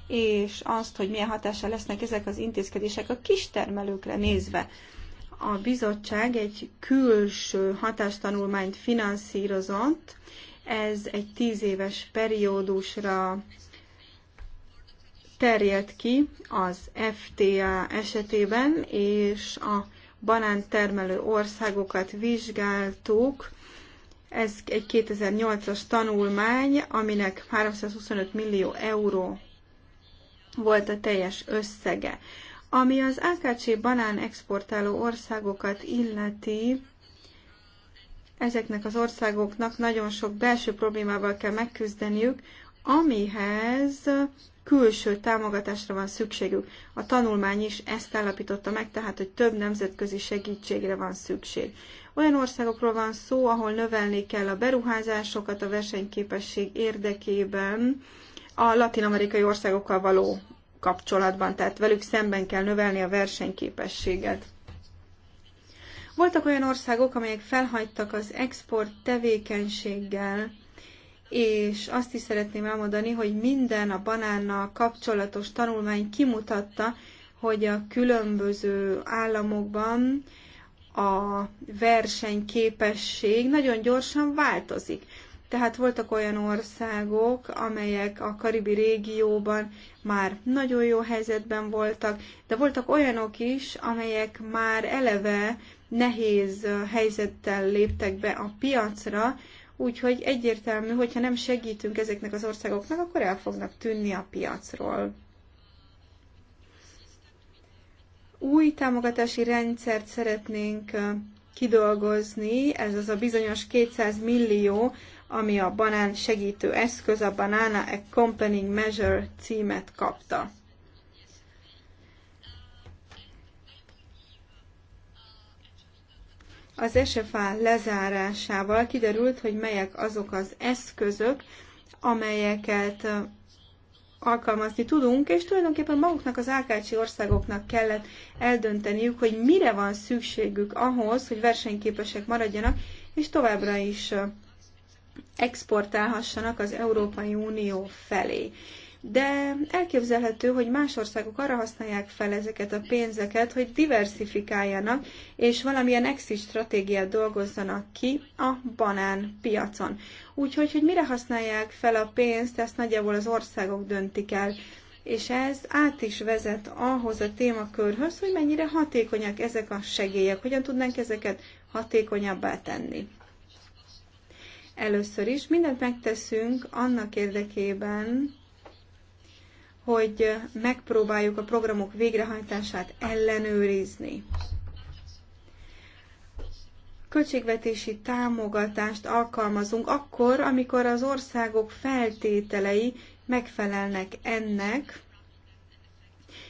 Speaker 3: és azt, hogy milyen hatása lesznek ezek az intézkedések a kistermelőkre nézve. A bizottság egy külső hatástanulmányt finanszírozott, ez egy tíz éves periódusra terjed ki az FTA esetében, és a banántermelő országokat vizsgáltuk, ez egy 2008-as tanulmány, aminek 325 millió euró volt a teljes összege. Ami az AKC banán exportáló országokat illeti, ezeknek az országoknak nagyon sok belső problémával kell megküzdeniük, amihez külső támogatásra van szükségük. A tanulmány is ezt állapította meg, tehát hogy több nemzetközi segítségre van szükség. Olyan országokról van szó, ahol növelni kell a beruházásokat a versenyképesség érdekében, a latin-amerikai országokkal való kapcsolatban, tehát velük szemben kell növelni a versenyképességet. Voltak olyan országok, amelyek felhagytak az export tevékenységgel, és azt is szeretném elmondani, hogy minden a banánnal kapcsolatos tanulmány kimutatta, hogy a különböző államokban a versenyképesség nagyon gyorsan változik. Tehát voltak olyan országok, amelyek a karibi régióban már nagyon jó helyzetben voltak, de voltak olyanok is, amelyek már eleve nehéz helyzettel léptek be a piacra, Úgyhogy egyértelmű, hogyha nem segítünk ezeknek az országoknak, akkor el fognak tűnni a piacról. Új támogatási rendszert szeretnénk kidolgozni, ez az a bizonyos 200 millió, ami a banán segítő eszköz, a Banana Accompanying Measure címet kapta. Az SFA lezárásával kiderült, hogy melyek azok az eszközök, amelyeket alkalmazni tudunk, és tulajdonképpen maguknak az Ákácsi országoknak kellett eldönteniük, hogy mire van szükségük ahhoz, hogy versenyképesek maradjanak, és továbbra is exportálhassanak az Európai Unió felé de elképzelhető, hogy más országok arra használják fel ezeket a pénzeket, hogy diversifikáljanak, és valamilyen exit stratégiát dolgozzanak ki a banán piacon. Úgyhogy, hogy mire használják fel a pénzt, ezt nagyjából az országok döntik el. És ez át is vezet ahhoz a témakörhöz, hogy mennyire hatékonyak ezek a segélyek, hogyan tudnánk ezeket hatékonyabbá tenni. Először is mindent megteszünk annak érdekében, hogy megpróbáljuk a programok végrehajtását ellenőrizni. Költségvetési támogatást alkalmazunk akkor, amikor az országok feltételei megfelelnek ennek.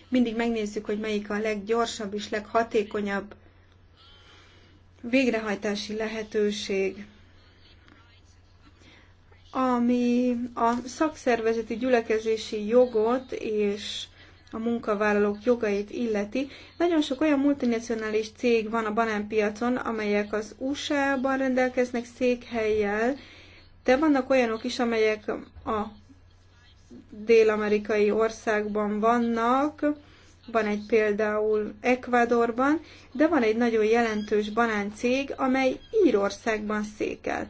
Speaker 3: Mindig megnézzük, hogy melyik a leggyorsabb és leghatékonyabb végrehajtási lehetőség ami a szakszervezeti gyülekezési jogot és a munkavállalók jogait illeti. Nagyon sok olyan multinacionális cég van a banánpiacon, amelyek az USA-ban rendelkeznek székhelyjel, de vannak olyanok is, amelyek a dél-amerikai országban vannak, van egy például Ecuadorban, de van egy nagyon jelentős banáncég, amely Írországban székel.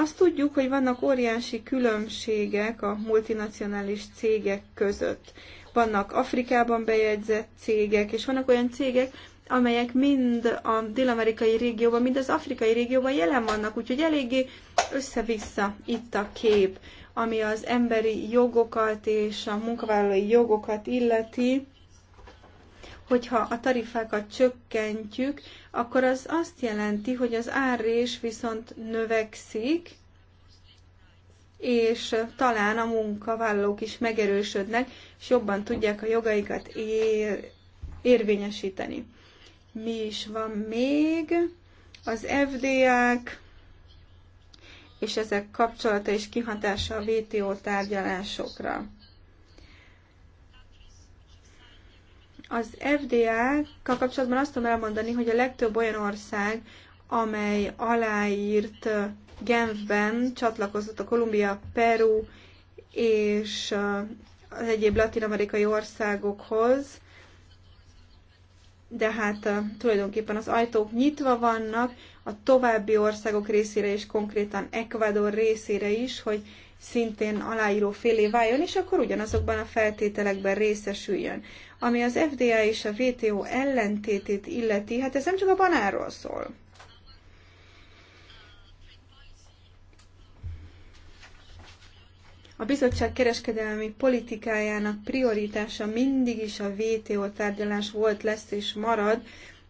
Speaker 3: Azt tudjuk, hogy vannak óriási különbségek a multinacionális cégek között. Vannak Afrikában bejegyzett cégek, és vannak olyan cégek, amelyek mind a dél-amerikai régióban, mind az afrikai régióban jelen vannak, úgyhogy eléggé össze-vissza itt a kép, ami az emberi jogokat és a munkavállalói jogokat illeti hogyha a tarifákat csökkentjük, akkor az azt jelenti, hogy az árrés viszont növekszik, és talán a munkavállalók is megerősödnek, és jobban tudják a jogaikat ér, érvényesíteni. Mi is van még? Az FDA-k, és ezek kapcsolata és kihatása a WTO tárgyalásokra. Az fda kal kapcsolatban azt tudom elmondani, hogy a legtöbb olyan ország, amely aláírt Genfben csatlakozott a Kolumbia, Peru és az egyéb latin-amerikai országokhoz, de hát tulajdonképpen az ajtók nyitva vannak a további országok részére és konkrétan Ecuador részére is, hogy szintén aláíró félé váljon, és akkor ugyanazokban a feltételekben részesüljön. Ami az FDA és a WTO ellentétét illeti, hát ez nem csak a banáról szól. A bizottság kereskedelmi politikájának prioritása mindig is a WTO tárgyalás volt, lesz és marad,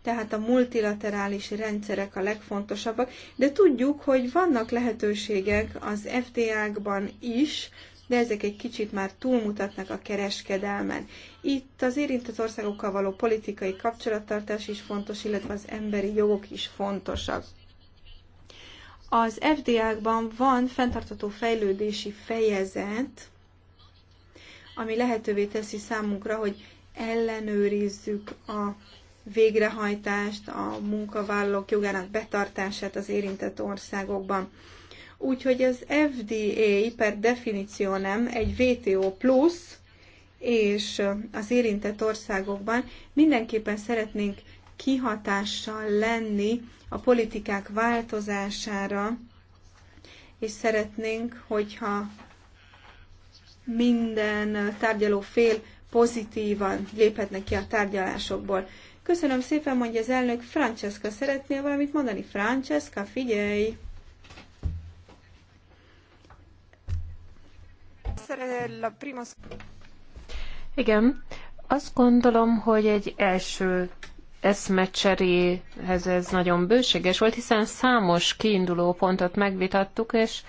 Speaker 3: tehát a multilaterális rendszerek a legfontosabbak, de tudjuk, hogy vannak lehetőségek az FTA-kban is, de ezek egy kicsit már túlmutatnak a kereskedelmen. Itt az érintett országokkal való politikai kapcsolattartás is fontos, illetve az emberi jogok is fontosak. Az FDA-kban van fenntartató fejlődési fejezet, ami lehetővé teszi számunkra, hogy ellenőrizzük a végrehajtást, a munkavállalók jogának betartását az érintett országokban. Úgyhogy az FDA per definíciónem egy VTO plusz, és az érintett országokban mindenképpen szeretnénk kihatással lenni a politikák változására, és szeretnénk, hogyha minden tárgyaló fél pozitívan léphetne ki a tárgyalásokból. Köszönöm szépen, mondja az elnök. Francesca, szeretnél valamit mondani? Francesca, figyelj!
Speaker 2: Igen, azt gondolom, hogy egy első eszmecseréhez ez nagyon bőséges volt, hiszen számos kiinduló pontot megvitattuk, és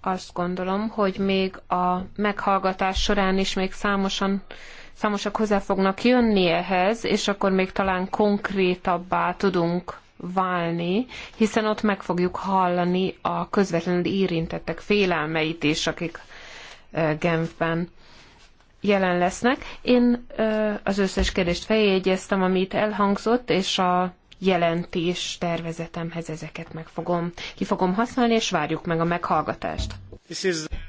Speaker 2: azt gondolom, hogy még a meghallgatás során is még számosan, számosak hozzá fognak jönni ehhez, és akkor még talán konkrétabbá tudunk válni, hiszen ott meg fogjuk hallani a közvetlenül érintettek félelmeit is, akik Genfben jelen lesznek. Én az összes kérdést feljegyeztem, amit elhangzott, és a jelentés tervezetemhez ezeket meg fogom, ki fogom használni, és várjuk meg a meghallgatást.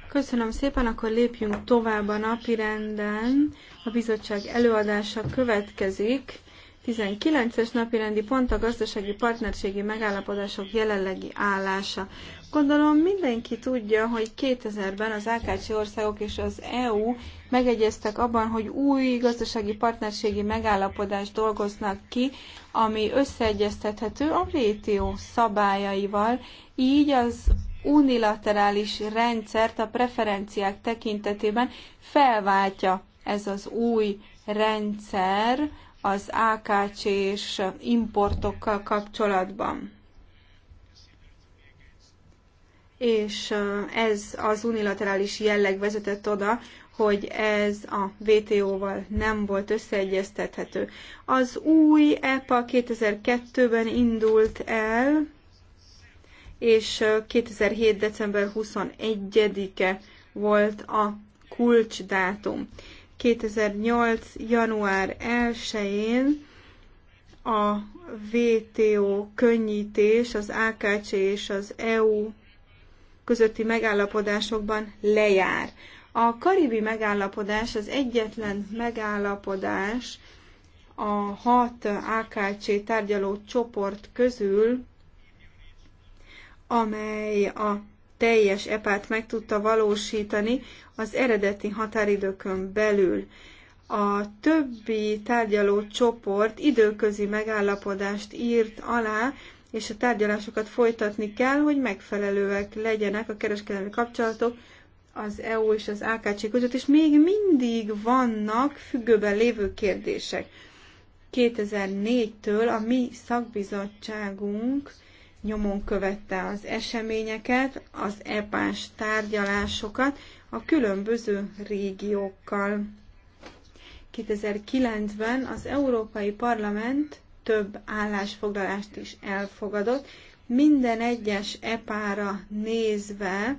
Speaker 3: Köszönöm szépen, akkor lépjünk tovább a napirenden. A bizottság előadása következik. 19-es napirendi pont a gazdasági partnerségi megállapodások jelenlegi állása. Gondolom mindenki tudja, hogy 2000-ben az AKC országok és az EU megegyeztek abban, hogy új gazdasági partnerségi megállapodást dolgoznak ki, ami összeegyeztethető a rétió szabályaival, így az unilaterális rendszert a preferenciák tekintetében felváltja ez az új rendszer az AKC és importokkal kapcsolatban és ez az unilaterális jelleg vezetett oda, hogy ez a WTO-val nem volt összeegyeztethető. Az új EPA 2002-ben indult el, és 2007. december 21-e volt a kulcsdátum. 2008. január 1-én a WTO könnyítés az AKC és az EU közötti megállapodásokban lejár. A karibi megállapodás az egyetlen megállapodás a hat AKC tárgyaló csoport közül, amely a teljes epát meg tudta valósítani az eredeti határidőkön belül. A többi tárgyaló csoport időközi megállapodást írt alá, és a tárgyalásokat folytatni kell, hogy megfelelőek legyenek a kereskedelmi kapcsolatok az EU és az AKC között, és még mindig vannak függőben lévő kérdések. 2004-től a mi szakbizottságunk nyomon követte az eseményeket, az epás tárgyalásokat a különböző régiókkal. 2009-ben az Európai Parlament több állásfoglalást is elfogadott. Minden egyes epára nézve,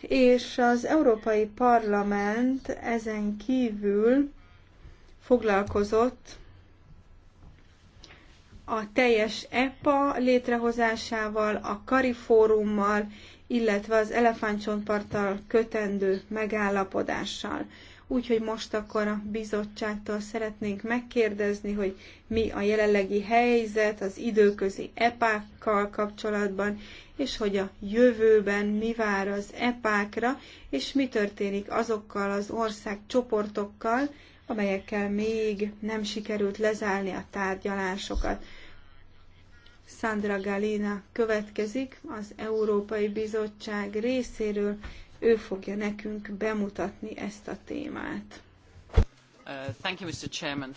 Speaker 3: és az Európai Parlament ezen kívül foglalkozott a teljes EPA létrehozásával, a Kari Fórummal, illetve az elefántcsontparttal kötendő megállapodással. Úgyhogy most akkor a bizottságtól szeretnénk megkérdezni, hogy mi a jelenlegi helyzet az időközi epákkal kapcsolatban, és hogy a jövőben mi vár az epákra, és mi történik azokkal az ország csoportokkal amelyekkel még nem sikerült lezárni a tárgyalásokat. Sandra Galina következik az Európai Bizottság részéről, ő fogja nekünk bemutatni ezt a témát.
Speaker 2: Uh,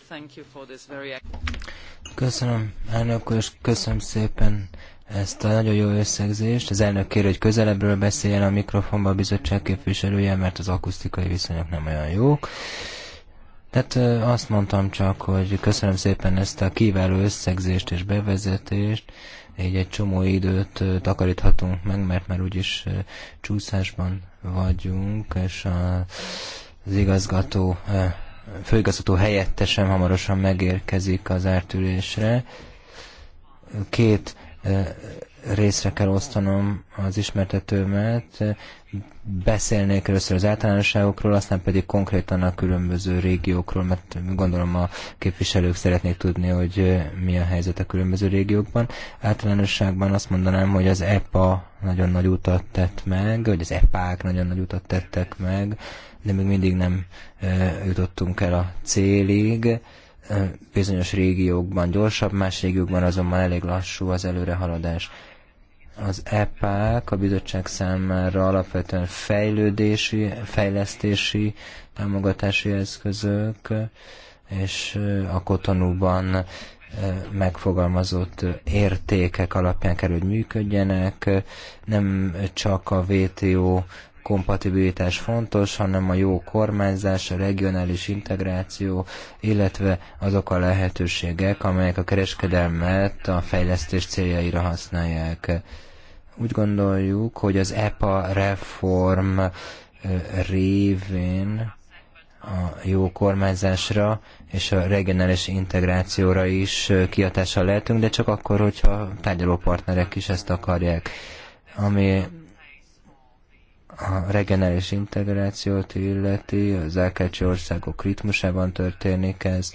Speaker 1: köszönöm, elnök úr, és köszönöm szépen ezt a nagyon jó összegzést. Az elnök kér, hogy közelebbről beszéljen a mikrofonba a bizottság képviselője, mert az akusztikai viszonyok nem olyan jók. Tehát azt mondtam csak, hogy köszönöm szépen ezt a kiváló összegzést és bevezetést, így egy csomó időt takaríthatunk meg, mert már úgyis csúszásban vagyunk, és a, az igazgató, eh, főigazgató helyettesem hamarosan megérkezik az ártülésre. Két eh, részre kell osztanom az ismertetőmet beszélnék először az általánosságokról, aztán pedig konkrétan a különböző régiókról, mert gondolom a képviselők szeretnék tudni, hogy mi a helyzet a különböző régiókban. Általánosságban azt mondanám, hogy az EPA nagyon nagy utat tett meg, hogy az EPA-k nagyon nagy utat tettek meg, de még mindig nem jutottunk el a célig bizonyos régiókban gyorsabb, más régiókban azonban elég lassú az előrehaladás az EPÁK a bizottság számára alapvetően fejlődési, fejlesztési, támogatási eszközök, és a kotonúban megfogalmazott értékek alapján kell, hogy működjenek. Nem csak a WTO kompatibilitás fontos, hanem a jó kormányzás, a regionális integráció, illetve azok a lehetőségek, amelyek a kereskedelmet a fejlesztés céljaira használják. Úgy gondoljuk, hogy az EPA reform révén a jó kormányzásra és a regionális integrációra is kiatással lehetünk, de csak akkor, hogyha tárgyalópartnerek is ezt akarják. Ami a regionális integrációt illeti, az elkecsi országok ritmusában történik ez,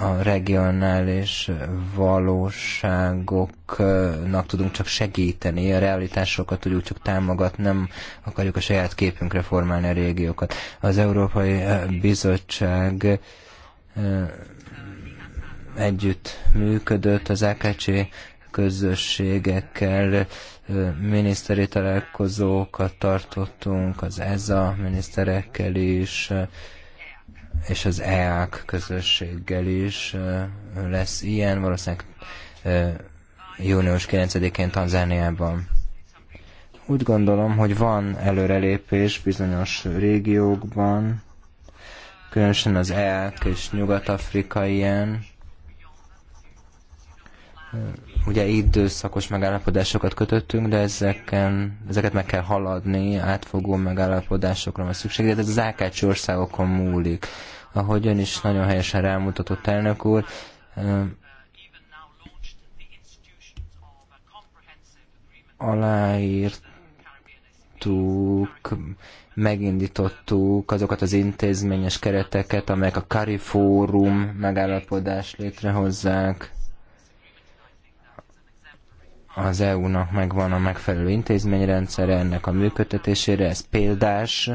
Speaker 1: a regionális valóságoknak tudunk csak segíteni, a realitásokat tudjuk csak támogatni, nem akarjuk a saját képünkre formálni a régiókat. Az Európai Bizottság együtt működött az AKC közösségekkel, miniszteri találkozókat tartottunk, az EZA miniszterekkel is, és az EAK közösséggel is lesz ilyen, valószínűleg június 9-én Tanzániában. Úgy gondolom, hogy van előrelépés bizonyos régiókban, különösen az EAK és Nyugat-Afrika ilyen, Ugye időszakos megállapodásokat kötöttünk, de ezeken, ezeket meg kell haladni, átfogó megállapodásokra van szükség, de ez az Ákácsi országokon múlik. Ahogy ön is nagyon helyesen rámutatott elnök úr, aláírtuk, megindítottuk azokat az intézményes kereteket, amelyek a Kari Fórum megállapodást létrehozzák az EU-nak megvan a megfelelő intézményrendszere ennek a működtetésére, ez példás.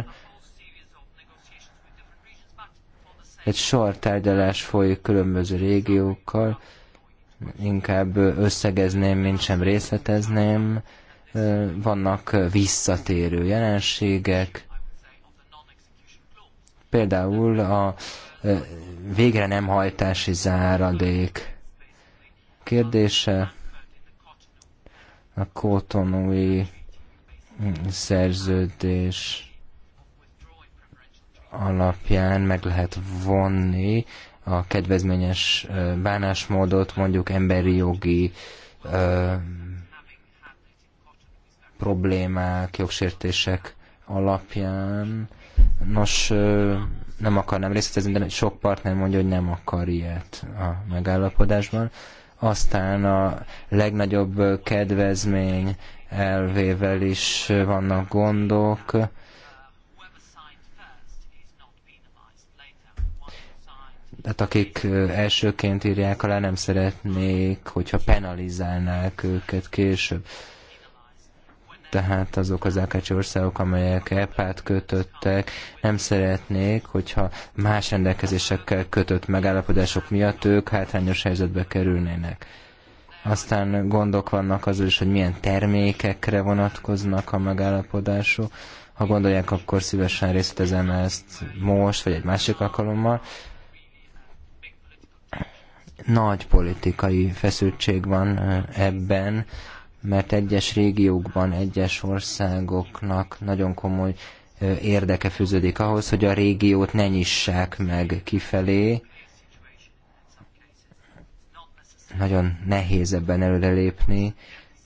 Speaker 1: Egy sor tárgyalás folyik különböző régiókkal, inkább összegezném, mint sem részletezném. Vannak visszatérő jelenségek, például a végre nem hajtási záradék kérdése, a kotonói szerződés alapján meg lehet vonni a kedvezményes bánásmódot mondjuk emberi jogi ö, problémák, jogsértések alapján. Nos, ö, nem akarnám részletezni, de sok partner mondja, hogy nem akar ilyet a megállapodásban. Ö, aztán a legnagyobb kedvezmény elvével is vannak gondok. Tehát akik elsőként írják alá, nem szeretnék, hogyha penalizálnák őket később tehát azok az AKC országok, amelyek EPÁT kötöttek, nem szeretnék, hogyha más rendelkezésekkel kötött megállapodások miatt ők hátrányos helyzetbe kerülnének. Aztán gondok vannak azzal is, hogy milyen termékekre vonatkoznak a megállapodások. Ha gondolják, akkor szívesen részletezem ezt most, vagy egy másik alkalommal. Nagy politikai feszültség van ebben, mert egyes régiókban, egyes országoknak nagyon komoly érdeke fűződik ahhoz, hogy a régiót ne nyissák meg kifelé. Nagyon nehéz ebben előrelépni,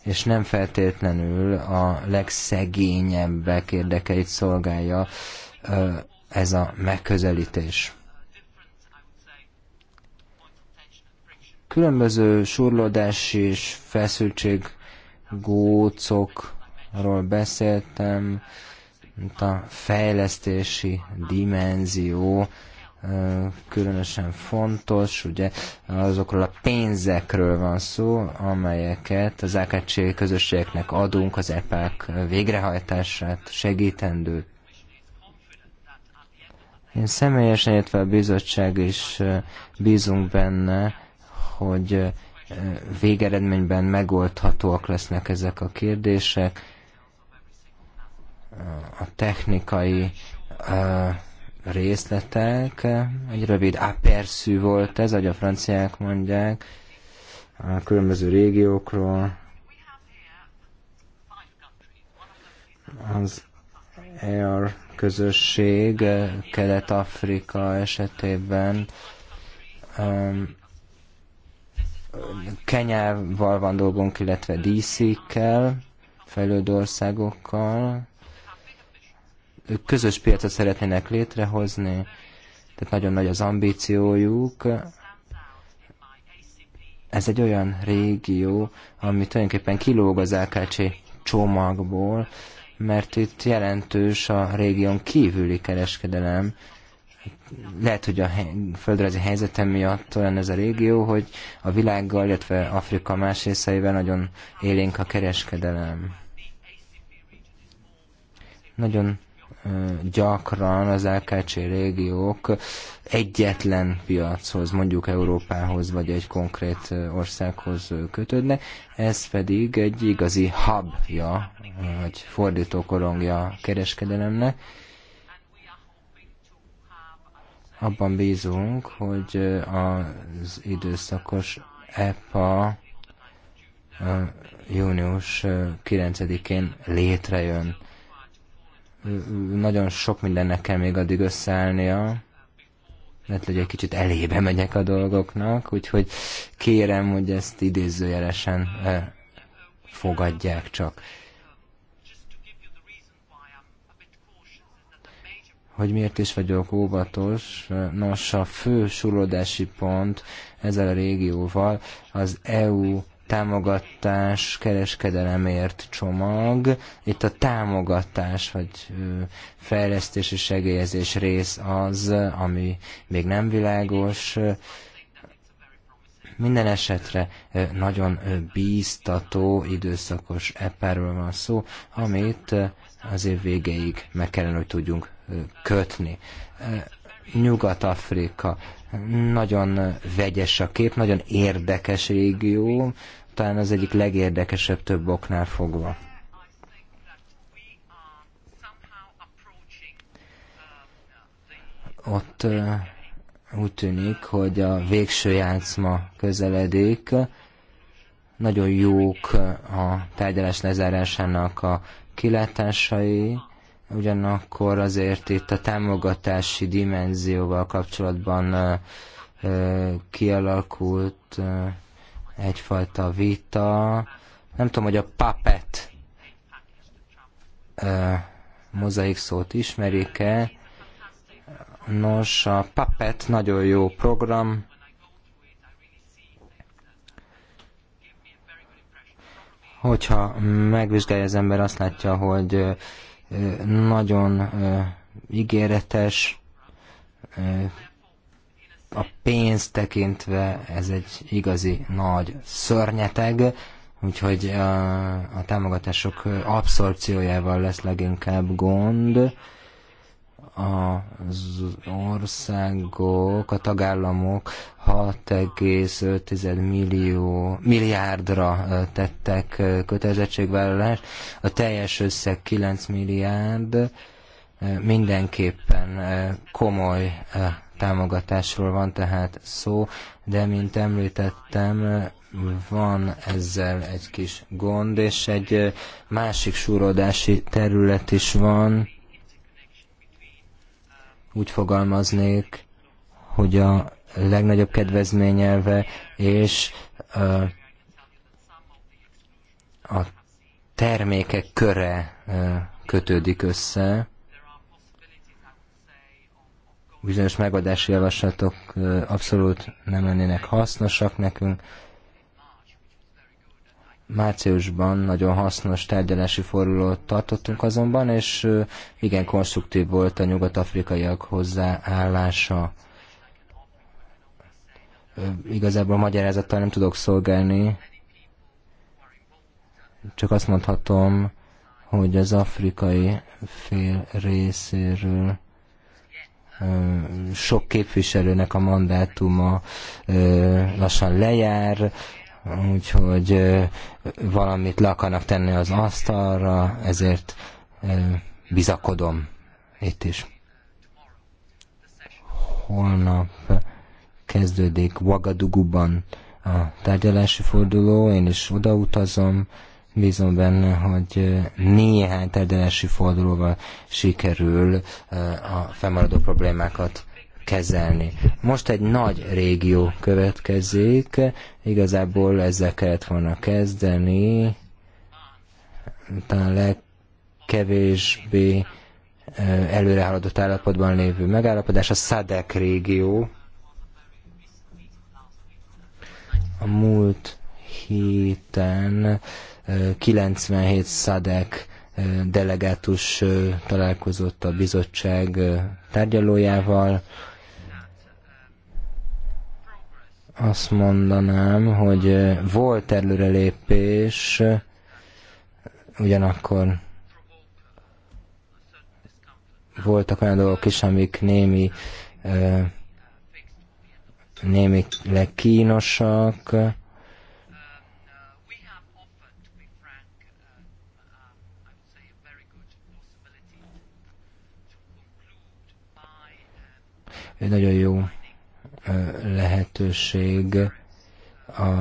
Speaker 1: és nem feltétlenül a legszegényebbek érdekeit szolgálja ez a megközelítés. Különböző surlódás és feszültség gócokról beszéltem, mint a fejlesztési dimenzió különösen fontos, ugye azokról a pénzekről van szó, amelyeket az AKC közösségeknek adunk az EPÁK végrehajtását segítendő. Én személyesen, illetve a bizottság is bízunk benne, hogy végeredményben megoldhatóak lesznek ezek a kérdések. A technikai részletek, egy rövid aperszű volt ez, ahogy a franciák mondják, a különböző régiókról. Az ER közösség Kelet-Afrika esetében Kenyával van dolgunk, illetve DC-kkel, fejlődő országokkal. Ők közös piacot szeretnének létrehozni, tehát nagyon nagy az ambíciójuk. Ez egy olyan régió, ami tulajdonképpen kilóg az AKC csomagból, mert itt jelentős a régión kívüli kereskedelem, lehet, hogy a földrajzi helyzetem miatt olyan ez a régió, hogy a világgal, illetve Afrika más részeivel nagyon élénk a kereskedelem. Nagyon gyakran az LKC régiók egyetlen piachoz, mondjuk Európához, vagy egy konkrét országhoz kötődnek, ez pedig egy igazi hubja, vagy fordítókorongja a kereskedelemnek, abban bízunk, hogy az időszakos EPA június 9-én létrejön. Nagyon sok mindennek kell még addig összeállnia, mert hogy egy kicsit elébe megyek a dolgoknak, úgyhogy kérem, hogy ezt idézőjelesen fogadják csak. hogy miért is vagyok óvatos. Nos, a fő súlódási pont ezzel a régióval az EU támogatás kereskedelemért csomag. Itt a támogatás vagy fejlesztési segélyezés rész az, ami még nem világos. Minden esetre nagyon bíztató időszakos eperről van szó, amit az év végéig meg kellene, hogy tudjunk kötni. Nyugat-Afrika nagyon vegyes a kép, nagyon érdekes régió, talán az egyik legérdekesebb több oknál fogva. Ott úgy tűnik, hogy a végső játszma közeledik, nagyon jók a tárgyalás lezárásának a kilátásai, Ugyanakkor azért itt a támogatási dimenzióval kapcsolatban kialakult egyfajta vita. Nem tudom, hogy a papet mozaik szót ismerik-e. Nos, a papet nagyon jó program. Hogyha megvizsgálja az ember, azt látja, hogy nagyon ígéretes, a pénz tekintve ez egy igazi nagy szörnyeteg, úgyhogy a, a támogatások abszorpciójával lesz leginkább gond az országok, a tagállamok 6,5 millió, milliárdra tettek kötelezettségvállalást, a teljes összeg 9 milliárd, mindenképpen komoly támogatásról van tehát szó, de mint említettem, van ezzel egy kis gond, és egy másik súrodási terület is van, úgy fogalmaznék, hogy a legnagyobb kedvezményelve és a termékek köre kötődik össze. Bizonyos megadási javaslatok abszolút nem lennének hasznosak nekünk, Márciusban nagyon hasznos tárgyalási fordulót tartottunk azonban, és igen konstruktív volt a nyugat-afrikaiak hozzáállása. Igazából magyarázattal nem tudok szolgálni, csak azt mondhatom, hogy az afrikai fél részéről sok képviselőnek a mandátuma lassan lejár, úgyhogy valamit le akarnak tenni az asztalra, ezért bizakodom itt is. Holnap kezdődik Ouagadougouban a tárgyalási forduló, én is odautazom, bízom benne, hogy néhány tárgyalási fordulóval sikerül a fennmaradó problémákat kezelni. Most egy nagy régió következik, igazából ezzel kellett volna kezdeni, talán legkevésbé előrehaladott állapotban lévő megállapodás a SZADEK régió. A múlt héten 97 SZADEK delegátus találkozott a bizottság tárgyalójával, azt mondanám, hogy volt előrelépés, ugyanakkor voltak olyan dolgok is, amik némi némi kínosak. Egy nagyon jó lehetőség a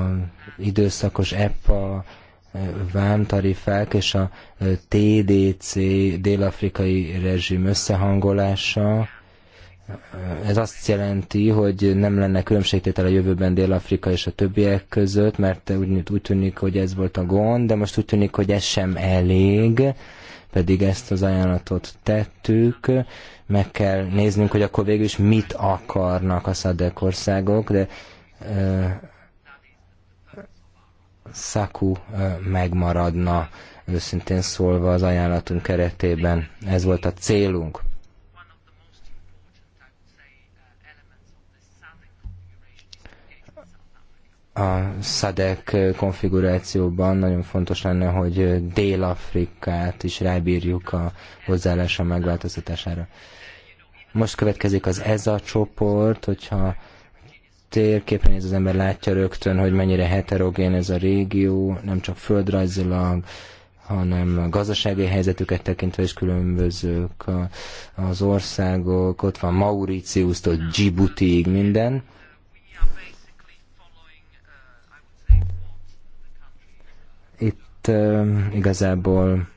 Speaker 1: időszakos EPA e, vámtarifák és a e, TDC délafrikai rezsim összehangolása. E, ez azt jelenti, hogy nem lenne különbségtétel a jövőben Dél-Afrika és a többiek között, mert úgy, úgy tűnik, hogy ez volt a gond, de most úgy tűnik, hogy ez sem elég, pedig ezt az ajánlatot tettük meg kell néznünk, hogy akkor végül is mit akarnak a szadek országok, de uh, Szaku uh, megmaradna őszintén szólva az ajánlatunk keretében. Ez volt a célunk. a SZADEK konfigurációban nagyon fontos lenne, hogy Dél-Afrikát is rábírjuk a hozzáállása megváltoztatására. Most következik az ez a csoport, hogyha térképen ez az ember látja rögtön, hogy mennyire heterogén ez a régió, nem csak földrajzilag, hanem a gazdasági helyzetüket tekintve is különbözők az országok, ott van Mauritiusztól Djiboutiig minden tehát igazából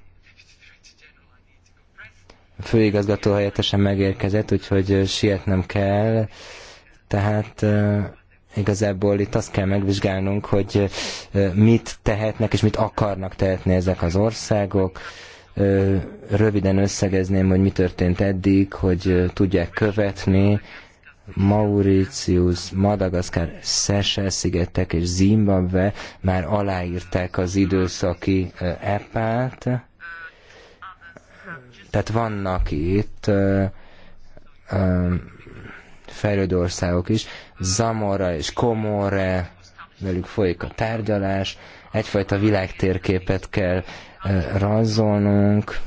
Speaker 1: főigazgató helyettesen megérkezett, úgyhogy sietnem kell. Tehát igazából itt azt kell megvizsgálnunk, hogy mit tehetnek és mit akarnak tehetni ezek az országok. Röviden összegezném, hogy mi történt eddig, hogy tudják követni Mauritius, Madagaszkár, Szesel szigetek és Zimbabwe már aláírták az időszaki epát. Tehát vannak itt fejlődő országok is. Zamora és Komore, velük folyik a tárgyalás. Egyfajta világtérképet kell rajzolnunk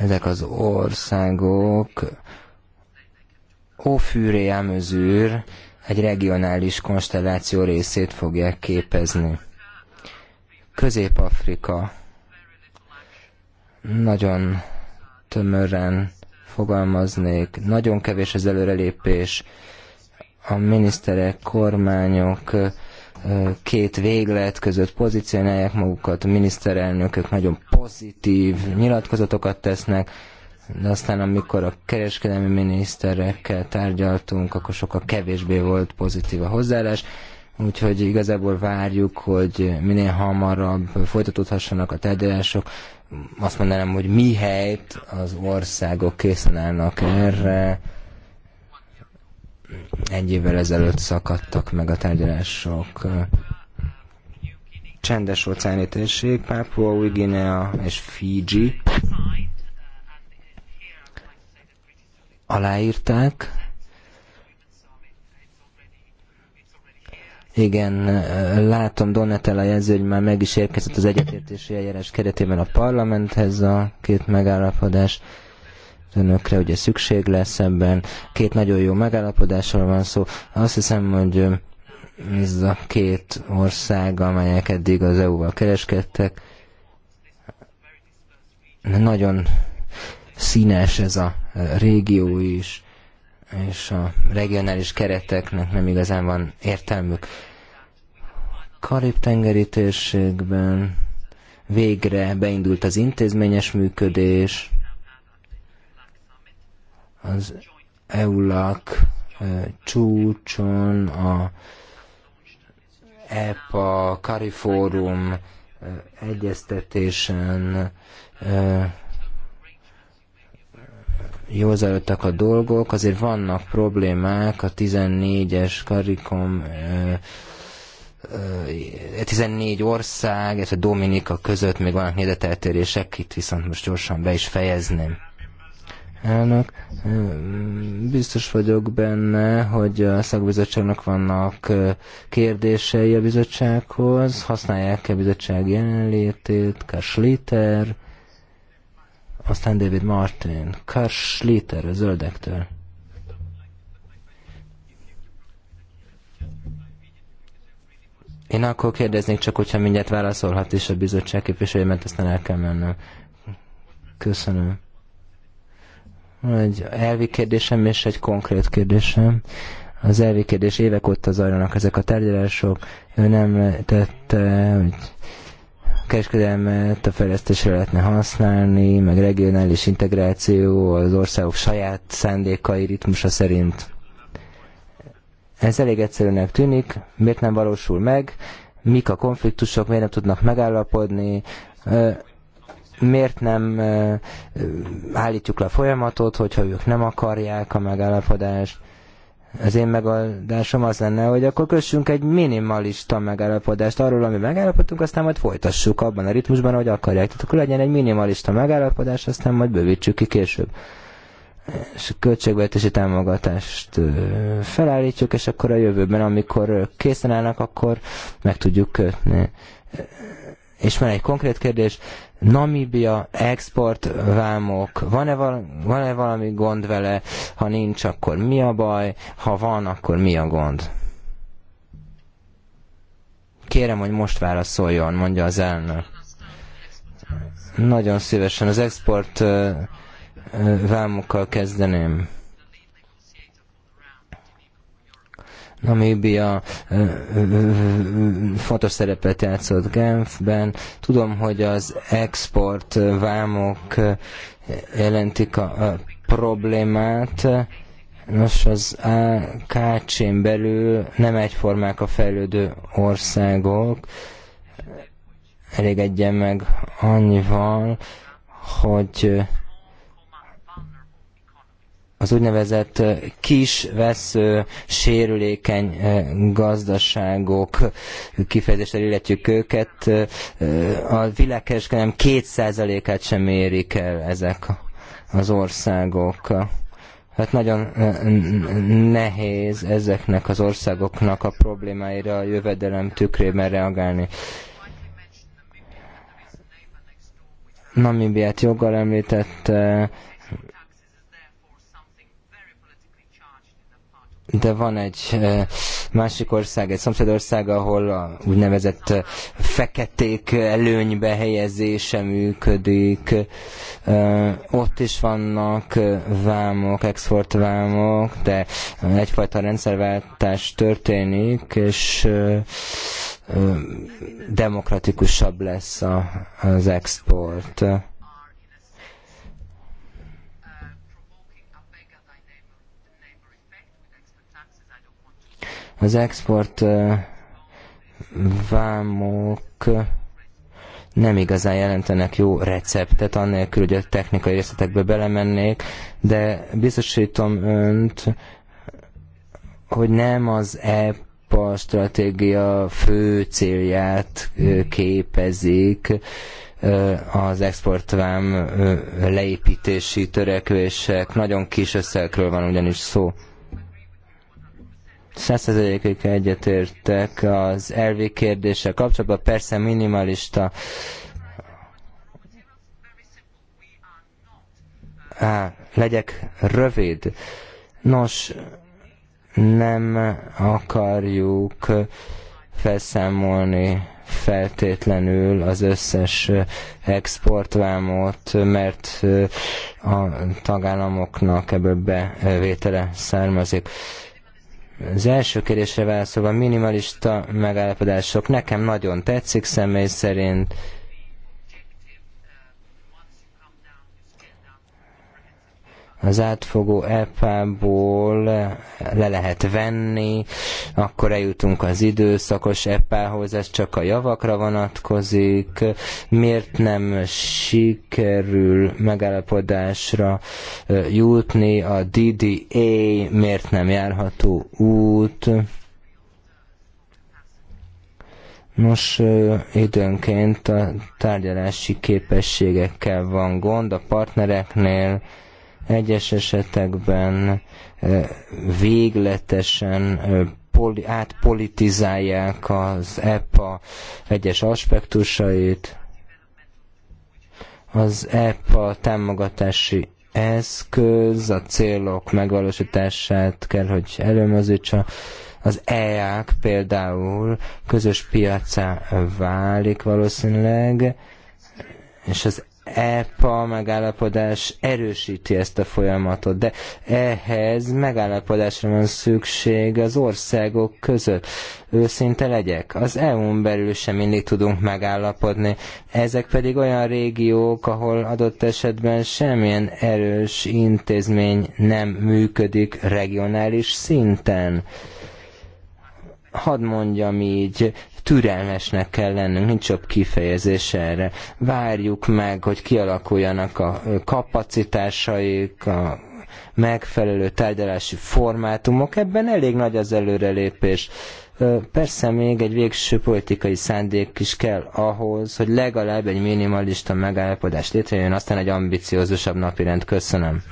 Speaker 1: ezek az országok Ofüré Amözűr egy regionális konstelláció részét fogják képezni. Közép-Afrika nagyon tömören fogalmaznék, nagyon kevés az előrelépés, a miniszterek, kormányok két véglet között pozícionálják magukat, a miniszterelnökök nagyon pozitív nyilatkozatokat tesznek, de aztán amikor a kereskedelmi miniszterekkel tárgyaltunk, akkor sokkal kevésbé volt pozitív a hozzáállás, úgyhogy igazából várjuk, hogy minél hamarabb folytatódhassanak a tárgyalások. Azt mondanám, hogy mi helyt az országok készen állnak erre, egy évvel ezelőtt szakadtak meg a tárgyalások csendes óceáni térség, Papua új Guinea és Fiji aláírták. Igen, látom Donatella jelző, hogy már meg is érkezett az egyetértési eljárás keretében a parlamenthez a két megállapodás önökre ugye szükség lesz ebben. Két nagyon jó megállapodásról van szó. Azt hiszem, hogy ez a két ország, amelyek eddig az EU-val kereskedtek, nagyon színes ez a régió is, és a regionális kereteknek nem igazán van értelmük. Karib-tengeri térségben végre beindult az intézményes működés, az EULAC eh, csúcson a EPA, Kariforum eh, egyeztetésen eh, jól zajlottak a dolgok, azért vannak problémák a 14-es Karikom 14 ország, ez a Dominika között még vannak nézeteltérések, itt viszont most gyorsan be is fejezném. Elnök, biztos vagyok benne, hogy a szakbizottságnak vannak kérdései a bizottsághoz, használják-e bizottság jelenlétét, Kasliter, aztán David Martin, Kasliter a zöldektől. Én akkor kérdeznék csak, hogyha mindjárt válaszolhat is a bizottság képviselő, mert aztán el kell mennem. Köszönöm egy elvi kérdésem és egy konkrét kérdésem. Az elvi kérdés évek óta zajlanak ezek a tárgyalások. Ő nem tette, hogy kereskedelmet a fejlesztésre lehetne használni, meg regionális integráció az országok saját szándékai ritmusa szerint. Ez elég egyszerűnek tűnik, miért nem valósul meg, mik a konfliktusok, miért nem tudnak megállapodni, miért nem állítjuk le a folyamatot, hogyha ők nem akarják a megállapodást. Az én megoldásom az lenne, hogy akkor kössünk egy minimalista megállapodást arról, ami megállapodtunk, aztán majd folytassuk abban a ritmusban, ahogy akarják. Tehát akkor legyen egy minimalista megállapodás, aztán majd bővítsük ki később. És költségvetési támogatást felállítjuk, és akkor a jövőben, amikor készen állnak, akkor meg tudjuk kötni. És van egy konkrét kérdés, Namibia exportvámok, van-e valami, van-e valami gond vele, ha nincs, akkor mi a baj, ha van, akkor mi a gond? Kérem, hogy most válaszoljon, mondja az elnök. Nagyon szívesen az export vámokkal kezdeném. Namíbia fontos szerepet játszott Genfben. Tudom, hogy az export vámok jelentik a problémát. Nos, az akc belül nem egyformák a fejlődő országok. Elégedjen meg annyival, hogy az úgynevezett kis vesző, sérülékeny gazdaságok kifejezésre illetjük őket, a világkereskedelem 2%-át sem érik el ezek az országok. Hát nagyon nehéz ezeknek az országoknak a problémáira a jövedelem tükrében reagálni. Namibiát joggal említette, de van egy eh, másik ország, egy szomszédország, ahol a úgynevezett eh, feketék előnybe helyezése működik. Eh, ott is vannak vámok, exportvámok, de egyfajta rendszerváltás történik, és demokratikusabb lesz az export. Az export vámok nem igazán jelentenek jó receptet, annélkül, hogy a technikai részletekbe belemennék, de biztosítom önt, hogy nem az EPA stratégia fő célját képezik az exportvám leépítési törekvések. Nagyon kis összegről van ugyanis szó. 100 egyetértek az elvi kérdéssel kapcsolatban, persze minimalista Á, legyek rövid. Nos, nem akarjuk felszámolni feltétlenül az összes exportvámot, mert a tagállamoknak ebből bevétele származik. Az első kérdésre válaszolva minimalista megállapodások nekem nagyon tetszik személy szerint, az átfogó epából le lehet venni, akkor eljutunk az időszakos epához, ez csak a javakra vonatkozik, miért nem sikerül megállapodásra jutni, a DDA miért nem járható út, Nos, időnként a tárgyalási képességekkel van gond a partnereknél, egyes esetekben végletesen átpolitizálják az EPA egyes aspektusait. Az EPA támogatási eszköz a célok megvalósítását kell, hogy előmozítsa. Az EAK például közös piacá válik valószínűleg, és az EPA megállapodás erősíti ezt a folyamatot, de ehhez megállapodásra van szükség az országok között. Őszinte legyek, az EU-n belül sem mindig tudunk megállapodni. Ezek pedig olyan régiók, ahol adott esetben semmilyen erős intézmény nem működik regionális szinten hadd mondjam így, türelmesnek kell lennünk, nincs jobb kifejezés erre. Várjuk meg, hogy kialakuljanak a kapacitásaik, a megfelelő tárgyalási formátumok, ebben elég nagy az előrelépés. Persze még egy végső politikai szándék is kell ahhoz, hogy legalább egy minimalista megállapodás létrejön, aztán egy ambiciózusabb napirend. Köszönöm.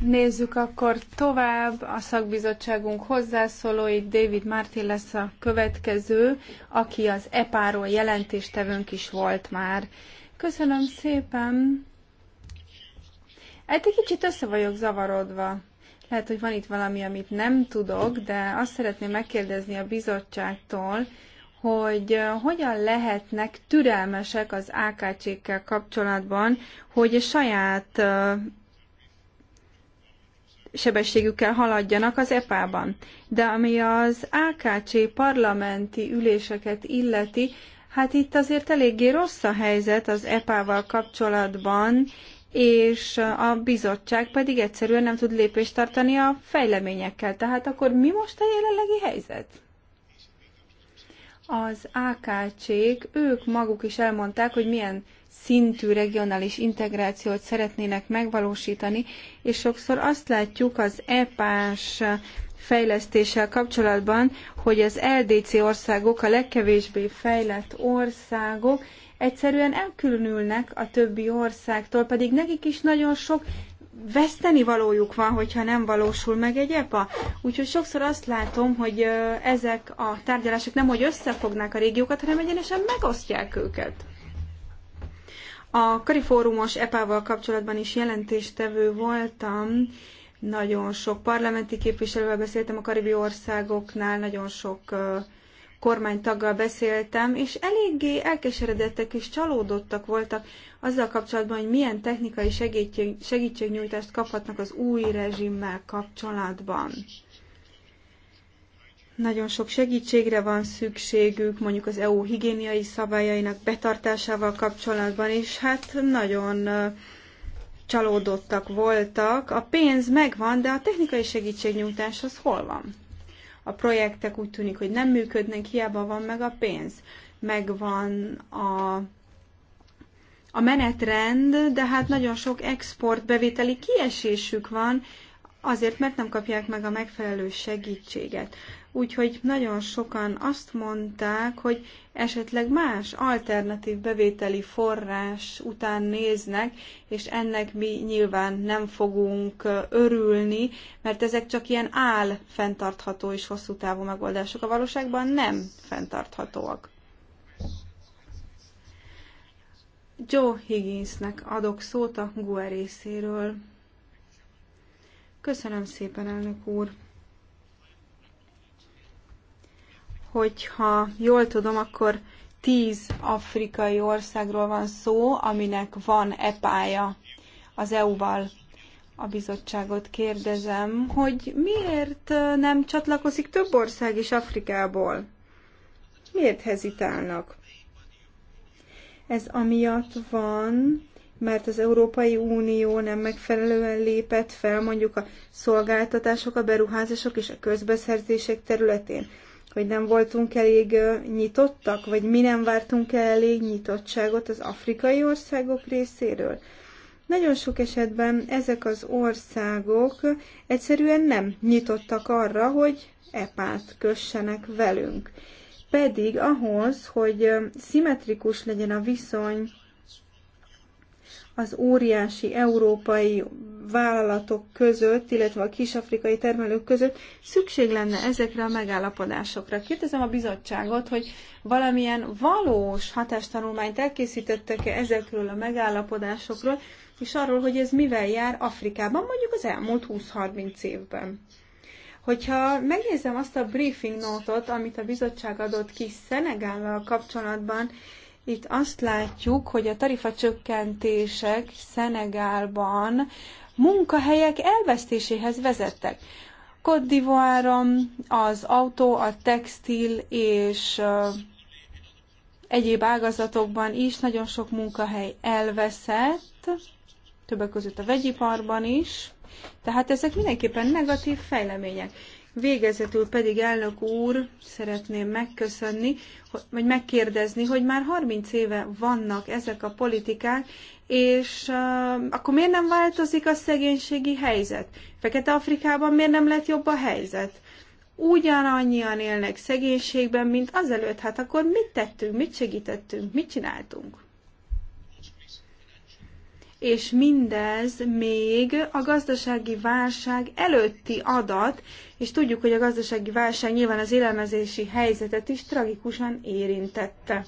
Speaker 2: Nézzük akkor tovább.
Speaker 3: A szakbizottságunk hozzászólóit. David Martin lesz a következő, aki az EPÁ-ról jelentéstevőnk is volt már. Köszönöm szépen. Hát egy kicsit össze vagyok zavarodva. Lehet, hogy van itt valami, amit nem tudok, de azt szeretném megkérdezni a bizottságtól, hogy hogyan lehetnek türelmesek az AKC-kkel kapcsolatban, hogy a saját sebességükkel haladjanak az EPA-ban. De ami az AKC parlamenti üléseket illeti, hát itt azért eléggé rossz a helyzet az EPA-val kapcsolatban, és a bizottság pedig egyszerűen nem tud lépést tartani a fejleményekkel. Tehát akkor mi most a jelenlegi helyzet? Az AKC-k, ők maguk is elmondták, hogy milyen szintű regionális integrációt szeretnének megvalósítani, és sokszor azt látjuk az EPÁS fejlesztéssel kapcsolatban, hogy az LDC országok, a legkevésbé fejlett országok egyszerűen elkülönülnek a többi országtól, pedig nekik is nagyon sok veszteni valójuk van, hogyha nem valósul meg egy EPA. Úgyhogy sokszor azt látom, hogy ezek a tárgyalások nem, hogy összefognák a régiókat, hanem egyenesen megosztják őket. A Karifórumos EPA-val kapcsolatban is jelentéstevő voltam, nagyon sok parlamenti képviselővel beszéltem a karibi országoknál, nagyon sok kormánytaggal beszéltem, és eléggé elkeseredettek és csalódottak voltak azzal kapcsolatban, hogy milyen technikai segítség, segítségnyújtást kaphatnak az új rezsimmel kapcsolatban nagyon sok segítségre van szükségük, mondjuk az EU higiéniai szabályainak betartásával kapcsolatban, és hát nagyon csalódottak voltak. A pénz megvan, de a technikai segítségnyújtás az hol van? A projektek úgy tűnik, hogy nem működnek, hiába van meg a pénz. Megvan a a menetrend, de hát nagyon sok exportbevételi kiesésük van, azért, mert nem kapják meg a megfelelő segítséget úgyhogy nagyon sokan azt mondták, hogy esetleg más alternatív bevételi forrás után néznek, és ennek mi nyilván nem fogunk örülni, mert ezek csak ilyen áll fenntartható és hosszú távú megoldások. A valóságban nem fenntarthatóak. Joe Higginsnek adok szót a GUE részéről. Köszönöm szépen, elnök úr! hogyha jól tudom, akkor tíz afrikai országról van szó, aminek van epája az EU-val. A bizottságot kérdezem, hogy miért nem csatlakozik több ország is Afrikából? Miért hezitálnak? Ez amiatt van, mert az Európai Unió nem megfelelően lépett fel mondjuk a szolgáltatások, a beruházások és a közbeszerzések területén hogy nem voltunk elég nyitottak, vagy mi nem vártunk el elég nyitottságot az afrikai országok részéről. Nagyon sok esetben ezek az országok egyszerűen nem nyitottak arra, hogy epát kössenek velünk. Pedig ahhoz, hogy szimmetrikus legyen a viszony az óriási európai vállalatok között, illetve a kisafrikai termelők között szükség lenne ezekre a megállapodásokra. Kérdezem a bizottságot, hogy valamilyen valós hatástanulmányt elkészítettek-e ezekről a megállapodásokról, és arról, hogy ez mivel jár Afrikában, mondjuk az elmúlt 20-30 évben. Hogyha megnézem azt a briefing notot, amit a bizottság adott ki Szenegállal kapcsolatban, itt azt látjuk, hogy a tarifacsökkentések Szenegálban munkahelyek elvesztéséhez vezettek. Kodiváron az autó, a textil és egyéb ágazatokban is nagyon sok munkahely elveszett, többek között a vegyiparban is. Tehát ezek mindenképpen negatív fejlemények. Végezetül pedig elnök úr, szeretném megköszönni, vagy megkérdezni, hogy már 30 éve vannak ezek a politikák, és uh, akkor miért nem változik a szegénységi helyzet? Fekete-Afrikában miért nem lett jobb a helyzet? Ugyanannyian élnek szegénységben, mint azelőtt. Hát akkor mit tettünk, mit segítettünk, mit csináltunk? és mindez még a gazdasági válság előtti adat, és tudjuk, hogy a gazdasági válság nyilván az élelmezési helyzetet is tragikusan érintette.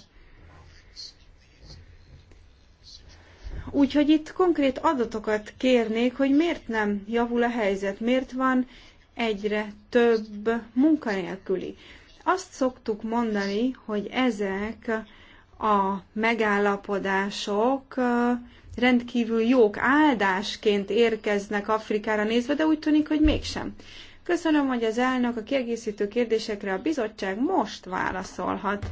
Speaker 3: Úgyhogy itt konkrét adatokat kérnék, hogy miért nem javul a helyzet, miért van egyre több munkanélküli. Azt szoktuk mondani, hogy ezek a megállapodások rendkívül jók áldásként érkeznek Afrikára nézve, de úgy tűnik, hogy mégsem. Köszönöm, hogy az elnök a kiegészítő kérdésekre a bizottság most válaszolhat.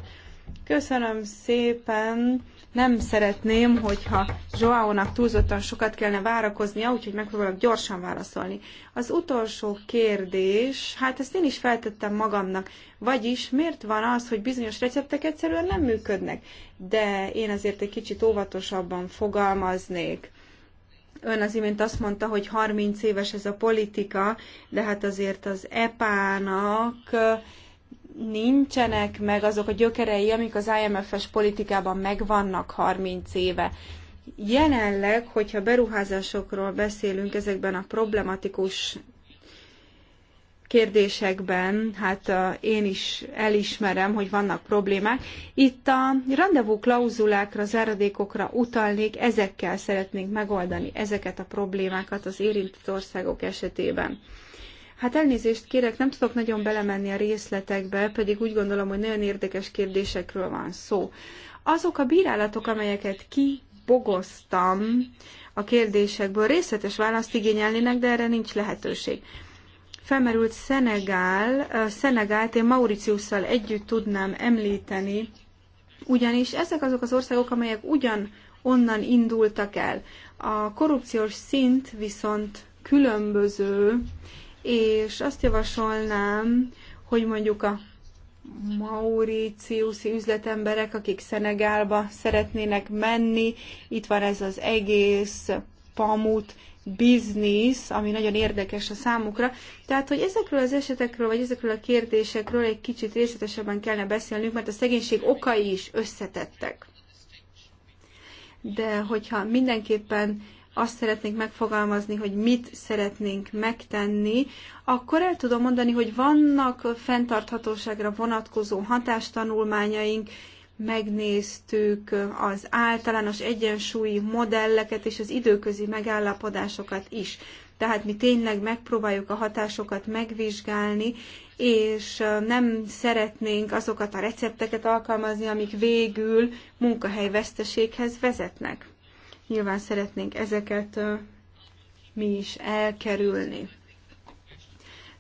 Speaker 3: Köszönöm szépen nem szeretném, hogyha Joao-nak túlzottan sokat kellene várakoznia, úgyhogy megpróbálok gyorsan válaszolni. Az utolsó kérdés, hát ezt én is feltettem magamnak, vagyis miért van az, hogy bizonyos receptek egyszerűen nem működnek, de én azért egy kicsit óvatosabban fogalmaznék ön az imént azt mondta, hogy 30 éves ez a politika, de hát azért az EPA-nak nincsenek meg azok a gyökerei, amik az IMF-es politikában megvannak 30 éve. Jelenleg, hogyha beruházásokról beszélünk ezekben a problematikus kérdésekben, hát én is elismerem, hogy vannak problémák. Itt a rendezvú klauzulákra, záradékokra utalnék, ezekkel szeretnénk megoldani ezeket a problémákat az érintett országok esetében. Hát elnézést kérek, nem tudok nagyon belemenni a részletekbe, pedig úgy gondolom, hogy nagyon érdekes kérdésekről van szó. Azok a bírálatok, amelyeket ki bogoztam a kérdésekből, részletes választ igényelnének, de erre nincs lehetőség. Felmerült Szenegál, Szenegált én Mauriciusszal együtt tudnám említeni, ugyanis ezek azok az országok, amelyek ugyan onnan indultak el. A korrupciós szint viszont különböző, és azt javasolnám, hogy mondjuk a mauriciusi üzletemberek, akik Szenegálba szeretnének menni, itt van ez az egész pamut biznisz, ami nagyon érdekes a számukra. Tehát, hogy ezekről az esetekről, vagy ezekről a kérdésekről egy kicsit részletesebben kellene beszélnünk, mert a szegénység okai is összetettek. De hogyha mindenképpen azt szeretnénk megfogalmazni, hogy mit szeretnénk megtenni, akkor el tudom mondani, hogy vannak fenntarthatóságra vonatkozó hatástanulmányaink, megnéztük az általános egyensúlyi modelleket és az időközi megállapodásokat is. Tehát mi tényleg megpróbáljuk a hatásokat megvizsgálni, és nem szeretnénk azokat a recepteket alkalmazni, amik végül munkahelyveszteséghez vezetnek. Nyilván szeretnénk ezeket mi is elkerülni.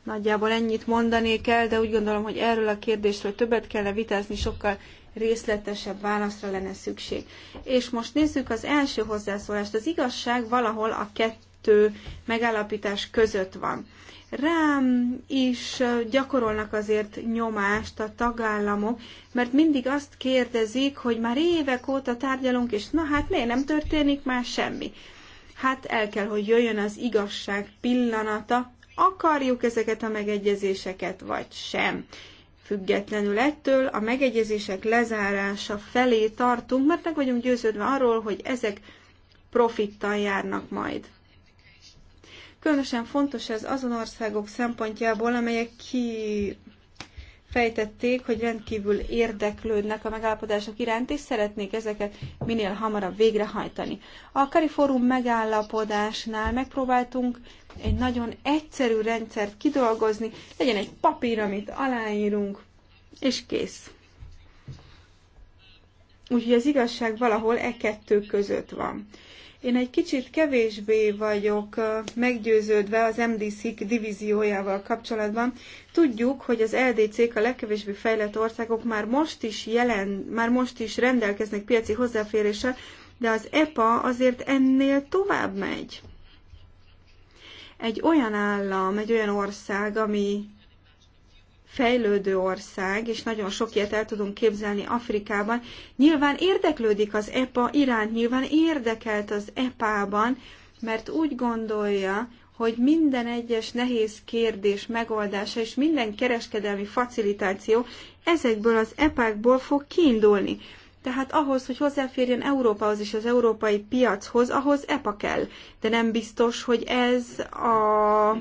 Speaker 3: Nagyjából ennyit mondanék el, de úgy gondolom, hogy erről a kérdésről többet kellene vitázni, sokkal részletesebb válaszra lenne szükség. És most nézzük az első hozzászólást. Az igazság valahol a kettő megállapítás között van. Rám is gyakorolnak azért nyomást a tagállamok, mert mindig azt kérdezik, hogy már évek óta tárgyalunk, és na hát miért nem történik már semmi. Hát el kell, hogy jöjjön az igazság pillanata, akarjuk ezeket a megegyezéseket, vagy sem. Függetlenül ettől a megegyezések lezárása felé tartunk, mert meg vagyunk győződve arról, hogy ezek profittal járnak majd. Különösen fontos ez azon országok szempontjából, amelyek ki fejtették, hogy rendkívül érdeklődnek a megállapodások iránt, és szeretnék ezeket minél hamarabb végrehajtani. A Kariforum megállapodásnál megpróbáltunk egy nagyon egyszerű rendszert kidolgozni, legyen egy papír, amit aláírunk, és kész. Úgyhogy az igazság valahol e kettő között van. Én egy kicsit kevésbé vagyok meggyőződve az MDC divíziójával kapcsolatban. Tudjuk, hogy az LDC-k a legkevésbé fejlett országok már most is jelen, már most is rendelkeznek piaci hozzáféréssel, de az EPA azért ennél tovább megy. Egy olyan állam, egy olyan ország, ami fejlődő ország, és nagyon sok ilyet el tudunk képzelni Afrikában, nyilván érdeklődik az EPA iránt, nyilván érdekelt az EPA-ban, mert úgy gondolja, hogy minden egyes nehéz kérdés megoldása és minden kereskedelmi facilitáció ezekből az epákból fog kiindulni. Tehát ahhoz, hogy hozzáférjen Európához és az európai piachoz, ahhoz EPA kell. De nem biztos, hogy ez a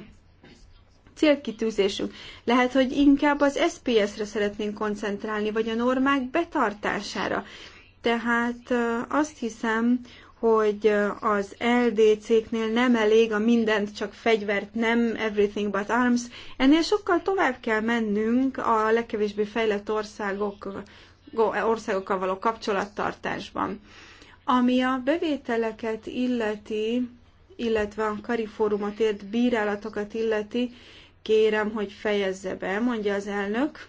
Speaker 3: célkitűzésünk. Lehet, hogy inkább az SPS-re szeretnénk koncentrálni, vagy a normák betartására. Tehát azt hiszem, hogy az LDC-knél nem elég a mindent, csak fegyvert, nem everything but arms. Ennél sokkal tovább kell mennünk a legkevésbé fejlett országok, országokkal való kapcsolattartásban. Ami a bevételeket illeti, illetve a karifórumot ért bírálatokat illeti, Kérem, hogy fejezze be, mondja az elnök.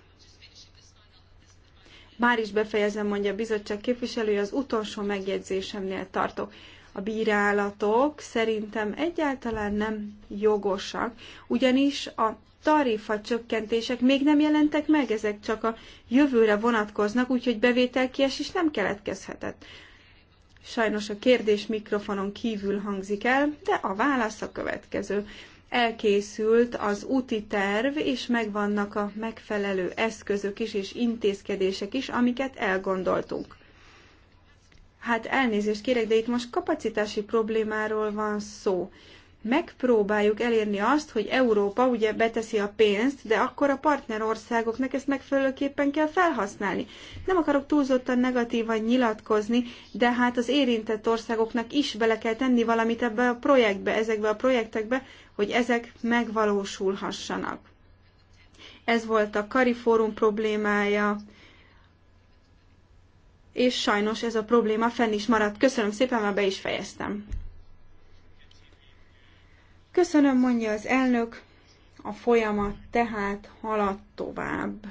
Speaker 3: Már is befejezem, mondja a bizottság képviselő, az utolsó megjegyzésemnél tartok. A bírálatok szerintem egyáltalán nem jogosak, ugyanis a tarifa csökkentések még nem jelentek meg, ezek csak a jövőre vonatkoznak, úgyhogy bevételkiesés nem keletkezhetett. Sajnos a kérdés mikrofonon kívül hangzik el, de a válasz a következő elkészült az úti terv, és megvannak a megfelelő eszközök is, és intézkedések is, amiket elgondoltunk. Hát elnézést kérek, de itt most kapacitási problémáról van szó. Megpróbáljuk elérni azt, hogy Európa ugye beteszi a pénzt, de akkor a partnerországoknak ezt megfelelőképpen kell felhasználni. Nem akarok túlzottan negatívan nyilatkozni, de hát az érintett országoknak is bele kell tenni valamit ebbe a projektbe, ezekbe a projektekbe, hogy ezek megvalósulhassanak. Ez volt a Kari Fórum problémája, és sajnos ez a probléma fenn is maradt. Köszönöm szépen, mert be is fejeztem. Köszönöm, mondja az elnök, a folyamat tehát halad tovább.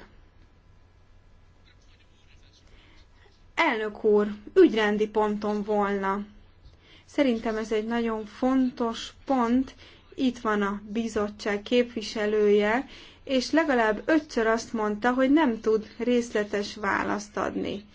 Speaker 3: Elnök úr, ügyrendi ponton volna. Szerintem ez egy nagyon fontos pont, itt van a bizottság képviselője, és legalább ötször azt mondta, hogy nem tud részletes választ adni.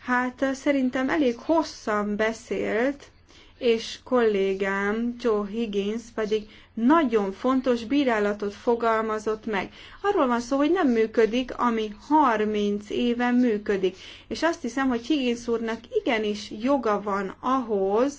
Speaker 3: Hát szerintem elég hosszan beszélt, és kollégám Joe Higgins pedig nagyon fontos bírálatot fogalmazott meg. Arról van szó, hogy nem működik, ami 30 éven működik. És azt hiszem, hogy Higgins úrnak igenis joga van ahhoz,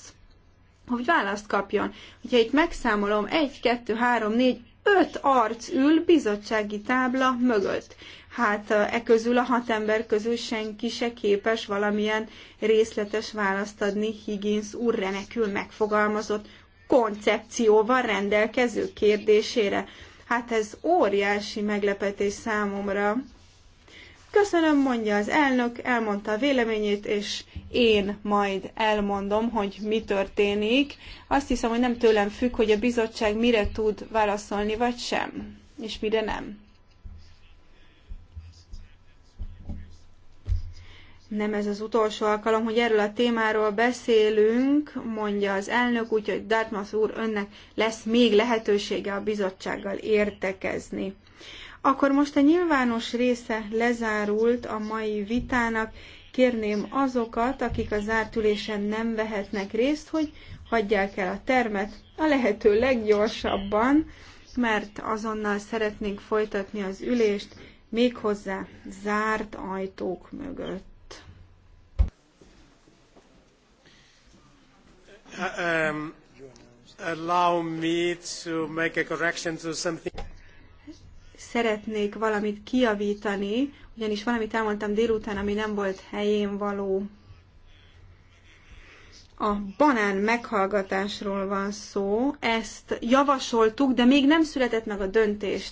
Speaker 3: hogy választ kapjon. Hogyha itt megszámolom, 1, 2, 3, 4, 5 arc ül bizottsági tábla mögött. Hát e közül a hat ember közül senki se képes valamilyen részletes választ adni Higgins úr remekül megfogalmazott koncepcióval rendelkező kérdésére. Hát ez óriási meglepetés számomra. Köszönöm, mondja az elnök, elmondta a véleményét, és én majd elmondom, hogy mi történik. Azt hiszem, hogy nem tőlem függ, hogy a bizottság mire tud válaszolni, vagy sem, és mire nem. Nem ez az utolsó alkalom, hogy erről a témáról beszélünk, mondja az elnök, úgyhogy Dartmouth úr önnek lesz még lehetősége a bizottsággal értekezni. Akkor most a nyilvános része lezárult a mai vitának. Kérném azokat, akik a zárt ülésen nem vehetnek részt, hogy hagyják el a termet a lehető leggyorsabban, mert azonnal szeretnénk folytatni az ülést, méghozzá zárt ajtók mögött.
Speaker 1: Uh, um, allow me to make a correction to something
Speaker 3: szeretnék valamit kiavítani, ugyanis valamit elmondtam délután, ami nem volt helyén való. A banán meghallgatásról van szó, ezt javasoltuk, de még nem született meg a döntés.